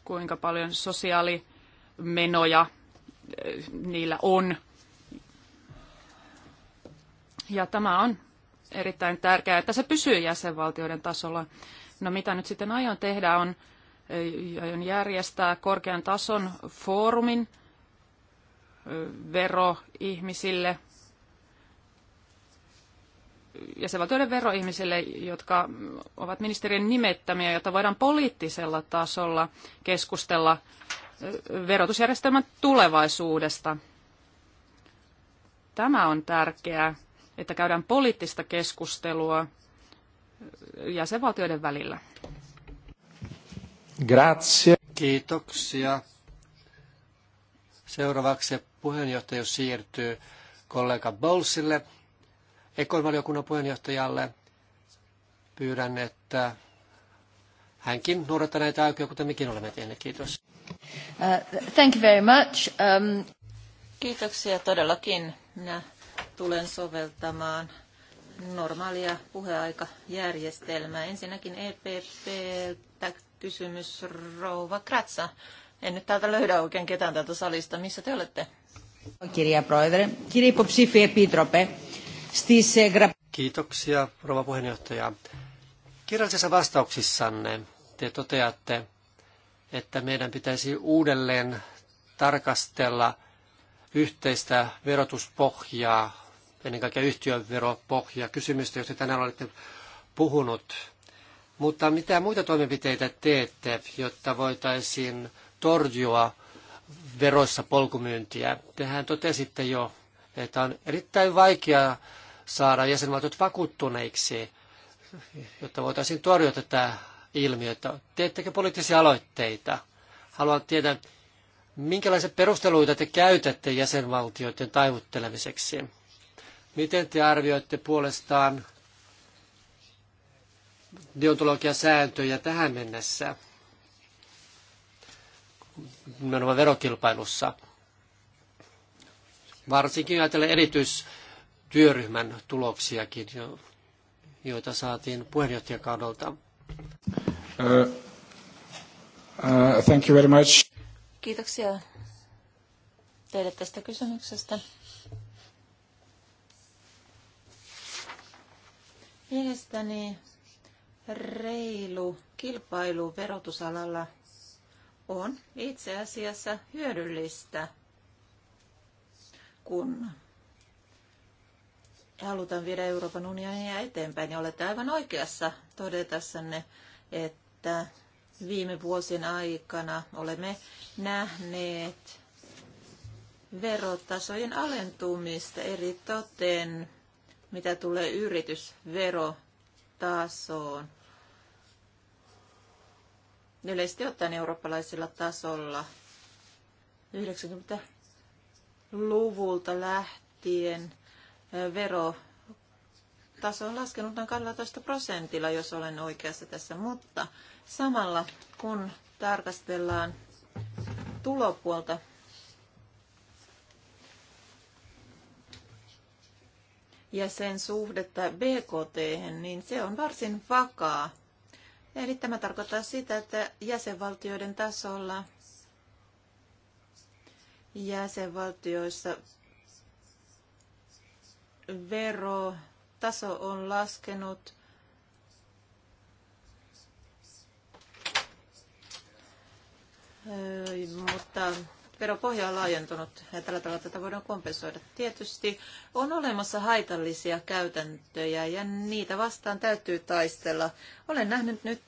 kuinka paljon sosiaalimenoja niillä on. Ja tämä on erittäin tärkeää, että se pysyy jäsenvaltioiden tasolla. No mitä nyt sitten aion tehdä on, aion järjestää korkean tason foorumin, vero ihmisille, jäsenvaltioiden vero ihmisille, jotka ovat ministerien nimettämiä, jotta voidaan poliittisella tasolla keskustella verotusjärjestelmän tulevaisuudesta. Tämä on tärkeää, että käydään poliittista keskustelua jäsenvaltioiden välillä. Grazie. Kiitoksia. Seuraavaksi puheenjohtajuus siirtyy kollega Bolsille, ekonvaliokunnan puheenjohtajalle. Pyydän, että hänkin noudattaa näitä aikoja, kuten mekin olemme tehneet. Kiitos. Uh, thank you very much. Um... Kiitoksia todellakin. Minä tulen soveltamaan normaalia puheaikajärjestelmää. Ensinnäkin EPP kysymys Rouva Kratsa en nyt täältä löydä oikein ketään täältä salista. Missä te olette? Kirja Proedre. Kirja Popsifi Epitrope. Eh, Kiitoksia, rouva puheenjohtaja. Kirjallisissa vastauksissanne te toteatte, että meidän pitäisi uudelleen tarkastella yhteistä verotuspohjaa, ennen kaikkea yhtiöveropohjaa, kysymystä, josta tänään olette puhunut. Mutta mitä muita toimenpiteitä teette, jotta voitaisiin torjua veroissa polkumyyntiä. Tehän totesitte jo, että on erittäin vaikea saada jäsenvaltiot vakuuttuneiksi, jotta voitaisiin torjua tätä ilmiötä. Teettekö poliittisia aloitteita? Haluan tietää, minkälaisia perusteluita te käytätte jäsenvaltioiden taivuttelemiseksi? Miten te arvioitte puolestaan deontologiasääntöjä tähän mennessä? nimenomaan verokilpailussa. Varsinkin ajatellen erityistyöryhmän tuloksiakin, joita saatiin puheenjohtajakaudelta. Uh, uh, thank you very much. Kiitoksia teille tästä kysymyksestä. Mielestäni reilu kilpailu verotusalalla on itse asiassa hyödyllistä, kun halutaan viedä Euroopan unionia eteenpäin. Ja olette aivan oikeassa todetessanne, että viime vuosien aikana olemme nähneet verotasojen alentumista eri toteen, mitä tulee yritysverotasoon yleisesti ottaen eurooppalaisella tasolla 90-luvulta lähtien vero taso on laskenut noin 12 prosentilla, jos olen oikeassa tässä, mutta samalla kun tarkastellaan tulopuolta, ja sen suhdetta BKT, niin se on varsin vakaa Eli tämä tarkoittaa sitä, että jäsenvaltioiden tasolla jäsenvaltioissa verotaso on laskenut öö, mutta veropohja on laajentunut ja tällä tavalla tätä voidaan kompensoida. Tietysti on olemassa haitallisia käytäntöjä ja niitä vastaan täytyy taistella. Olen nähnyt nyt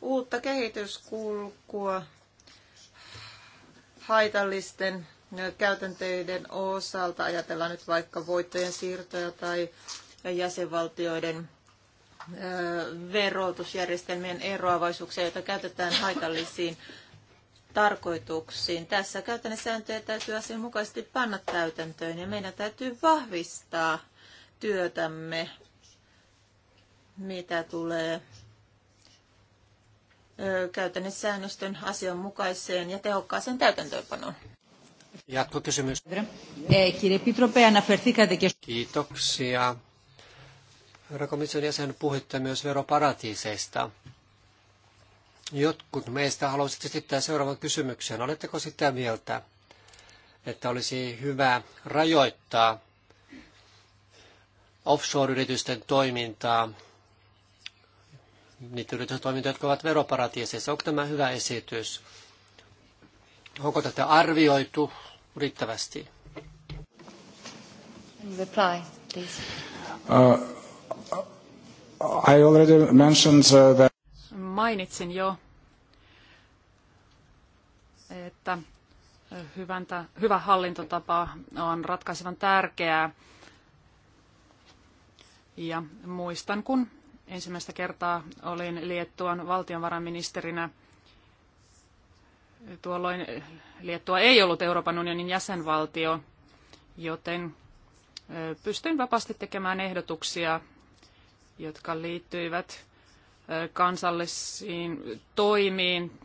uutta kehityskulkua haitallisten käytänteiden osalta. Ajatellaan nyt vaikka voittojen siirtoja tai jäsenvaltioiden verotusjärjestelmien eroavaisuuksia, joita käytetään haitallisiin tarkoituksiin. Tässä käytännön sääntöjä täytyy asianmukaisesti panna täytäntöön ja meidän täytyy vahvistaa työtämme, mitä tulee käytännön säännöstön asianmukaiseen ja tehokkaaseen täytäntöönpanoon. Jatkokysymys. Eh, Kiitoksia. Herra komission jäsen, puhuitte myös veroparatiiseista. Jotkut meistä haluaisivat esittää seuraavan kysymyksen. Oletteko sitä mieltä, että olisi hyvä rajoittaa offshore-yritysten toimintaa, niitä yritysten toimintaa, jotka ovat veroparatiiseissa? Onko tämä hyvä esitys? Onko tätä arvioitu riittävästi? Reply, please. Uh, I already mentioned uh, that mainitsin jo, että hyväntä, hyvä hallintotapa on ratkaisevan tärkeää. Ja muistan, kun ensimmäistä kertaa olin Liettuan valtionvarainministerinä. Tuolloin Liettua ei ollut Euroopan unionin jäsenvaltio, joten pystyin vapaasti tekemään ehdotuksia, jotka liittyivät kansallisiin toimiin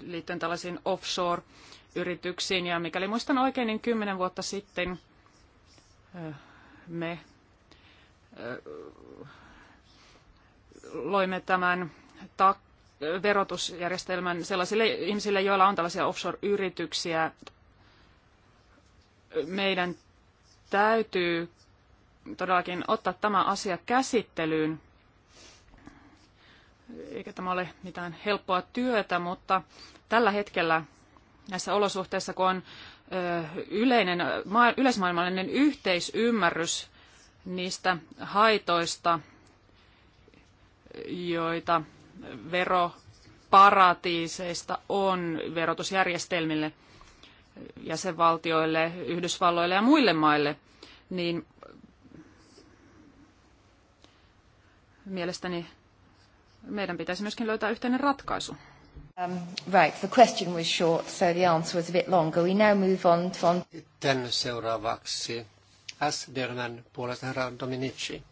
liittyen tällaisiin offshore-yrityksiin. Ja mikäli muistan oikein, niin kymmenen vuotta sitten me loimme tämän verotusjärjestelmän sellaisille ihmisille, joilla on tällaisia offshore-yrityksiä. Meidän täytyy todellakin ottaa tämä asia käsittelyyn eikä tämä ole mitään helppoa työtä, mutta tällä hetkellä näissä olosuhteissa, kun on yleinen, yleismaailmallinen yhteisymmärrys niistä haitoista, joita veroparatiiseista on verotusjärjestelmille, jäsenvaltioille, Yhdysvalloille ja muille maille, niin mielestäni meidän pitäisi myöskin löytää yhteinen ratkaisu. Um, right, the question was short, so the answer was a bit longer. We now move on to. Sitten seuraavaksi s derman puolesta herra Dominici.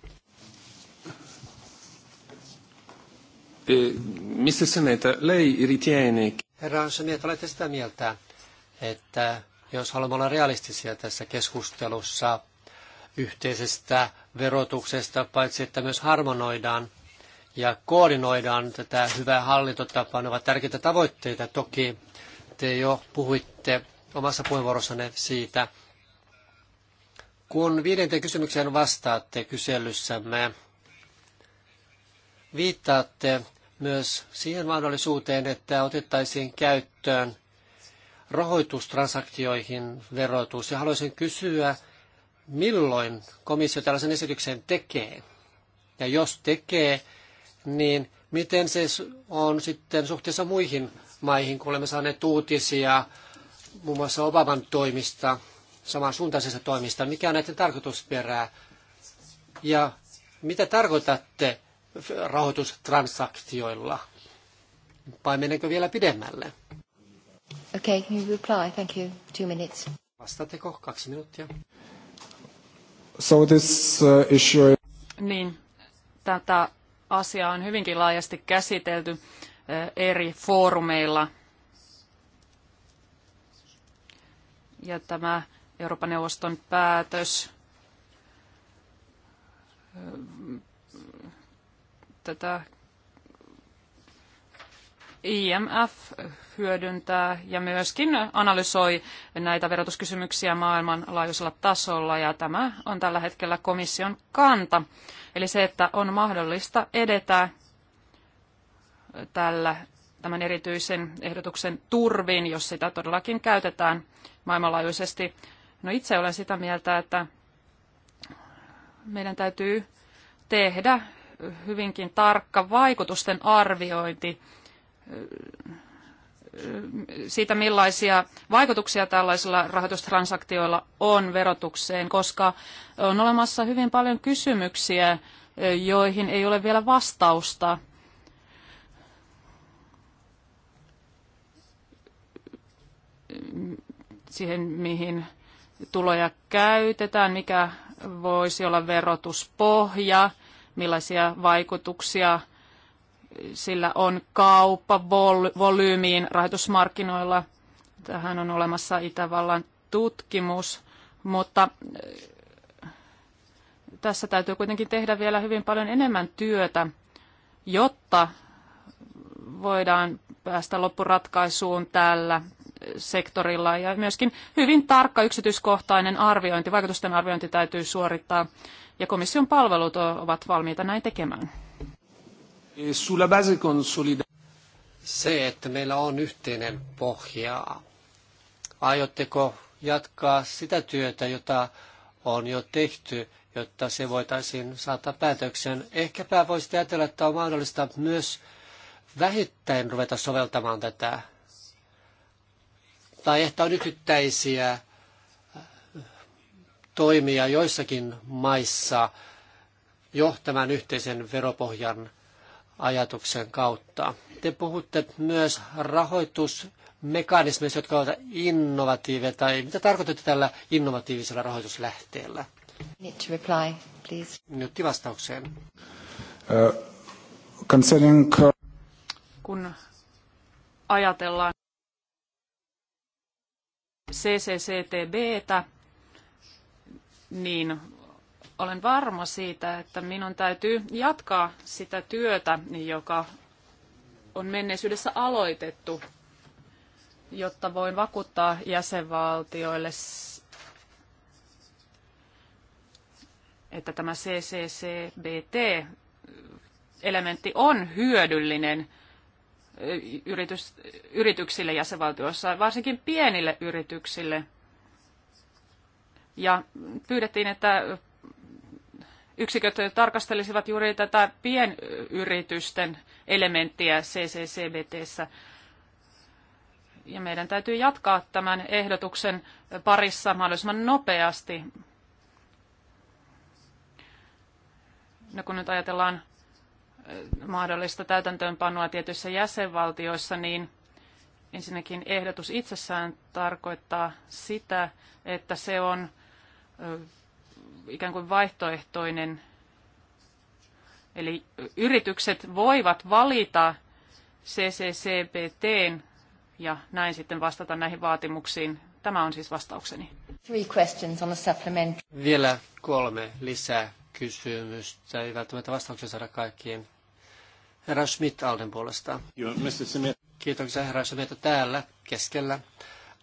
Eh, Mr. Seneta, lei ritiene... Herra Seneta, olette sitä mieltä, että jos haluamme olla realistisia tässä keskustelussa yhteisestä verotuksesta, paitsi että myös harmonoidaan ja koordinoidaan tätä hyvää hallintotapaa. Ne ovat tärkeitä tavoitteita toki. Te jo puhuitte omassa puheenvuorossanne siitä. Kun viidenteen kysymykseen vastaatte kyselyssämme, viittaatte myös siihen mahdollisuuteen, että otettaisiin käyttöön rahoitustransaktioihin verotus. Ja haluaisin kysyä, milloin komissio tällaisen esityksen tekee? Ja jos tekee, niin miten se on sitten suhteessa muihin maihin, kun olemme saaneet uutisia muun muassa Obaman toimista, samansuuntaisesta toimista, mikä on näiden tarkoitusperää ja mitä tarkoitatte rahoitustransaktioilla? Vai menenkö vielä pidemmälle? Okay, you reply. Thank you. Two minutes. Vastatteko? Kaksi minuuttia. So this uh, issue... Niin, tätä asia on hyvinkin laajasti käsitelty eh, eri foorumeilla. Ja tämä Euroopan neuvoston päätös eh, tätä IMF hyödyntää ja myöskin analysoi näitä verotuskysymyksiä maailmanlaajuisella tasolla ja tämä on tällä hetkellä komission kanta. Eli se, että on mahdollista edetä tällä tämän erityisen ehdotuksen turvin, jos sitä todellakin käytetään maailmanlaajuisesti. No itse olen sitä mieltä, että meidän täytyy tehdä hyvinkin tarkka vaikutusten arviointi siitä, millaisia vaikutuksia tällaisilla rahoitustransaktioilla on verotukseen, koska on olemassa hyvin paljon kysymyksiä, joihin ei ole vielä vastausta. siihen, mihin tuloja käytetään, mikä voisi olla verotuspohja, millaisia vaikutuksia sillä on kauppa volyymiin rahoitusmarkkinoilla. Tähän on olemassa Itävallan tutkimus, mutta äh, tässä täytyy kuitenkin tehdä vielä hyvin paljon enemmän työtä, jotta voidaan päästä loppuratkaisuun tällä äh, sektorilla ja myöskin hyvin tarkka yksityiskohtainen arviointi, vaikutusten arviointi täytyy suorittaa ja komission palvelut ovat valmiita näin tekemään. Eh, sulla base consolidata. Se, että meillä on yhteinen pohja. Aiotteko jatkaa sitä työtä, jota on jo tehty, jotta se voitaisiin saada päätöksen. Ehkäpä voisi ajatella, että on mahdollista myös vähittäin ruveta soveltamaan tätä. Tai ehkä on yksittäisiä äh, toimia joissakin maissa jo tämän yhteisen veropohjan ajatuksen kautta. Te puhutte myös rahoitusmekanismeista, jotka ovat innovatiiveja, tai mitä tarkoitatte tällä innovatiivisella rahoituslähteellä? Need to reply, please. Minuutti vastaukseen. Uh, Kun ajatellaan CCCTBtä, niin olen varma siitä, että minun täytyy jatkaa sitä työtä, joka on menneisyydessä aloitettu, jotta voin vakuuttaa jäsenvaltioille, että tämä CCCBT-elementti on hyödyllinen yritys, yrityksille jäsenvaltioissa, varsinkin pienille yrityksille. Ja pyydettiin, että yksiköt tarkastelisivat juuri tätä pienyritysten elementtiä CCCBTssä. Ja meidän täytyy jatkaa tämän ehdotuksen parissa mahdollisimman nopeasti. No kun nyt ajatellaan eh, mahdollista täytäntöönpanoa tietyissä jäsenvaltioissa, niin ensinnäkin ehdotus itsessään tarkoittaa sitä, että se on eh, ikään kuin vaihtoehtoinen. Eli yritykset voivat valita CCCPTn ja näin sitten vastata näihin vaatimuksiin. Tämä on siis vastaukseni. Three questions on a supplement. Vielä kolme lisää kysymystä. Ei välttämättä vastauksia saada kaikkiin. Herra Schmidt Alden puolesta. Kiitoksia herra Schmidt täällä keskellä.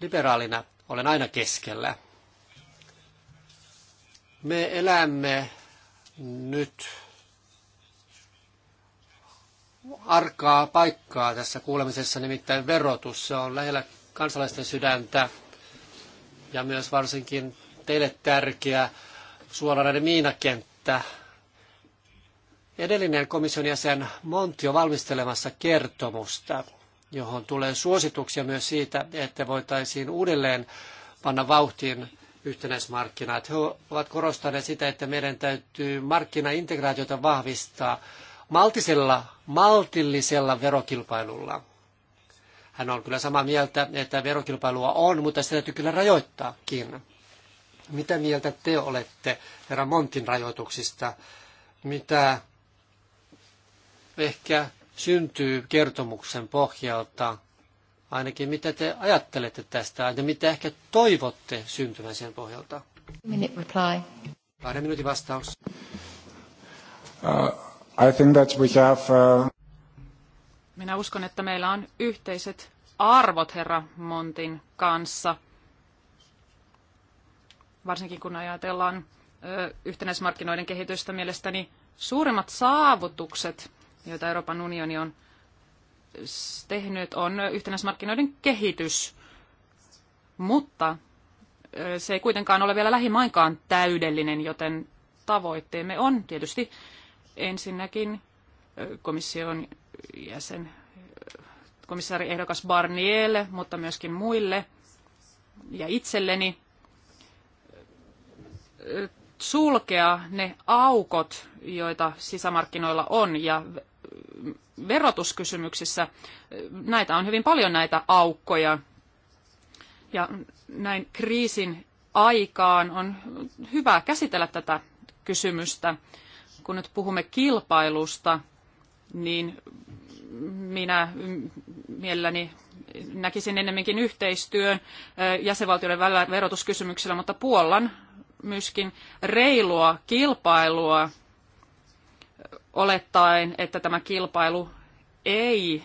Liberaalina olen aina keskellä. Me elämme nyt arkaa paikkaa tässä kuulemisessa, nimittäin verotus. Se on lähellä kansalaisten sydäntä ja myös varsinkin teille tärkeä suoranainen miinakenttä. Edellinen komission jäsen Monti on valmistelemassa kertomusta, johon tulee suosituksia myös siitä, että voitaisiin uudelleen panna vauhtiin yhtenäismarkkinat. He ovat korostaneet sitä, että meidän täytyy markkinaintegraatiota vahvistaa maltisella, maltillisella verokilpailulla. Hän on kyllä samaa mieltä, että verokilpailua on, mutta sitä täytyy kyllä rajoittaakin. Mitä mieltä te olette herra Montin rajoituksista? Mitä ehkä syntyy kertomuksen pohjalta? ainakin mitä te ajattelette tästä ja mitä ehkä toivotte syntymän sen pohjalta? Minute reply. Kahden minuutin vastaus. Uh, I think that we have, uh... Minä uskon, että meillä on yhteiset arvot herra Montin kanssa, varsinkin kun ajatellaan ö, yhtenäismarkkinoiden kehitystä mielestäni suurimmat saavutukset, joita Euroopan unioni on tehnyt, on yhtenäismarkkinoiden kehitys. Mutta se ei kuitenkaan ole vielä lähimainkaan täydellinen, joten tavoitteemme on tietysti ensinnäkin komission jäsen, komissaari ehdokas Barnielle, mutta myöskin muille ja itselleni sulkea ne aukot, joita sisämarkkinoilla on ja verotuskysymyksissä. Näitä on hyvin paljon näitä aukkoja. Ja näin kriisin aikaan on hyvä käsitellä tätä kysymystä. Kun nyt puhumme kilpailusta, niin minä mielelläni näkisin enemmänkin yhteistyön eh, jäsenvaltioiden välillä verotuskysymyksillä, mutta Puolan myöskin reilua kilpailua olettaen, että tämä kilpailu ei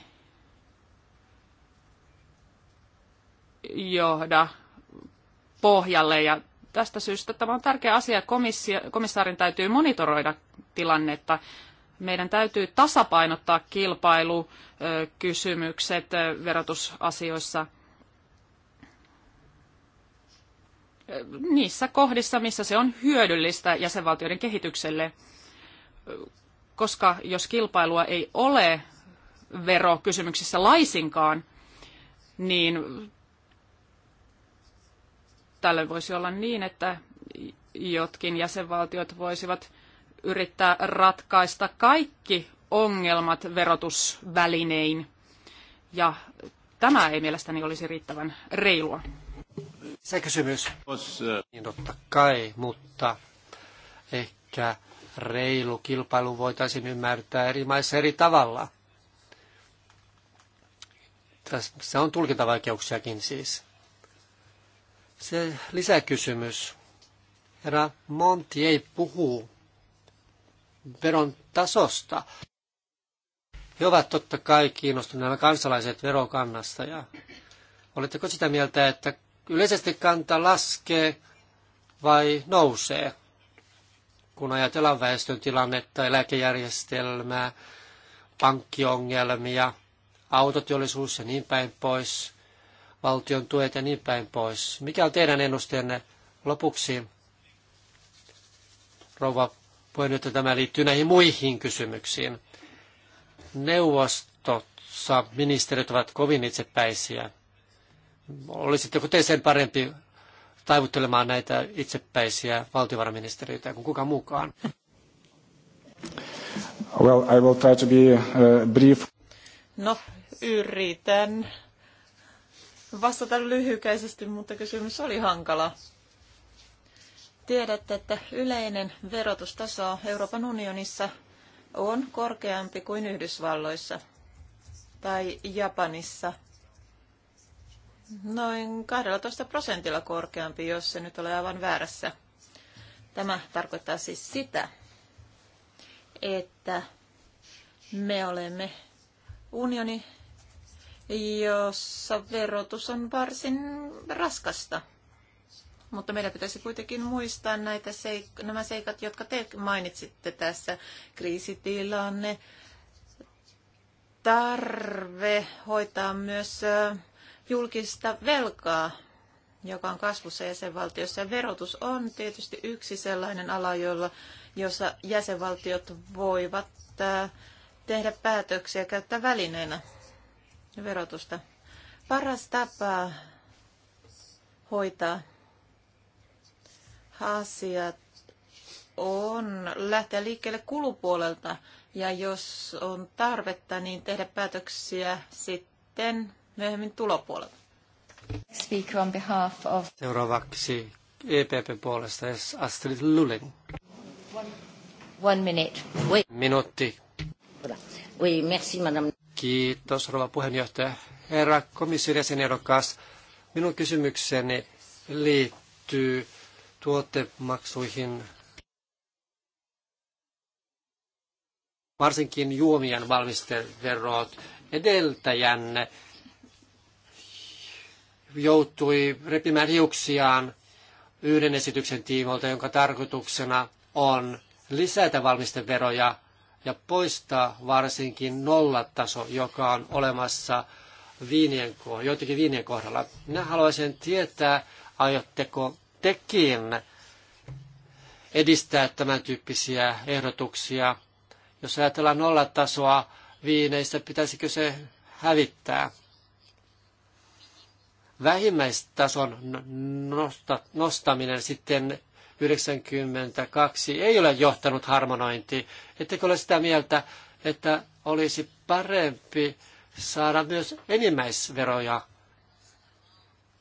johda pohjalle. Ja tästä syystä tämä on tärkeä asia. Komissio, komissaarin täytyy monitoroida tilannetta. Meidän täytyy tasapainottaa kilpailukysymykset verotusasioissa niissä kohdissa, missä se on hyödyllistä jäsenvaltioiden kehitykselle koska jos kilpailua ei ole verokysymyksissä laisinkaan, niin tällöin voisi olla niin, että jotkin jäsenvaltiot voisivat yrittää ratkaista kaikki ongelmat verotusvälinein. Ja tämä ei mielestäni olisi riittävän reilua. Se kysymys. Niin totta kai, mutta ehkä reilu kilpailu voitaisiin ymmärtää eri maissa eri tavalla. Tässä on tulkintavaikeuksiakin siis. Se lisäkysymys. Herra Monti ei puhu veron tasosta. He ovat totta kai kiinnostuneena kansalaiset verokannasta. Ja oletteko sitä mieltä, että yleisesti kanta laskee vai nousee? kun ajatellaan väestön tilannetta, eläkejärjestelmää, pankkiongelmia, autoteollisuus ja niin päin pois, valtion tuet ja niin päin pois. Mikä on teidän ennusteenne lopuksi, rouva puheenjohtaja, tämä liittyy näihin muihin kysymyksiin. Neuvostossa ministerit ovat kovin itsepäisiä. Olisitteko te sen parempi taivuttelemaan näitä itsepäisiä valtiovarainministeriöitä kuin kukaan mukaan. Well, I will try to be uh, brief. No, yritän vastata lyhykäisesti, mutta kysymys oli hankala. Tiedätte, että yleinen verotustaso Euroopan unionissa on korkeampi kuin Yhdysvalloissa tai Japanissa – noin 12 prosentilla korkeampi, jos se nyt ole aivan väärässä. Tämä tarkoittaa siis sitä, että me olemme unioni, jossa verotus on varsin raskasta. Mutta meidän pitäisi kuitenkin muistaa näitä seik- nämä seikat, jotka te mainitsitte tässä. Kriisitilanne, tarve hoitaa myös julkista velkaa, joka on kasvussa jäsenvaltiossa. Ja verotus on tietysti yksi sellainen ala, jolla, jossa jäsenvaltiot voivat äh, tehdä päätöksiä käyttää välineenä verotusta. Paras tapa hoitaa asiat on lähteä liikkeelle kulupuolelta ja jos on tarvetta, niin tehdä päätöksiä sitten myöhemmin tulopuolella. Speaker on behalf of... Seuraavaksi EPP puolesta Astrid Lulling. One minute. Oui. Minuutti. Oui, merci, madame. Kiitos, rouva puheenjohtaja. Herra komission jäsenehdokas, minun kysymykseni liittyy tuotemaksuihin, varsinkin juomien valmisteverot. Edeltäjänne joutui repimään hiuksiaan yhden esityksen tiimoilta, jonka tarkoituksena on lisätä valmisteveroja ja poistaa varsinkin nollataso, joka on olemassa viinien, joitakin viinien kohdalla. Minä haluaisin tietää, aiotteko tekin edistää tämän tyyppisiä ehdotuksia. Jos ajatellaan nollatasoa viineistä, pitäisikö se hävittää? vähimmäistason nostaminen sitten 92 ei ole johtanut harmonointiin. Ettekö ole sitä mieltä, että olisi parempi saada myös enimmäisveroja,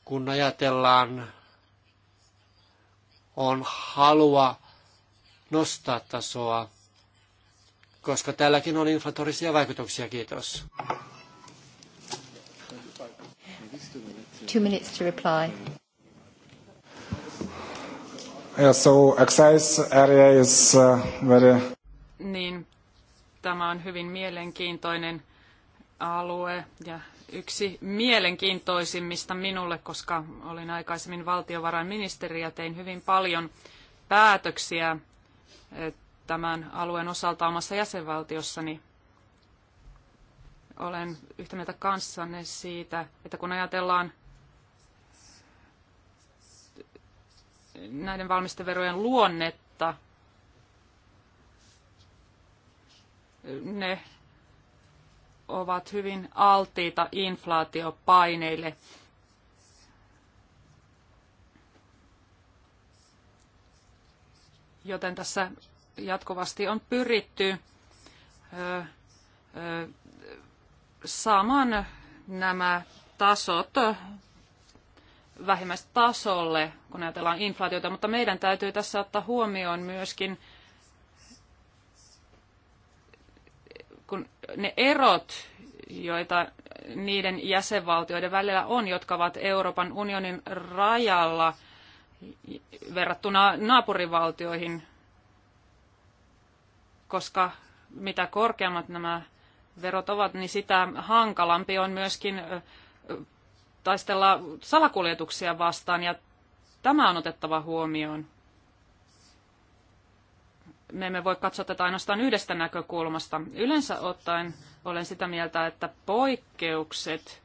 kun ajatellaan on halua nostaa tasoa, koska tälläkin on inflatorisia vaikutuksia. Kiitos. two minutes to reply. Yeah, so excise area is uh, very... Niin, tämä on hyvin mielenkiintoinen alue ja yksi mielenkiintoisimmista minulle, koska olin aikaisemmin valtiovarainministeri ja tein hyvin paljon päätöksiä eh, tämän alueen osalta omassa jäsenvaltiossani. Olen yhtä mieltä kanssanne siitä, että kun ajatellaan näiden valmisteverojen luonnetta. Ne ovat hyvin altiita inflaatiopaineille. Joten tässä jatkuvasti on pyritty ö, ö, saamaan nämä tasot vähimmäistasolle, kun ajatellaan inflaatiota, mutta meidän täytyy tässä ottaa huomioon myöskin kun ne erot, joita niiden jäsenvaltioiden välillä on, jotka ovat Euroopan unionin rajalla verrattuna naapurivaltioihin, koska mitä korkeammat nämä verot ovat, niin sitä hankalampi on myöskin taistella salakuljetuksia vastaan ja tämä on otettava huomioon. Me emme voi katsoa tätä ainoastaan yhdestä näkökulmasta. Yleensä ottaen olen sitä mieltä, että poikkeukset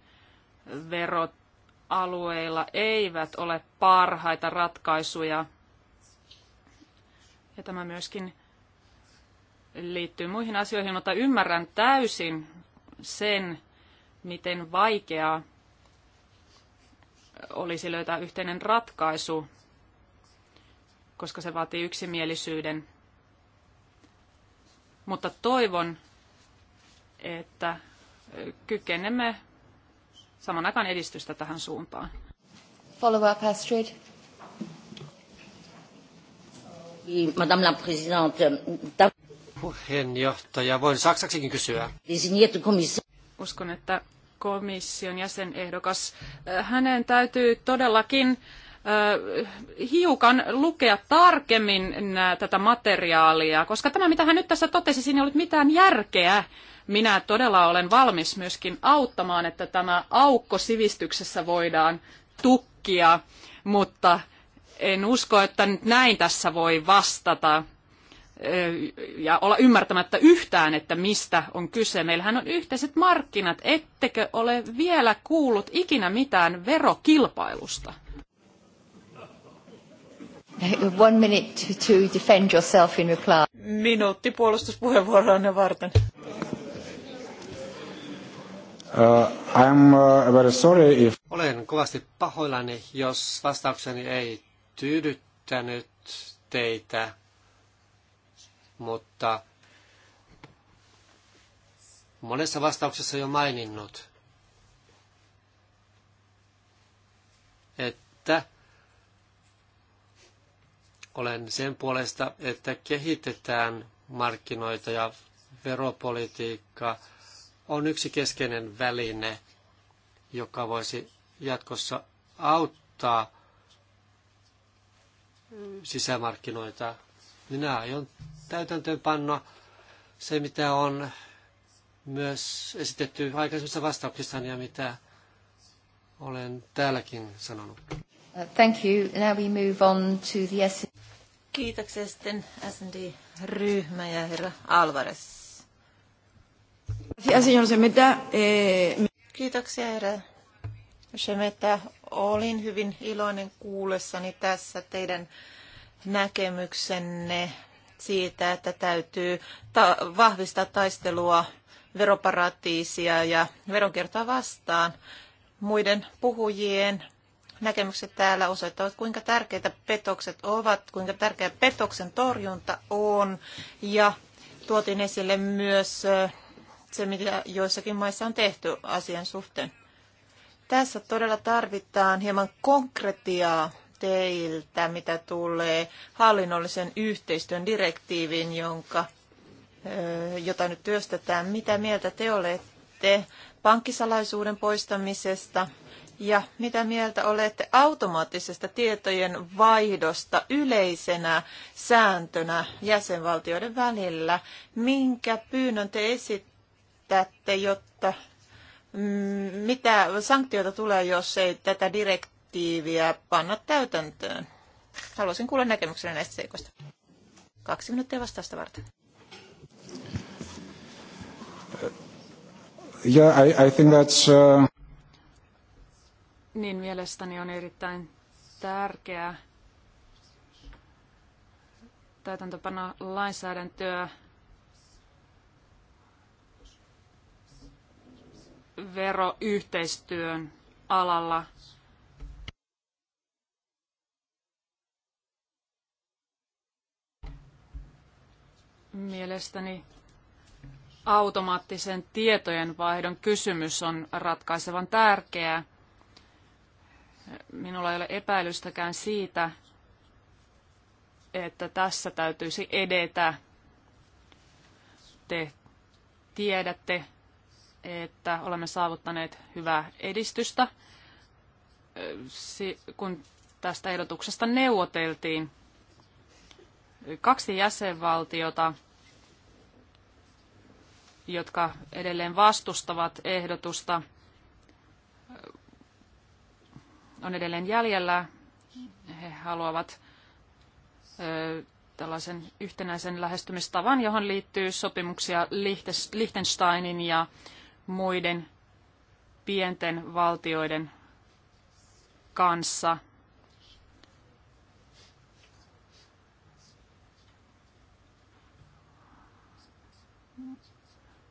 veroalueilla eivät ole parhaita ratkaisuja. Ja tämä myöskin liittyy muihin asioihin, mutta ymmärrän täysin sen, miten vaikeaa olisi löytää yhteinen ratkaisu, koska se vaatii yksimielisyyden. Mutta toivon, että kykenemme saman aikaan edistystä tähän suuntaan. Follow up, Astrid. Niin, Madame la Présidente. Puheenjohtaja, voin saksaksikin kysyä. Uskon, että komission jäsenehdokas, äh, hänen täytyy todellakin äh, hiukan lukea tarkemmin tätä materiaalia, koska tämä, mitä hän nyt tässä totesi, siinä ei ollut mitään järkeä. Minä todella olen valmis myöskin auttamaan, että tämä aukko sivistyksessä voidaan tukkia, mutta en usko, että nyt näin tässä voi vastata ja olla ymmärtämättä yhtään, että mistä on kyse. Meillähän on yhteiset markkinat. Ettekö ole vielä kuullut ikinä mitään verokilpailusta? One minute to defend yourself in reply. Minuutti puolustuspuheenvuoroanne varten. Uh, I'm, uh, very sorry if... Olen kovasti pahoillani, jos vastaukseni ei tyydyttänyt teitä mutta monessa vastauksessa jo maininnut, että olen sen puolesta, että kehitetään markkinoita ja veropolitiikka on yksi keskeinen väline, joka voisi jatkossa auttaa sisämarkkinoita minä aion täytäntöön panna se, mitä on myös esitetty aikaisemmissa vastauksissani ja mitä olen täälläkin sanonut. Thank you. Now we move on to the S- Kiitoksia sitten S&D-ryhmä ja herra Alvarez. Eh, Kiitoksia herra Shemeta. Olin hyvin iloinen kuullessani tässä teidän näkemyksenne siitä, että täytyy ta- vahvistaa taistelua veroparatiisia ja veronkiertoa vastaan. Muiden puhujien näkemykset täällä osoittavat, kuinka tärkeitä petokset ovat, kuinka tärkeä petoksen torjunta on. Ja tuotiin esille myös se, mitä joissakin maissa on tehty asian suhteen. Tässä todella tarvitaan hieman konkretiaa teiltä, mitä tulee hallinnollisen yhteistyön direktiiviin, jonka, jota nyt työstetään. Mitä mieltä te olette pankkisalaisuuden poistamisesta ja mitä mieltä olette automaattisesta tietojen vaihdosta yleisenä sääntönä jäsenvaltioiden välillä? Minkä pyynnön te esittätte, jotta mm, mitä sanktioita tulee, jos ei tätä direkt direktiiviä panna täytäntöön. Haluaisin kuulla näkemyksenä näistä seikoista. Kaksi minuuttia vastausta varten. Uh, yeah, I, I think that's, uh... Niin mielestäni on erittäin tärkeää täytäntöpana lainsäädäntöä veroyhteistyön alalla – Mielestäni automaattisen tietojenvaihdon kysymys on ratkaisevan tärkeää. Minulla ei ole epäilystäkään siitä, että tässä täytyisi edetä. Te tiedätte, että olemme saavuttaneet hyvää edistystä, kun tästä ehdotuksesta neuvoteltiin – kaksi jäsenvaltiota, jotka edelleen vastustavat ehdotusta, on edelleen jäljellä. He haluavat tällaisen yhtenäisen lähestymistavan, johon liittyy sopimuksia Liechtensteinin ja muiden pienten valtioiden kanssa –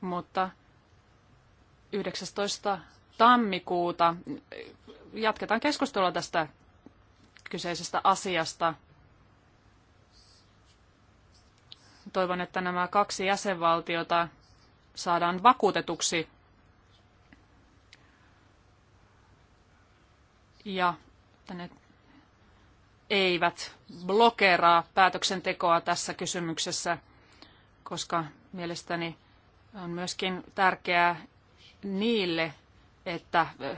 mutta 19. tammikuuta jatketaan keskustelua tästä kyseisestä asiasta. Toivon, että nämä kaksi jäsenvaltiota saadaan vakuutetuksi ja tänne eivät blokeraa päätöksentekoa tässä kysymyksessä, koska mielestäni on myöskin tärkeää niille, että eh,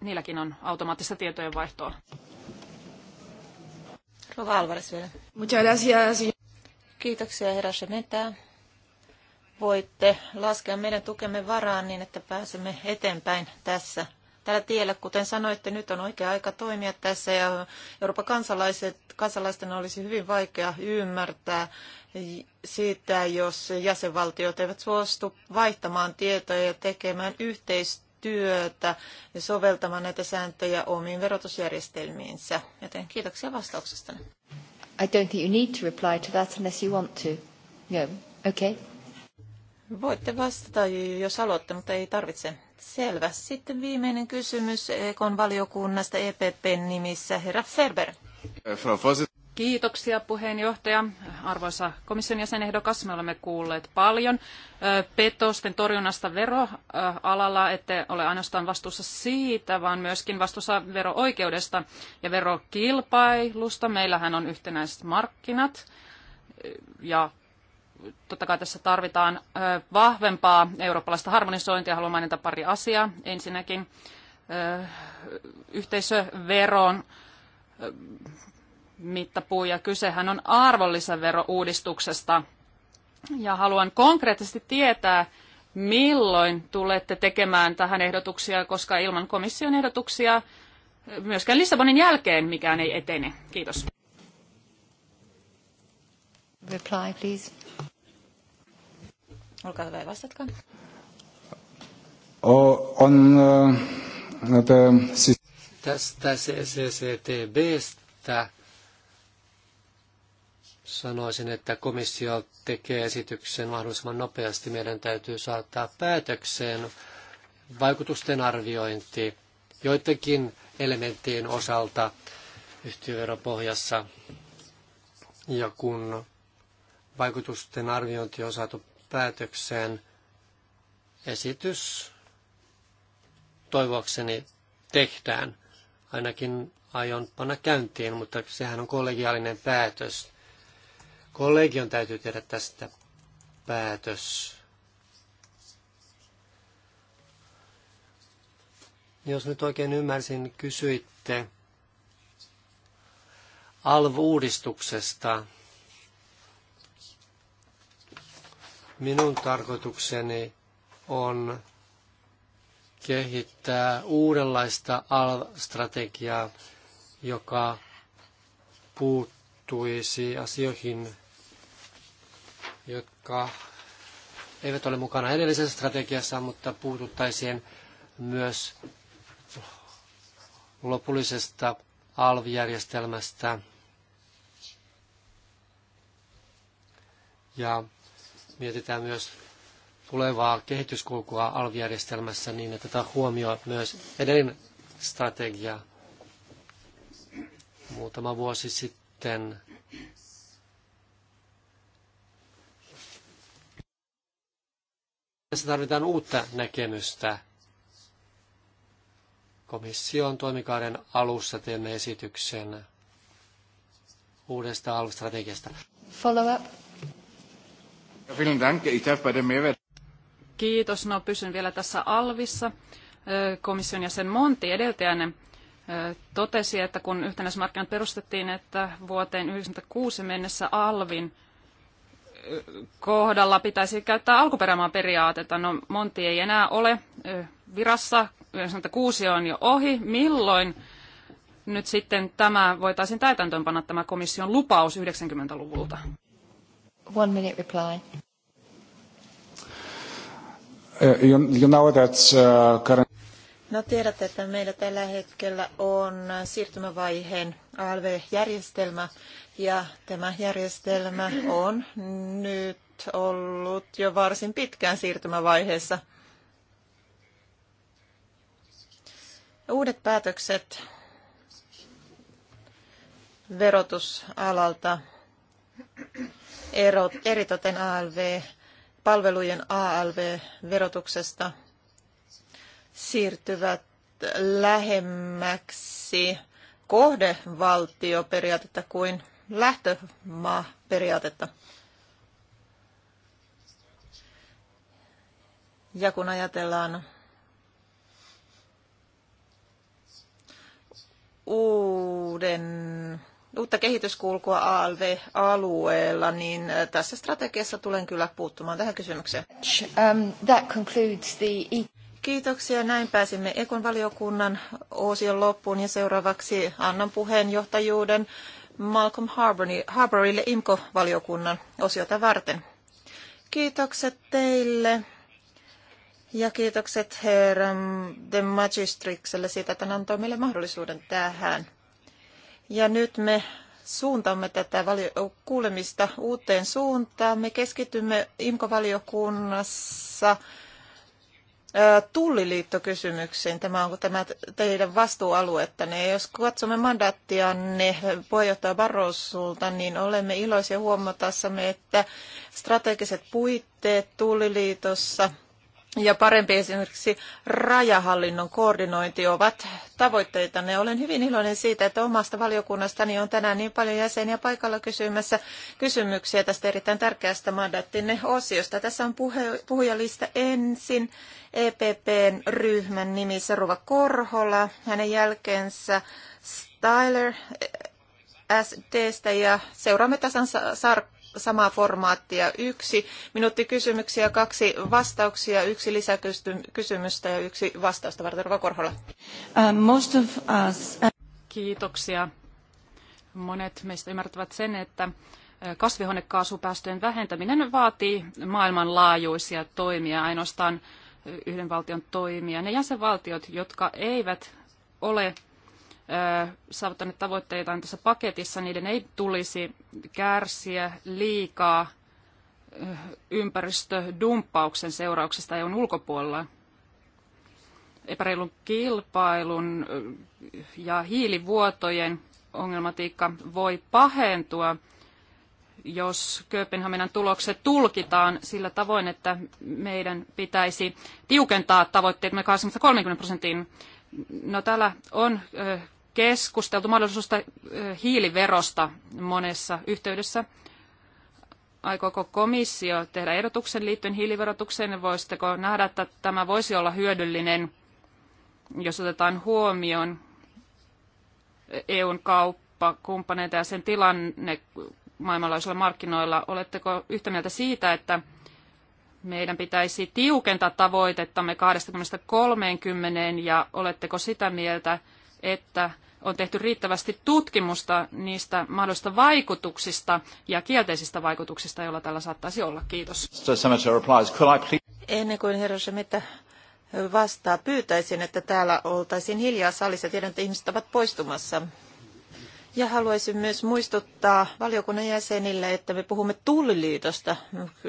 niilläkin on automaattista tietojen vaihtoa. Rova Alvarez vielä. Muchas gracias. Kiitoksia herra Shemetää. Voitte laskea meidän tukemme varaan niin, että pääsemme eteenpäin tässä tällä tiellä. Kuten sanoitte, nyt on oikea aika toimia tässä ja Euroopan kansalaiset, kansalaisten olisi hyvin vaikea ymmärtää siitä, jos jäsenvaltiot eivät suostu vaihtamaan tietoja ja tekemään yhteistyötä ja soveltamaan näitä sääntöjä omiin verotusjärjestelmiinsä. Joten kiitoksia vastauksesta. I don't think you need to reply to that unless you want to. No. Okay. Voitte vastata, jos haluatte, mutta ei tarvitse. Selvä. Sitten viimeinen kysymys Ekon valiokunnasta EPPn nimissä. Herra Ferber. Kiitoksia puheenjohtaja. Arvoisa komission jäsenehdokas, me olemme kuulleet paljon petosten torjunnasta veroalalla, ette ole ainoastaan vastuussa siitä, vaan myöskin vastuussa vero-oikeudesta ja verokilpailusta. Meillähän on yhtenäiset markkinat ja totta kai tässä tarvitaan vahvempaa eurooppalaista harmonisointia. Haluan mainita pari asiaa. Ensinnäkin yhteisöveron mittapuu ja kysehän on arvonlisäverouudistuksesta. Ja haluan konkreettisesti tietää, milloin tulette tekemään tähän ehdotuksia, koska ilman komission ehdotuksia myöskään Lissabonin jälkeen mikään ei etene. Kiitos. Reply, please. Olkaa hyvä ja vastatkaa. On, uh, siis... Tästä CCTBstä sanoisin, että komissio tekee esityksen mahdollisimman nopeasti. Meidän täytyy saattaa päätökseen vaikutusten arviointi joidenkin elementtien osalta yhtiöveropohjassa. Ja kun vaikutusten arviointi on saatu päätökseen. Esitys toivoakseni tehdään. Ainakin aion panna käyntiin, mutta sehän on kollegiaalinen päätös. Kollegion täytyy tehdä tästä päätös. Jos nyt oikein ymmärsin, kysyitte ALV-uudistuksesta. Minun tarkoitukseni on kehittää uudenlaista AL-strategiaa, joka puuttuisi asioihin, jotka eivät ole mukana edellisessä strategiassa, mutta puututtaisiin myös lopullisesta alvijärjestelmästä ja mietitään myös tulevaa kehityskulkua alvijärjestelmässä niin, että tämä huomioi myös edellinen strategia muutama vuosi sitten. Tässä tarvitaan uutta näkemystä. Komission toimikauden alussa teemme esityksen uudesta alv Follow up. Kiitos. No pysyn vielä tässä alvissa. Komission jäsen Monti edeltäjänne totesi, että kun yhtenäismarkkinat perustettiin, että vuoteen 1996 mennessä alvin kohdalla pitäisi käyttää alkuperämaan periaatetta. No Monti ei enää ole virassa, 96 on jo ohi. Milloin nyt sitten tämä voitaisiin täytäntöönpanna tämä komission lupaus 90-luvulta? One minute reply. Uh, you, you know that, uh, current... No tiedätte, että meillä tällä hetkellä on siirtymävaiheen ALV-järjestelmä ja tämä järjestelmä on nyt ollut jo varsin pitkään siirtymävaiheessa. Uudet päätökset verotusalalta erot, eritoten ALV, palvelujen ALV-verotuksesta siirtyvät lähemmäksi kohdevaltioperiaatetta kuin lähtömaaperiaatetta. Ja kun ajatellaan uuden uutta kehityskulkua ALV-alueella, niin äh, tässä strategiassa tulen kyllä puuttumaan tähän kysymykseen. Um, that concludes the... E- Kiitoksia. Näin pääsimme Ekon valiokunnan osion loppuun ja seuraavaksi annan puheenjohtajuuden Malcolm Harbourille IMKO-valiokunnan osiota varten. Kiitokset teille. Ja kiitokset herra The Magistrikselle siitä, että hän antoi meille mahdollisuuden tähän. Ja nyt me suuntaamme tätä kuulemista uuteen suuntaan. Me keskitymme IMKO-valiokunnassa tulliliittokysymyksiin. Tämä on tämä teidän vastuualuettanne. Ja jos katsomme mandaattianne puheenjohtaja Barrosulta, niin olemme iloisia huomatassamme, että strategiset puitteet tulliliitossa – ja parempi esimerkiksi rajahallinnon koordinointi ovat tavoitteita. Ne olen hyvin iloinen siitä, että omasta valiokunnastani on tänään niin paljon jäseniä paikalla kysymässä kysymyksiä tästä erittäin tärkeästä mandaattinne osiosta. Tässä on puhe, puhujalista ensin EPPn ryhmän nimissä Ruva Korhola, hänen jälkeensä Styler SDstä ja seuraamme tasan sarkkaa samaa formaattia. Yksi minuutti kysymyksiä, kaksi vastauksia, yksi lisäkysymystä ja yksi vastausta varten. Ruka Korhola. Uh, most of us... Uh, Kiitoksia. Monet meistä ymmärtävät sen, että uh, kasvihuonekaasupäästöjen vähentäminen vaatii maailmanlaajuisia toimia, ainoastaan yhden valtion toimia. Ne jäsenvaltiot, jotka eivät ole saavuttaneet tavoitteitaan tässä paketissa, niiden ei tulisi kärsiä liikaa ympäristödumppauksen seurauksista EUn ulkopuolella. Epäreilun kilpailun ja hiilivuotojen ongelmatiikka voi pahentua, jos Kööpenhaminan tulokset tulkitaan sillä tavoin, että meidän pitäisi tiukentaa tavoitteet me 30 prosenttiin. No täällä on keskusteltu mahdollisuudesta hiiliverosta monessa yhteydessä. Aikooko komissio tehdä ehdotuksen liittyen hiiliverotukseen? Voisitteko nähdä, että tämä voisi olla hyödyllinen, jos otetaan huomioon EUn kauppakumppaneita ja sen tilanne maailmanlaajuisilla markkinoilla? Oletteko yhtä mieltä siitä, että meidän pitäisi tiukentaa tavoitettamme 20-30 ja oletteko sitä mieltä, että on tehty riittävästi tutkimusta niistä mahdollisista vaikutuksista ja kielteisistä vaikutuksista, joilla tällä saattaisi olla. Kiitos. Ennen kuin herra Semeta vastaa, pyytäisin, että täällä oltaisiin hiljaa salissa. Tiedän, että ihmiset ovat poistumassa. Ja haluaisin myös muistuttaa valiokunnan jäsenille, että me puhumme tulliliitosta.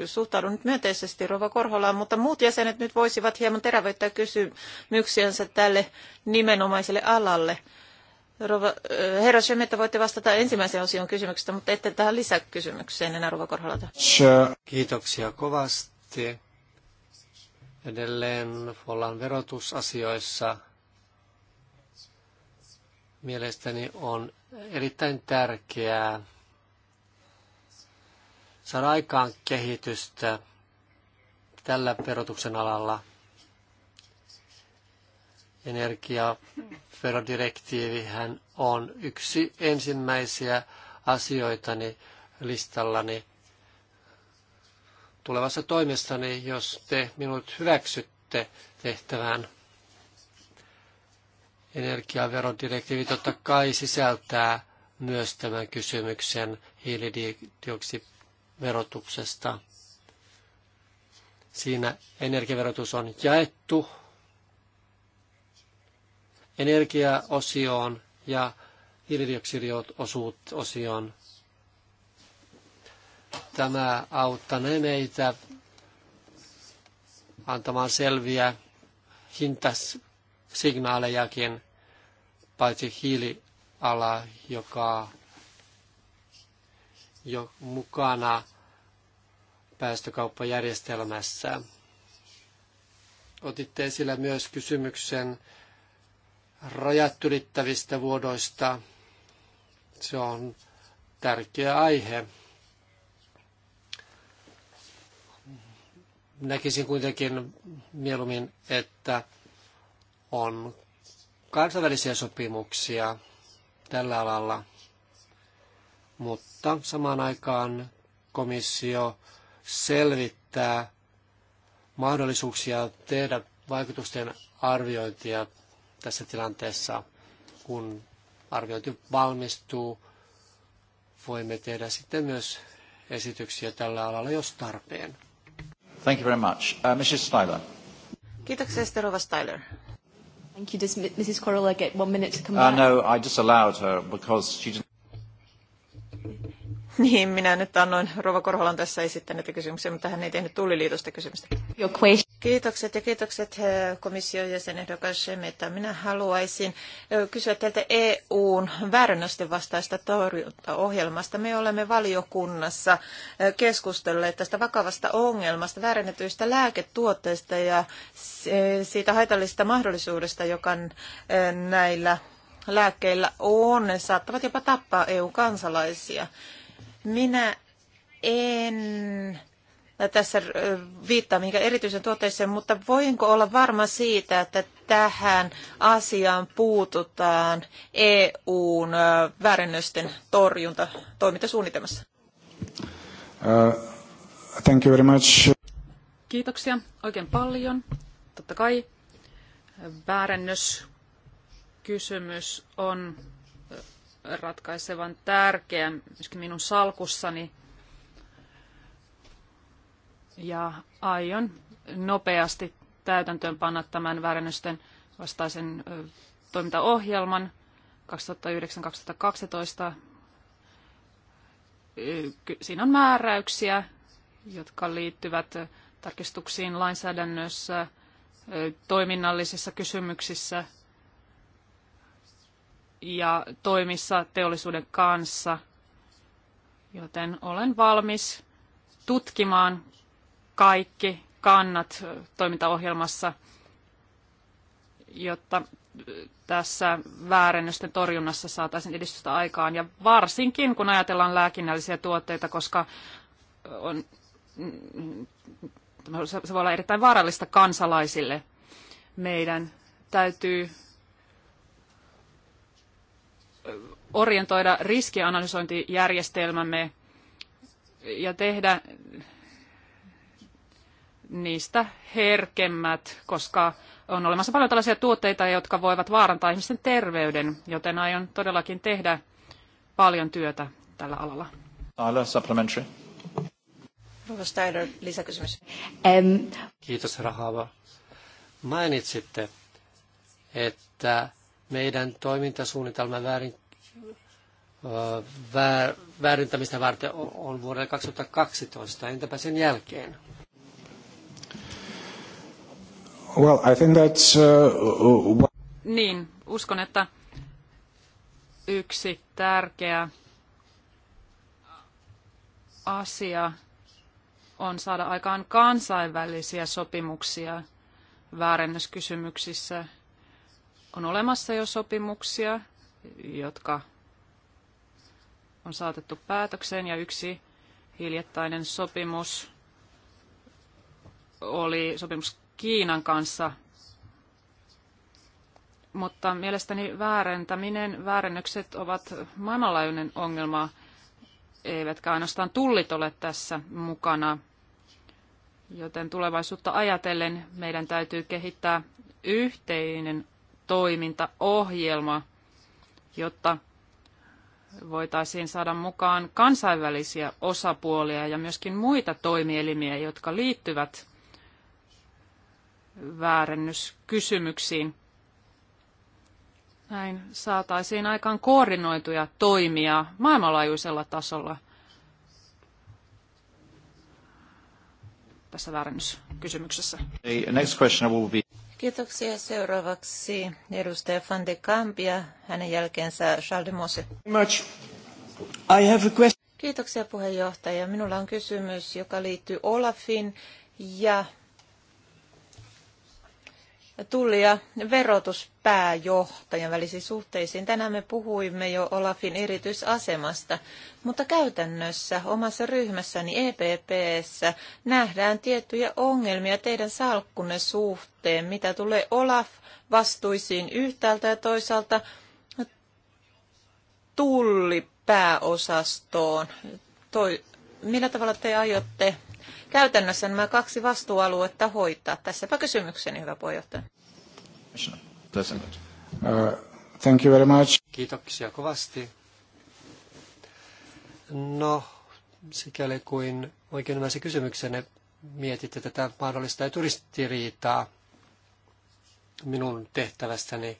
Suhtaudun nyt myönteisesti Rova Korholaan, mutta muut jäsenet nyt voisivat hieman terävöittää kysymyksiänsä tälle nimenomaiselle alalle. Rova, eh, herra Schemmetta, voitte vastata ensimmäiseen osion kysymyksestä, mutta ette tähän lisäkysymykseen enää Rova Korhalata. Kiitoksia kovasti. Edelleen ollaan verotusasioissa. Mielestäni on erittäin tärkeää saada aikaan kehitystä tällä verotuksen alalla – Energiaverodirektiivihän on yksi ensimmäisiä asioitani listallani tulevassa toimestani, jos te minut hyväksytte tehtävään. Energiaverodirektiivi totta kai sisältää myös tämän kysymyksen hiilidioksiverotuksesta. Siinä energiaverotus on jaettu energiaosioon ja hiilidioksidiosioon. Tämä auttaa meitä antamaan selviä hintasignaalejakin, paitsi hiiliala, joka jo mukana päästökauppajärjestelmässä. Otitte esille myös kysymyksen rajat ylittävistä vuodoista. Se on tärkeä aihe. Näkisin kuitenkin mieluummin, että on kansainvälisiä sopimuksia tällä alalla, mutta samaan aikaan komissio selvittää mahdollisuuksia tehdä vaikutusten arviointia tässä tilanteessa, kun arviointi valmistuu. Voimme tehdä sitten myös esityksiä tällä alalla, jos tarpeen. Thank you very much. Uh, Mrs. Styler. Kiitoksia, Sterova Styler. Thank you. Does Mrs. Corolla get one minute to come uh, back? No, I just allowed her because she didn't... *laughs* Niin, minä nyt annoin Rova Korholan tässä esittäneitä kysymyksiä, mutta hän ei tehnyt tulliliitosta kysymystä. Kiitokset ja kiitokset eh, komission jäsenehdokas Shemeta. Minä haluaisin eh, kysyä teiltä EUn väärännösten vastaista torjuntaohjelmasta. Me olemme valiokunnassa eh, keskustelleet tästä vakavasta ongelmasta, väärännetyistä lääketuotteista ja siitä haitallisesta mahdollisuudesta, joka näillä lääkkeillä on. Ne saattavat jopa tappaa EU-kansalaisia. Minä en tässä viittaa mihinkään erityisen tuotteeseen, mutta voinko olla varma siitä, että tähän asiaan puututaan EUn väärennösten torjunta toimintasuunnitelmassa? Uh, thank you very much. Kiitoksia oikein paljon. Totta kai väärennöskysymys on ratkaisevan tärkeä myöskin minun salkussani. Ja aion nopeasti täytäntöön panna tämän väärennösten vastaisen toimintaohjelman 2009-2012. Siinä on määräyksiä, jotka liittyvät tarkistuksiin lainsäädännössä, toiminnallisissa kysymyksissä – ja toimissa teollisuuden kanssa, joten olen valmis tutkimaan kaikki kannat toimintaohjelmassa, jotta tässä väärennösten torjunnassa saataisiin edistystä aikaan. Ja varsinkin kun ajatellaan lääkinnällisiä tuotteita, koska on, se voi olla erittäin vaarallista kansalaisille. Meidän täytyy orientoida riskianalysointijärjestelmämme ja tehdä niistä herkemmät, koska on olemassa paljon tällaisia tuotteita, jotka voivat vaarantaa ihmisten terveyden, joten aion todellakin tehdä paljon työtä tällä alalla. Ala, supplementary. Steiner, lisäkysymys. Kiitos Rahava. Mainitsitte, että meidän toimintasuunnitelman väärin, väärintämistä varten on vuodelle 2012. Entäpä sen jälkeen? Well, I think that's, uh, niin, uskon, että yksi tärkeä asia on saada aikaan kansainvälisiä sopimuksia väärennöskysymyksissä – on olemassa jo sopimuksia, jotka on saatettu päätökseen ja yksi hiljattainen sopimus oli sopimus Kiinan kanssa, mutta mielestäni väärentäminen, väärennökset ovat maailmanlaajuinen ongelma, eivätkä ainoastaan tullit ole tässä mukana. Joten tulevaisuutta ajatellen meidän täytyy kehittää yhteinen toimintaohjelma, jotta voitaisiin saada mukaan kansainvälisiä osapuolia ja myöskin muita toimielimiä, jotka liittyvät väärennyskysymyksiin. Näin saataisiin aikaan koordinoituja toimia maailmanlaajuisella tasolla tässä väärennyskysymyksessä. Next question will be... Kiitoksia. Seuraavaksi edustaja Van de Kamp ja hänen jälkeensä Charles de Mose. Much. I have a question. Kiitoksia puheenjohtaja. Minulla on kysymys, joka liittyy Olafin ja tulli- ja verotuspääjohtajan välisiin suhteisiin. Tänään me puhuimme jo Olafin erityisasemasta, mutta käytännössä omassa ryhmässäni EPPssä nähdään tiettyjä ongelmia teidän salkkunne suhteen, mitä tulee Olaf vastuisiin yhtäältä ja toisaalta tullipääosastoon. Toi, millä tavalla te aiotte käytännössä nämä kaksi vastuualuetta hoitaa? Tässäpä kysymykseni, hyvä puheenjohtaja. Uh, thank you very much. Kiitoksia kovasti. No, sikäli kuin oikein ymmärsin kysymyksenne, mietitte tätä mahdollista turistiriitaa minun tehtävästäni.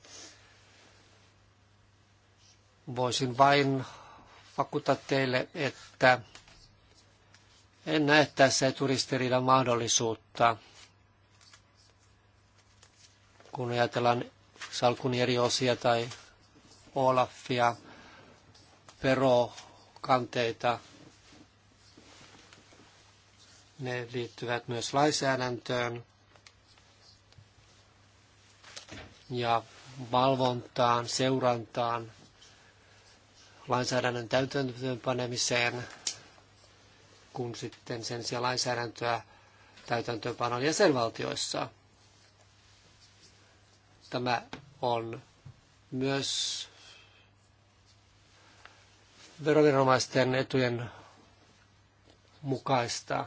Voisin vain vakuuttaa teille, että en näe tässä eturistiriidan mahdollisuutta, kun ajatellaan salkun eri osia tai Olafia, verokanteita. Ne liittyvät myös lainsäädäntöön ja valvontaan, seurantaan, lainsäädännön täytäntöönpanemiseen – kun sitten sen sijaan lainsäädäntöä täytäntöönpanon jäsenvaltioissa. Tämä on myös veroviranomaisten etujen mukaista.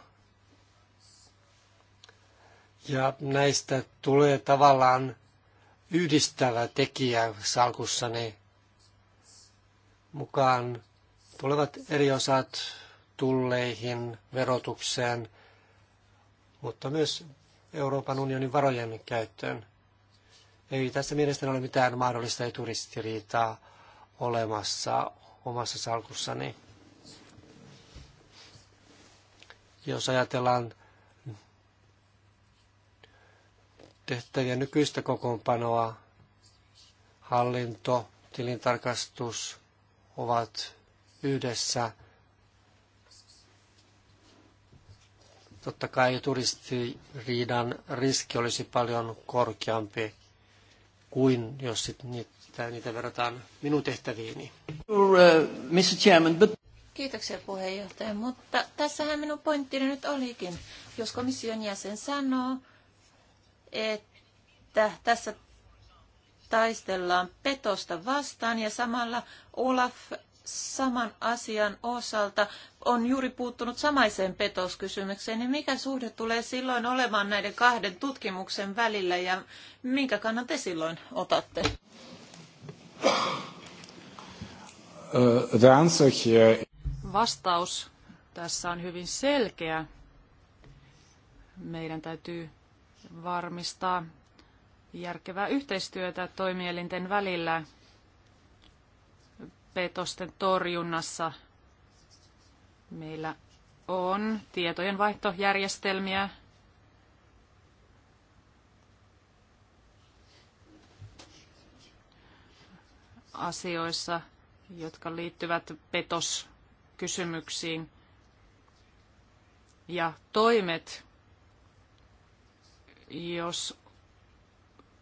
Ja näistä tulee tavallaan yhdistävä tekijä salkussani mukaan tulevat eri osat tulleihin, verotukseen, mutta myös Euroopan unionin varojen käyttöön. Ei tässä mielestäni ole mitään mahdollista eturistiriitaa olemassa omassa salkussani. Jos ajatellaan tehtäviä nykyistä kokoonpanoa, hallinto, tilintarkastus ovat yhdessä – Totta kai turistiriidan riski olisi paljon korkeampi kuin jos sit niitä, niitä verrataan minun tehtäviini. Uh, Kiitoksia puheenjohtaja, mutta tässähän minun pointtini nyt olikin. Jos komission jäsen sanoo, että tässä taistellaan petosta vastaan ja samalla Olaf saman asian osalta on juuri puuttunut samaiseen petoskysymykseen, niin mikä suhde tulee silloin olemaan näiden kahden tutkimuksen välillä ja minkä kannan te silloin otatte? Vastaus tässä on hyvin selkeä. Meidän täytyy varmistaa järkevää yhteistyötä toimielinten välillä petosten torjunnassa – Meillä on tietojenvaihtojärjestelmiä. asioissa, jotka liittyvät petoskysymyksiin. Ja toimet, jos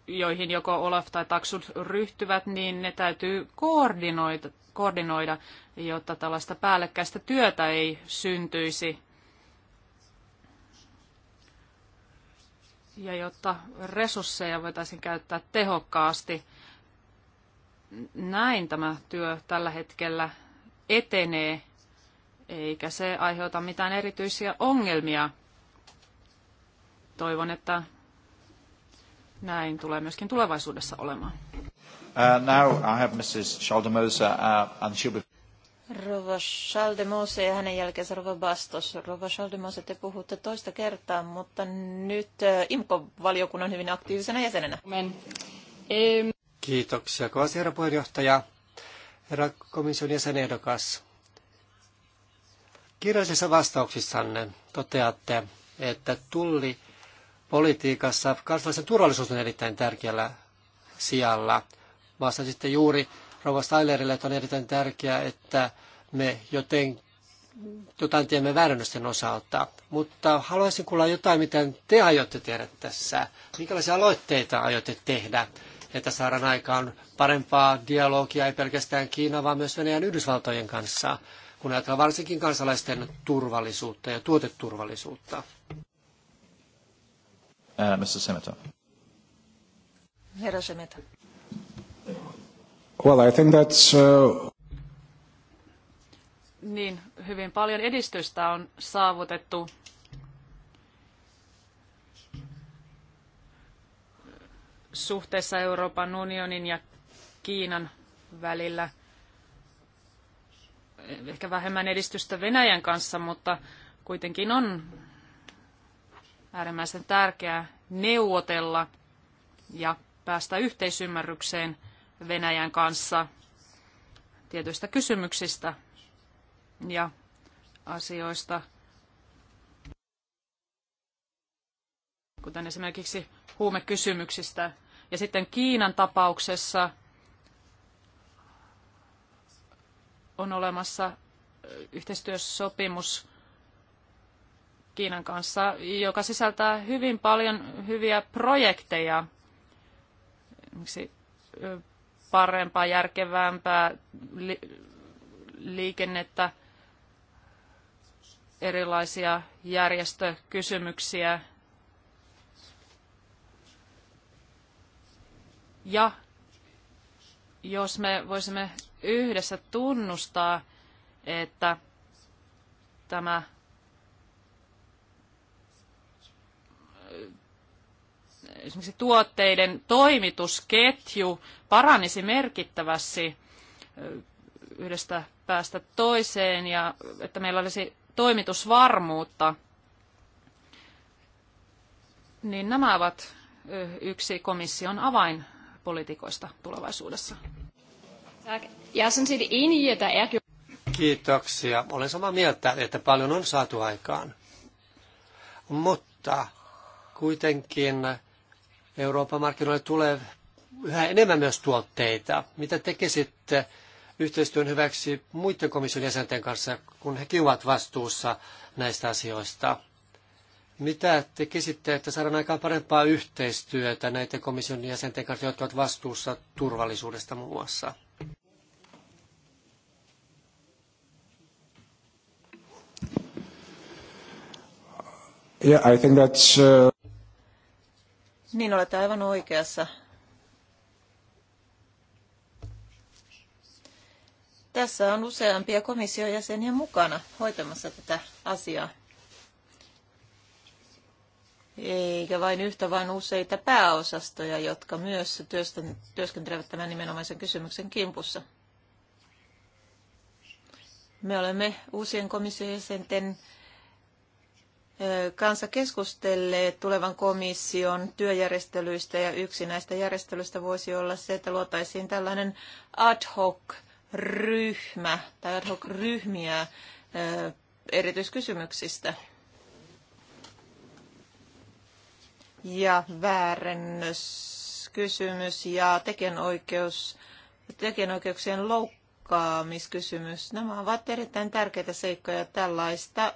joihin joko Olaf tai Taksut ryhtyvät, niin ne täytyy koordinoida koordinoida, jotta tällaista päällekkäistä työtä ei syntyisi ja jotta resursseja voitaisiin käyttää tehokkaasti. Näin tämä työ tällä hetkellä etenee, eikä se aiheuta mitään erityisiä ongelmia. Toivon, että näin tulee myöskin tulevaisuudessa olemaan. Uh, now I have Mrs. Schaldemose, uh, and she'll be... Rova Schaldemose ja hänen jälkeensä Rova Bastos. Rova Schaldemose, te puhutte toista kertaa, mutta nyt uh, IMKO-valiokunnan hyvin aktiivisena jäsenenä. Amen. Kiitoksia kovasti, herra puheenjohtaja. Herra komission jäsenehdokas, kirjallisissa vastauksissanne toteatte, että tulli politiikassa kansallisen turvallisuus on erittäin tärkeällä sijalla – vastasitte juuri Rova Steinerille, että on erittäin tärkeää, että me joten jotain tiemme väärännösten osalta. Mutta haluaisin kuulla jotain, mitä te aiotte tehdä tässä. Minkälaisia aloitteita aiotte tehdä, että saadaan aikaan parempaa dialogia ei pelkästään Kiinan, vaan myös Venäjän Yhdysvaltojen kanssa, kun ajatellaan varsinkin kansalaisten turvallisuutta ja tuoteturvallisuutta. Uh, Mr. Semeta. Herra Semeta. Well, I think that's, uh... Niin, hyvin paljon edistystä on saavutettu suhteessa Euroopan unionin ja Kiinan välillä. Ehkä vähemmän edistystä Venäjän kanssa, mutta kuitenkin on äärimmäisen tärkeää neuvotella ja päästä yhteisymmärrykseen – Venäjän kanssa tietyistä kysymyksistä ja asioista, kuten esimerkiksi huumekysymyksistä. Ja sitten Kiinan tapauksessa on olemassa yhteistyösopimus Kiinan kanssa, joka sisältää hyvin paljon hyviä projekteja, esimerkiksi parempaa, järkevämpää li- liikennettä, erilaisia järjestökysymyksiä ja jos me voisimme yhdessä tunnustaa, että tämä esimerkiksi tuotteiden toimitusketju paranisi merkittävästi yhdestä päästä toiseen ja että meillä olisi toimitusvarmuutta, niin nämä ovat yksi komission avainpolitiikoista tulevaisuudessa. Er er Kiitoksia. Olen samaa mieltä, että paljon on saatu aikaan. Mutta kuitenkin Euroopan markkinoille tulee yhä enemmän myös tuotteita. Mitä tekisitte yhteistyön hyväksi muiden komission jäsenten kanssa, kun hekin ovat vastuussa näistä asioista? Mitä tekisitte, että saadaan aikaan parempaa yhteistyötä näiden komission jäsenten kanssa, jotka ovat vastuussa turvallisuudesta muun muassa? Yeah, I think that's, uh... Niin olette aivan oikeassa. Tässä on useampia komission jäseniä mukana hoitamassa tätä asiaa. Eikä vain yhtä, vaan useita pääosastoja, jotka myös työskentelevät tämän nimenomaisen kysymyksen kimpussa. Me olemme uusien komission jäsenten kanssa keskustelleet tulevan komission työjärjestelyistä ja yksi näistä järjestelyistä voisi olla se, että luotaisiin tällainen ad hoc ryhmä tai ad hoc ryhmiä erityiskysymyksistä. Ja väärennöskysymys ja tekijänoikeus, tekijänoikeuksien loukkaamiskysymys. Nämä ovat erittäin tärkeitä seikkoja tällaista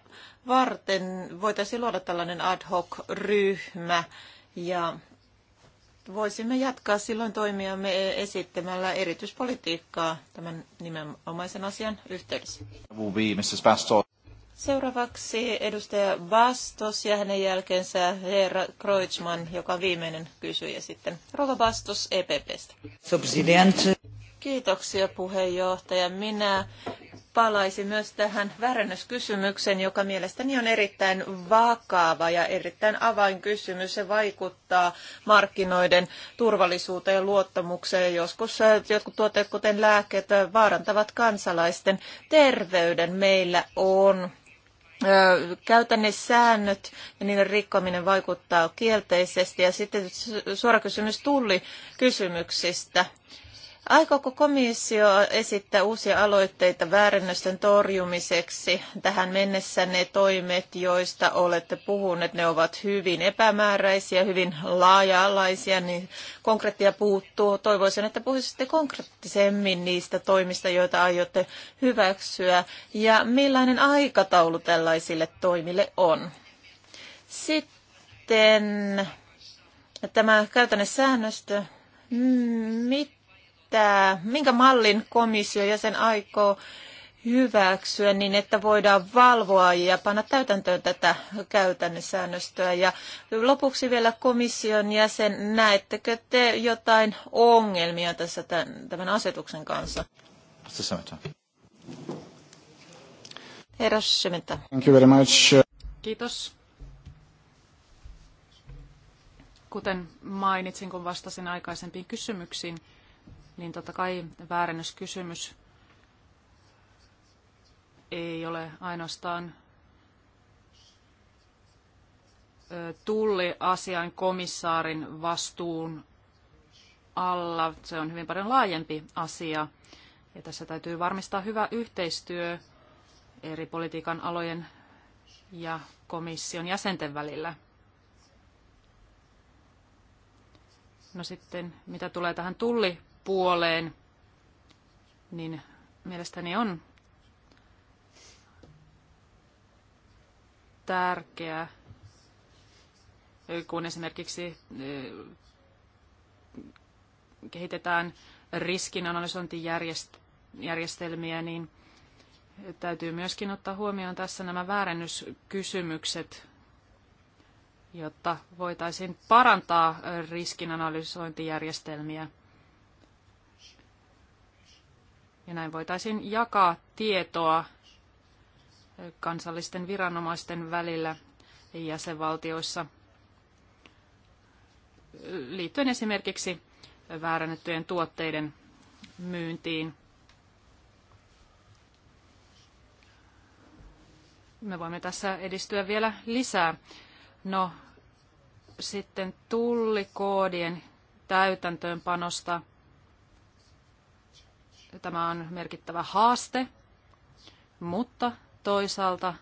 varten. Voitaisiin luoda tällainen ad hoc ryhmä ja voisimme jatkaa silloin toimiamme esittämällä erityispolitiikkaa tämän nimenomaisen asian yhteydessä. Seuraavaksi edustaja Bastos ja hänen jälkeensä herra Kreutzmann, joka on viimeinen kysyjä sitten. Rova Bastos EPPstä. Kiitoksia puheenjohtaja. Minä palaisin myös tähän väärennöskysymykseen, joka mielestäni on erittäin vakava ja erittäin avainkysymys. Se vaikuttaa markkinoiden turvallisuuteen ja luottamukseen. Joskus jotkut tuotteet, kuten lääkkeet, vaarantavat kansalaisten terveyden. Meillä on säännöt ja niiden rikkominen vaikuttaa kielteisesti. Ja sitten suora kysymys tulli kysymyksistä. Aikooko komissio esittää uusia aloitteita väärennösten torjumiseksi? Tähän mennessä ne toimet, joista olette puhuneet, ne ovat hyvin epämääräisiä, hyvin laaja-alaisia, niin konkreettia puuttuu. Toivoisin, että puhuisitte konkreettisemmin niistä toimista, joita aiotte hyväksyä, ja millainen aikataulu tällaisille toimille on. Sitten tämä käytännön säännöstö. mit? että minkä mallin komissio ja sen aikoo hyväksyä niin, että voidaan valvoa ja panna täytäntöön tätä käytännössäännöstöä. Ja lopuksi vielä komission jäsen, näettekö te jotain ongelmia tässä tämän, tämän asetuksen kanssa? Herra Sementa. Thank you very much. Kiitos. Kuten mainitsin, kun vastasin aikaisempiin kysymyksiin, niin totta kai väärennyskysymys ei ole ainoastaan tulliasian komissaarin vastuun alla. Se on hyvin paljon laajempi asia. Ja tässä täytyy varmistaa hyvä yhteistyö eri politiikan alojen ja komission jäsenten välillä. No sitten, mitä tulee tähän tulli puoleen, niin mielestäni on tärkeää, kun esimerkiksi eh, kehitetään riskinanalysointijärjestelmiä, niin täytyy myöskin ottaa huomioon tässä nämä väärennyskysymykset, jotta voitaisiin parantaa riskinanalysointijärjestelmiä. Ja näin voitaisiin jakaa tietoa kansallisten viranomaisten välillä jäsenvaltioissa liittyen esimerkiksi väärännettyjen tuotteiden myyntiin. Me voimme tässä edistyä vielä lisää. No, sitten tullikoodien täytäntöönpanosta – Tämä on merkittävä haaste, mutta toisaalta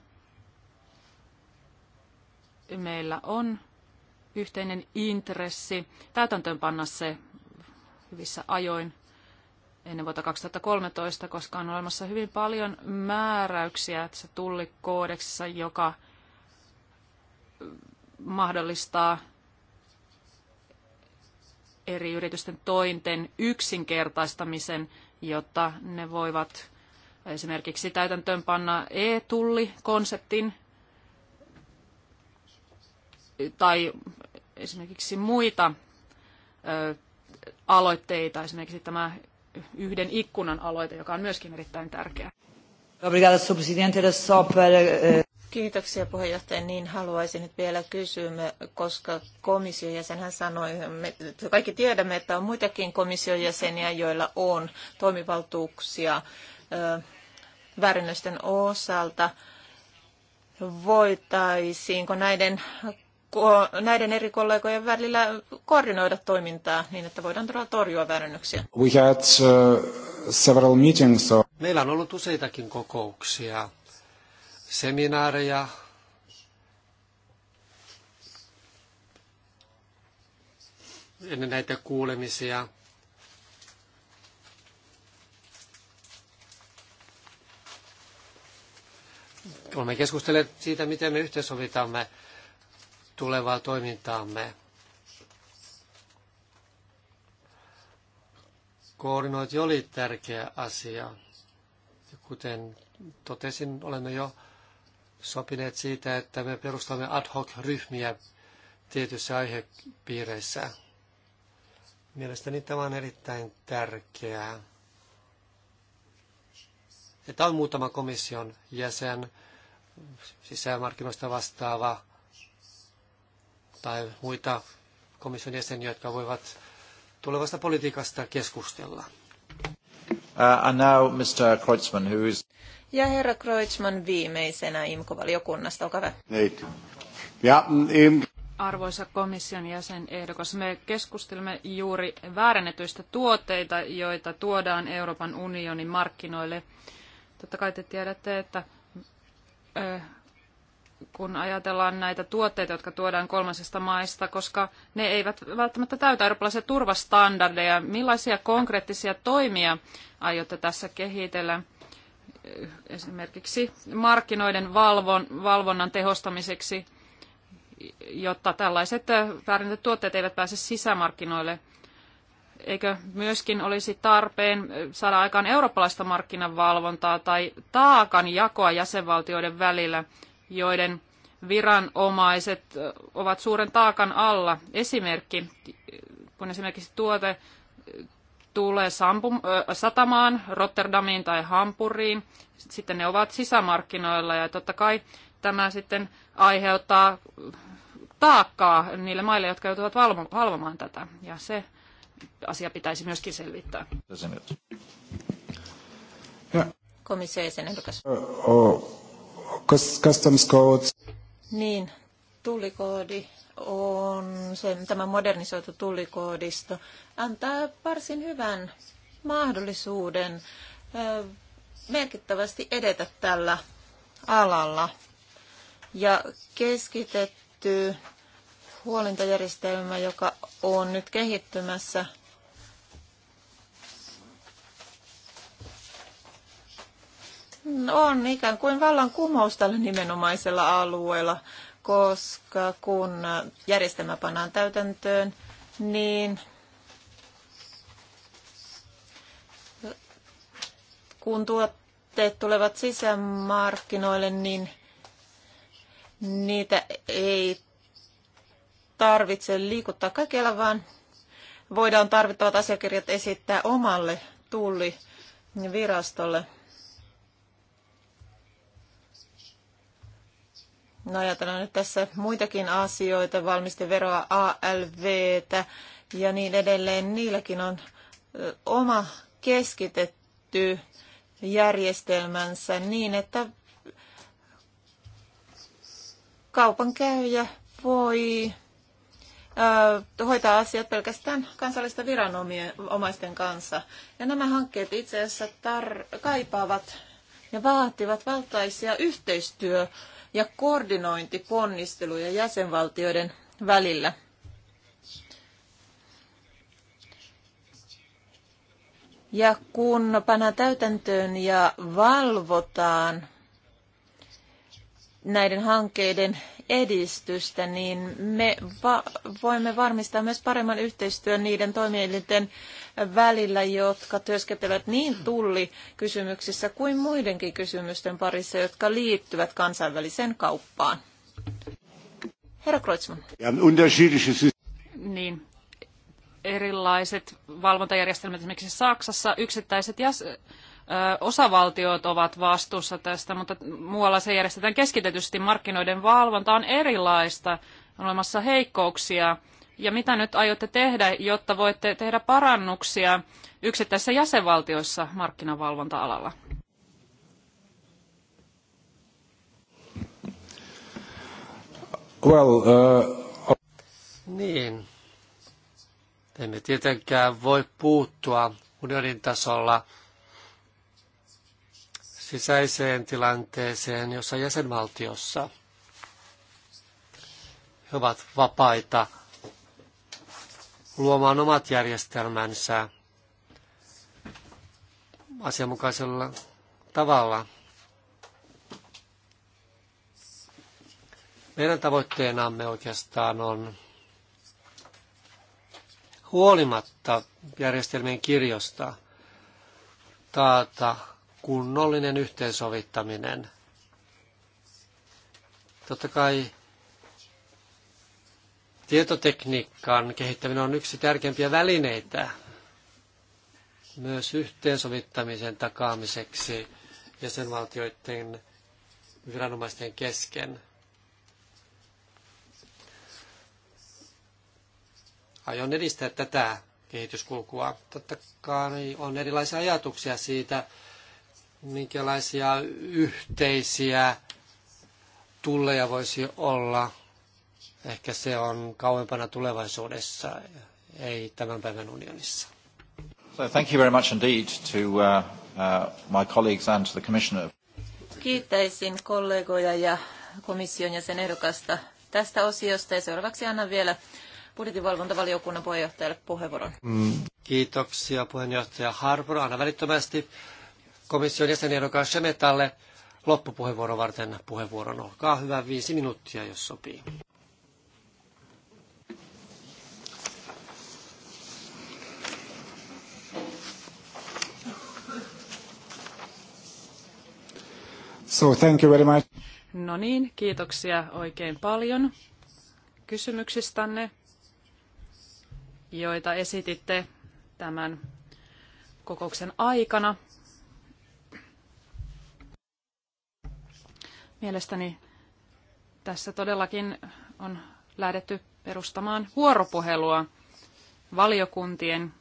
meillä on yhteinen intressi täytäntöönpanna se hyvissä ajoin ennen vuotta 2013, koska on olemassa hyvin paljon määräyksiä tässä tullikoodeksissa, joka mahdollistaa eri yritysten tointen yksinkertaistamisen jotta ne voivat esimerkiksi täytäntöönpanna e-tullikonseptin tai esimerkiksi muita aloitteita, esimerkiksi tämä yhden ikkunan aloite, joka on myöskin erittäin tärkeä. Obrigada, Kiitoksia puheenjohtaja. Niin haluaisin nyt vielä kysyä, koska komission jäsenhän sanoi, me kaikki tiedämme, että on muitakin komission jäseniä, joilla on toimivaltuuksia väärinnösten osalta. Voitaisiinko näiden, näiden eri kollegojen välillä koordinoida toimintaa niin, että voidaan torjua väärinnöksiä? We had, uh, several meetings, so... Meillä on ollut useitakin kokouksia seminaareja, ennen näitä kuulemisia. Olemme keskustelleet siitä, miten me yhteensovitamme tulevaa toimintaamme. Koordinointi oli tärkeä asia. Kuten totesin, olemme jo sopineet siitä, että me perustamme ad hoc-ryhmiä tietyissä aihepiireissä. Mielestäni tämä on erittäin tärkeää. Että on muutama komission jäsen, sisämarkkinoista vastaava tai muita komission jäseniä, jotka voivat tulevasta politiikasta keskustella. Uh, and now Mr. Kreutzmann, who is... Ja herra Kreutzmann viimeisenä imco valiokunnasta olkaa hyvä. Niin. Ja, mm, im... Arvoisa komission ehdokas, me keskustelemme juuri väärennetyistä tuotteita, joita tuodaan Euroopan unionin markkinoille. Totta kai te tiedätte, että kun ajatellaan näitä tuotteita, jotka tuodaan kolmasesta maista, koska ne eivät välttämättä täytä eurooppalaisia turvastandardeja. Millaisia konkreettisia toimia aiotte tässä kehitellä? esimerkiksi markkinoiden valvon, valvonnan tehostamiseksi, jotta tällaiset väärinnetyt tuotteet eivät pääse sisämarkkinoille. Eikö myöskin olisi tarpeen saada aikaan eurooppalaista markkinavalvontaa tai taakan jakoa jäsenvaltioiden välillä, joiden viranomaiset ovat suuren taakan alla. Esimerkki, kun esimerkiksi tuote tulee sampum, satamaan, Rotterdamiin tai Hampuriin, sitten ne ovat sisämarkkinoilla ja totta kai tämä sitten aiheuttaa taakkaa niille maille, jotka joutuvat valvomaan tätä. Ja se asia pitäisi myöskin selvittää. Komissio jäsenehdokas. Customs code. Niin, tullikoodi on se, tämä modernisoitu tullikoodisto antaa varsin hyvän mahdollisuuden merkittävästi edetä tällä alalla. Ja keskitetty huolintajärjestelmä, joka on nyt kehittymässä, on ikään kuin vallankumous tällä nimenomaisella alueella koska kun järjestelmä pannaan täytäntöön, niin kun tuotteet tulevat sisämarkkinoille, niin niitä ei tarvitse liikuttaa kaikkialla, vaan voidaan tarvittavat asiakirjat esittää omalle tulli virastolle. No ajatellaan nyt tässä muitakin asioita, valmisteveroa, ALVtä ja niin edelleen. Niilläkin on oma keskitetty järjestelmänsä niin, että kaupankäyjä voi hoitaa asiat pelkästään kansallista viranomaisten kanssa. Ja nämä hankkeet itse asiassa tar- kaipaavat ja vaativat valtaisia yhteistyö- ja koordinointiponnisteluja jäsenvaltioiden välillä. Ja kun pannaan täytäntöön ja valvotaan näiden hankkeiden edistystä, niin me va- voimme varmistaa myös paremman yhteistyön niiden toimielinten välillä, jotka työskentelevät niin tullikysymyksissä kuin muidenkin kysymysten parissa, jotka liittyvät kansainväliseen kauppaan. Herra Kreutzmann. Niin, erilaiset valvontajärjestelmät esimerkiksi Saksassa, yksittäiset jäs, osavaltiot ovat vastuussa tästä, mutta muualla se järjestetään keskitetysti. Markkinoiden valvonta on erilaista, on olemassa heikkouksia ja mitä nyt aiotte tehdä, jotta voitte tehdä parannuksia yksittäisissä jäsenvaltioissa markkinavalvonta-alalla? Well, uh... Niin. Emme tietenkään voi puuttua unionin tasolla sisäiseen tilanteeseen, jossa jäsenvaltiossa he ovat vapaita – luomaan omat järjestelmänsä asianmukaisella tavalla. Meidän tavoitteenamme oikeastaan on huolimatta järjestelmien kirjosta taata kunnollinen yhteensovittaminen. Totta kai Tietotekniikan kehittäminen on yksi tärkeimpiä välineitä myös yhteensovittamisen takaamiseksi jäsenvaltioiden viranomaisten kesken. Aion edistää tätä kehityskulkua. Totta kai on erilaisia ajatuksia siitä, minkälaisia yhteisiä tulleja voisi olla Ehkä se on kauempana tulevaisuudessa, ei tämän päivän unionissa. So thank you very much indeed to uh, uh, my colleagues and to the commissioner. Kiittäisin kollegoja ja komission jäsenehdokasta tästä osiosta ja seuraavaksi annan vielä budjetinvalvontavaliokunnan puheenjohtajalle puheenvuoron. Mm. Kiitoksia puheenjohtaja Harbour. Anna välittömästi komission jäsenehdokas Shemetalle loppupuheenvuoron varten puheenvuoron. Olkaa hyvä, viisi minuuttia, jos sopii. So thank you very much. No niin, kiitoksia oikein paljon kysymyksistänne, joita esititte tämän kokouksen aikana. Mielestäni tässä todellakin on lähdetty perustamaan vuoropuhelua valiokuntien,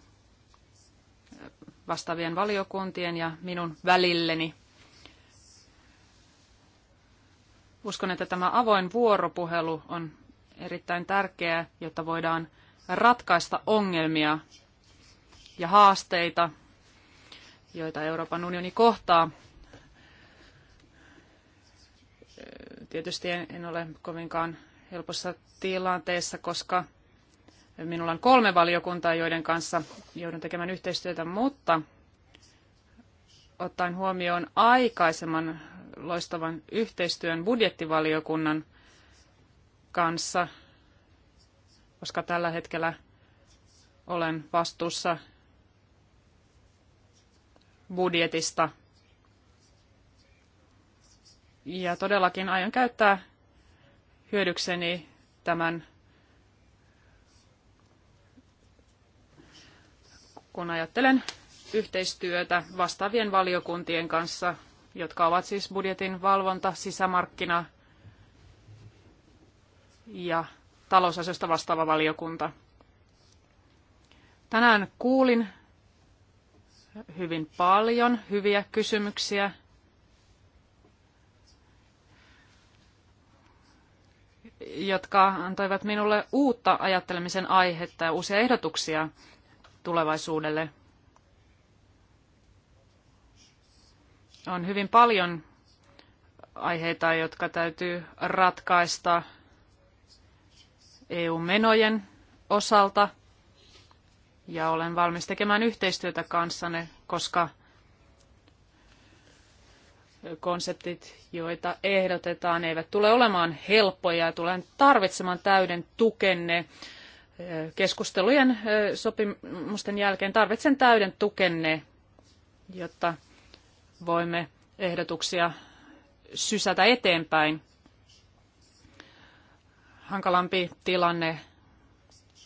vastaavien valiokuntien ja minun välilleni Uskon, että tämä avoin vuoropuhelu on erittäin tärkeää, jotta voidaan ratkaista ongelmia ja haasteita, joita Euroopan unioni kohtaa. Tietysti en ole kovinkaan helpossa tilanteessa, koska minulla on kolme valiokuntaa, joiden kanssa joudun tekemään yhteistyötä, mutta ottaen huomioon aikaisemman loistavan yhteistyön budjettivaliokunnan kanssa, koska tällä hetkellä olen vastuussa budjetista. Ja todellakin aion käyttää hyödykseni tämän, kun ajattelen yhteistyötä vastaavien valiokuntien kanssa jotka ovat siis budjetin valvonta, sisämarkkina ja talousasioista vastaava valiokunta. Tänään kuulin hyvin paljon hyviä kysymyksiä. jotka antoivat minulle uutta ajattelemisen aihetta ja uusia ehdotuksia tulevaisuudelle – On hyvin paljon aiheita, jotka täytyy ratkaista EU-menojen osalta. Ja olen valmis tekemään yhteistyötä kanssanne, koska konseptit, joita ehdotetaan, eivät tule olemaan helppoja ja tulen tarvitsemaan täyden tukenne e, keskustelujen e, sopimusten jälkeen. Tarvitsen täyden tukenne, jotta voimme ehdotuksia sysätä eteenpäin. Hankalampi tilanne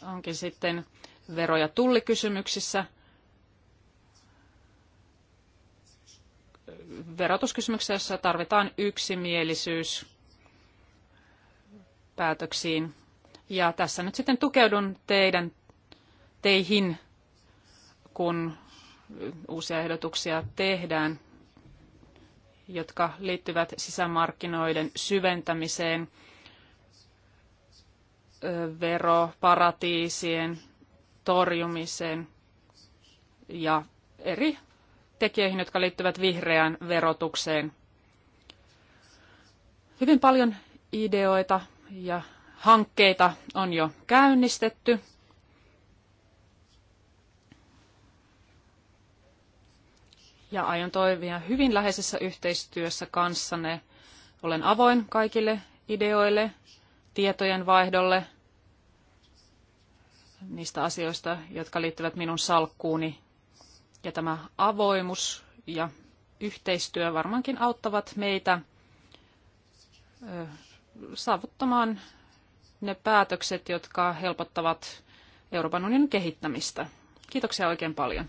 onkin sitten vero- ja tullikysymyksissä. Verotuskysymyksessä, jossa tarvitaan yksimielisyys päätöksiin. Ja tässä nyt sitten tukeudun teidän, teihin, kun uusia ehdotuksia tehdään jotka liittyvät sisämarkkinoiden syventämiseen, veroparatiisien torjumiseen ja eri tekijöihin, jotka liittyvät vihreään verotukseen. Hyvin paljon ideoita ja hankkeita on jo käynnistetty – ja aion toimia hyvin läheisessä yhteistyössä kanssanne. Olen avoin kaikille ideoille, tietojen vaihdolle, niistä asioista, jotka liittyvät minun salkkuuni. Ja tämä avoimuus ja yhteistyö varmaankin auttavat meitä saavuttamaan ne päätökset, jotka helpottavat Euroopan unionin kehittämistä. Kiitoksia oikein paljon.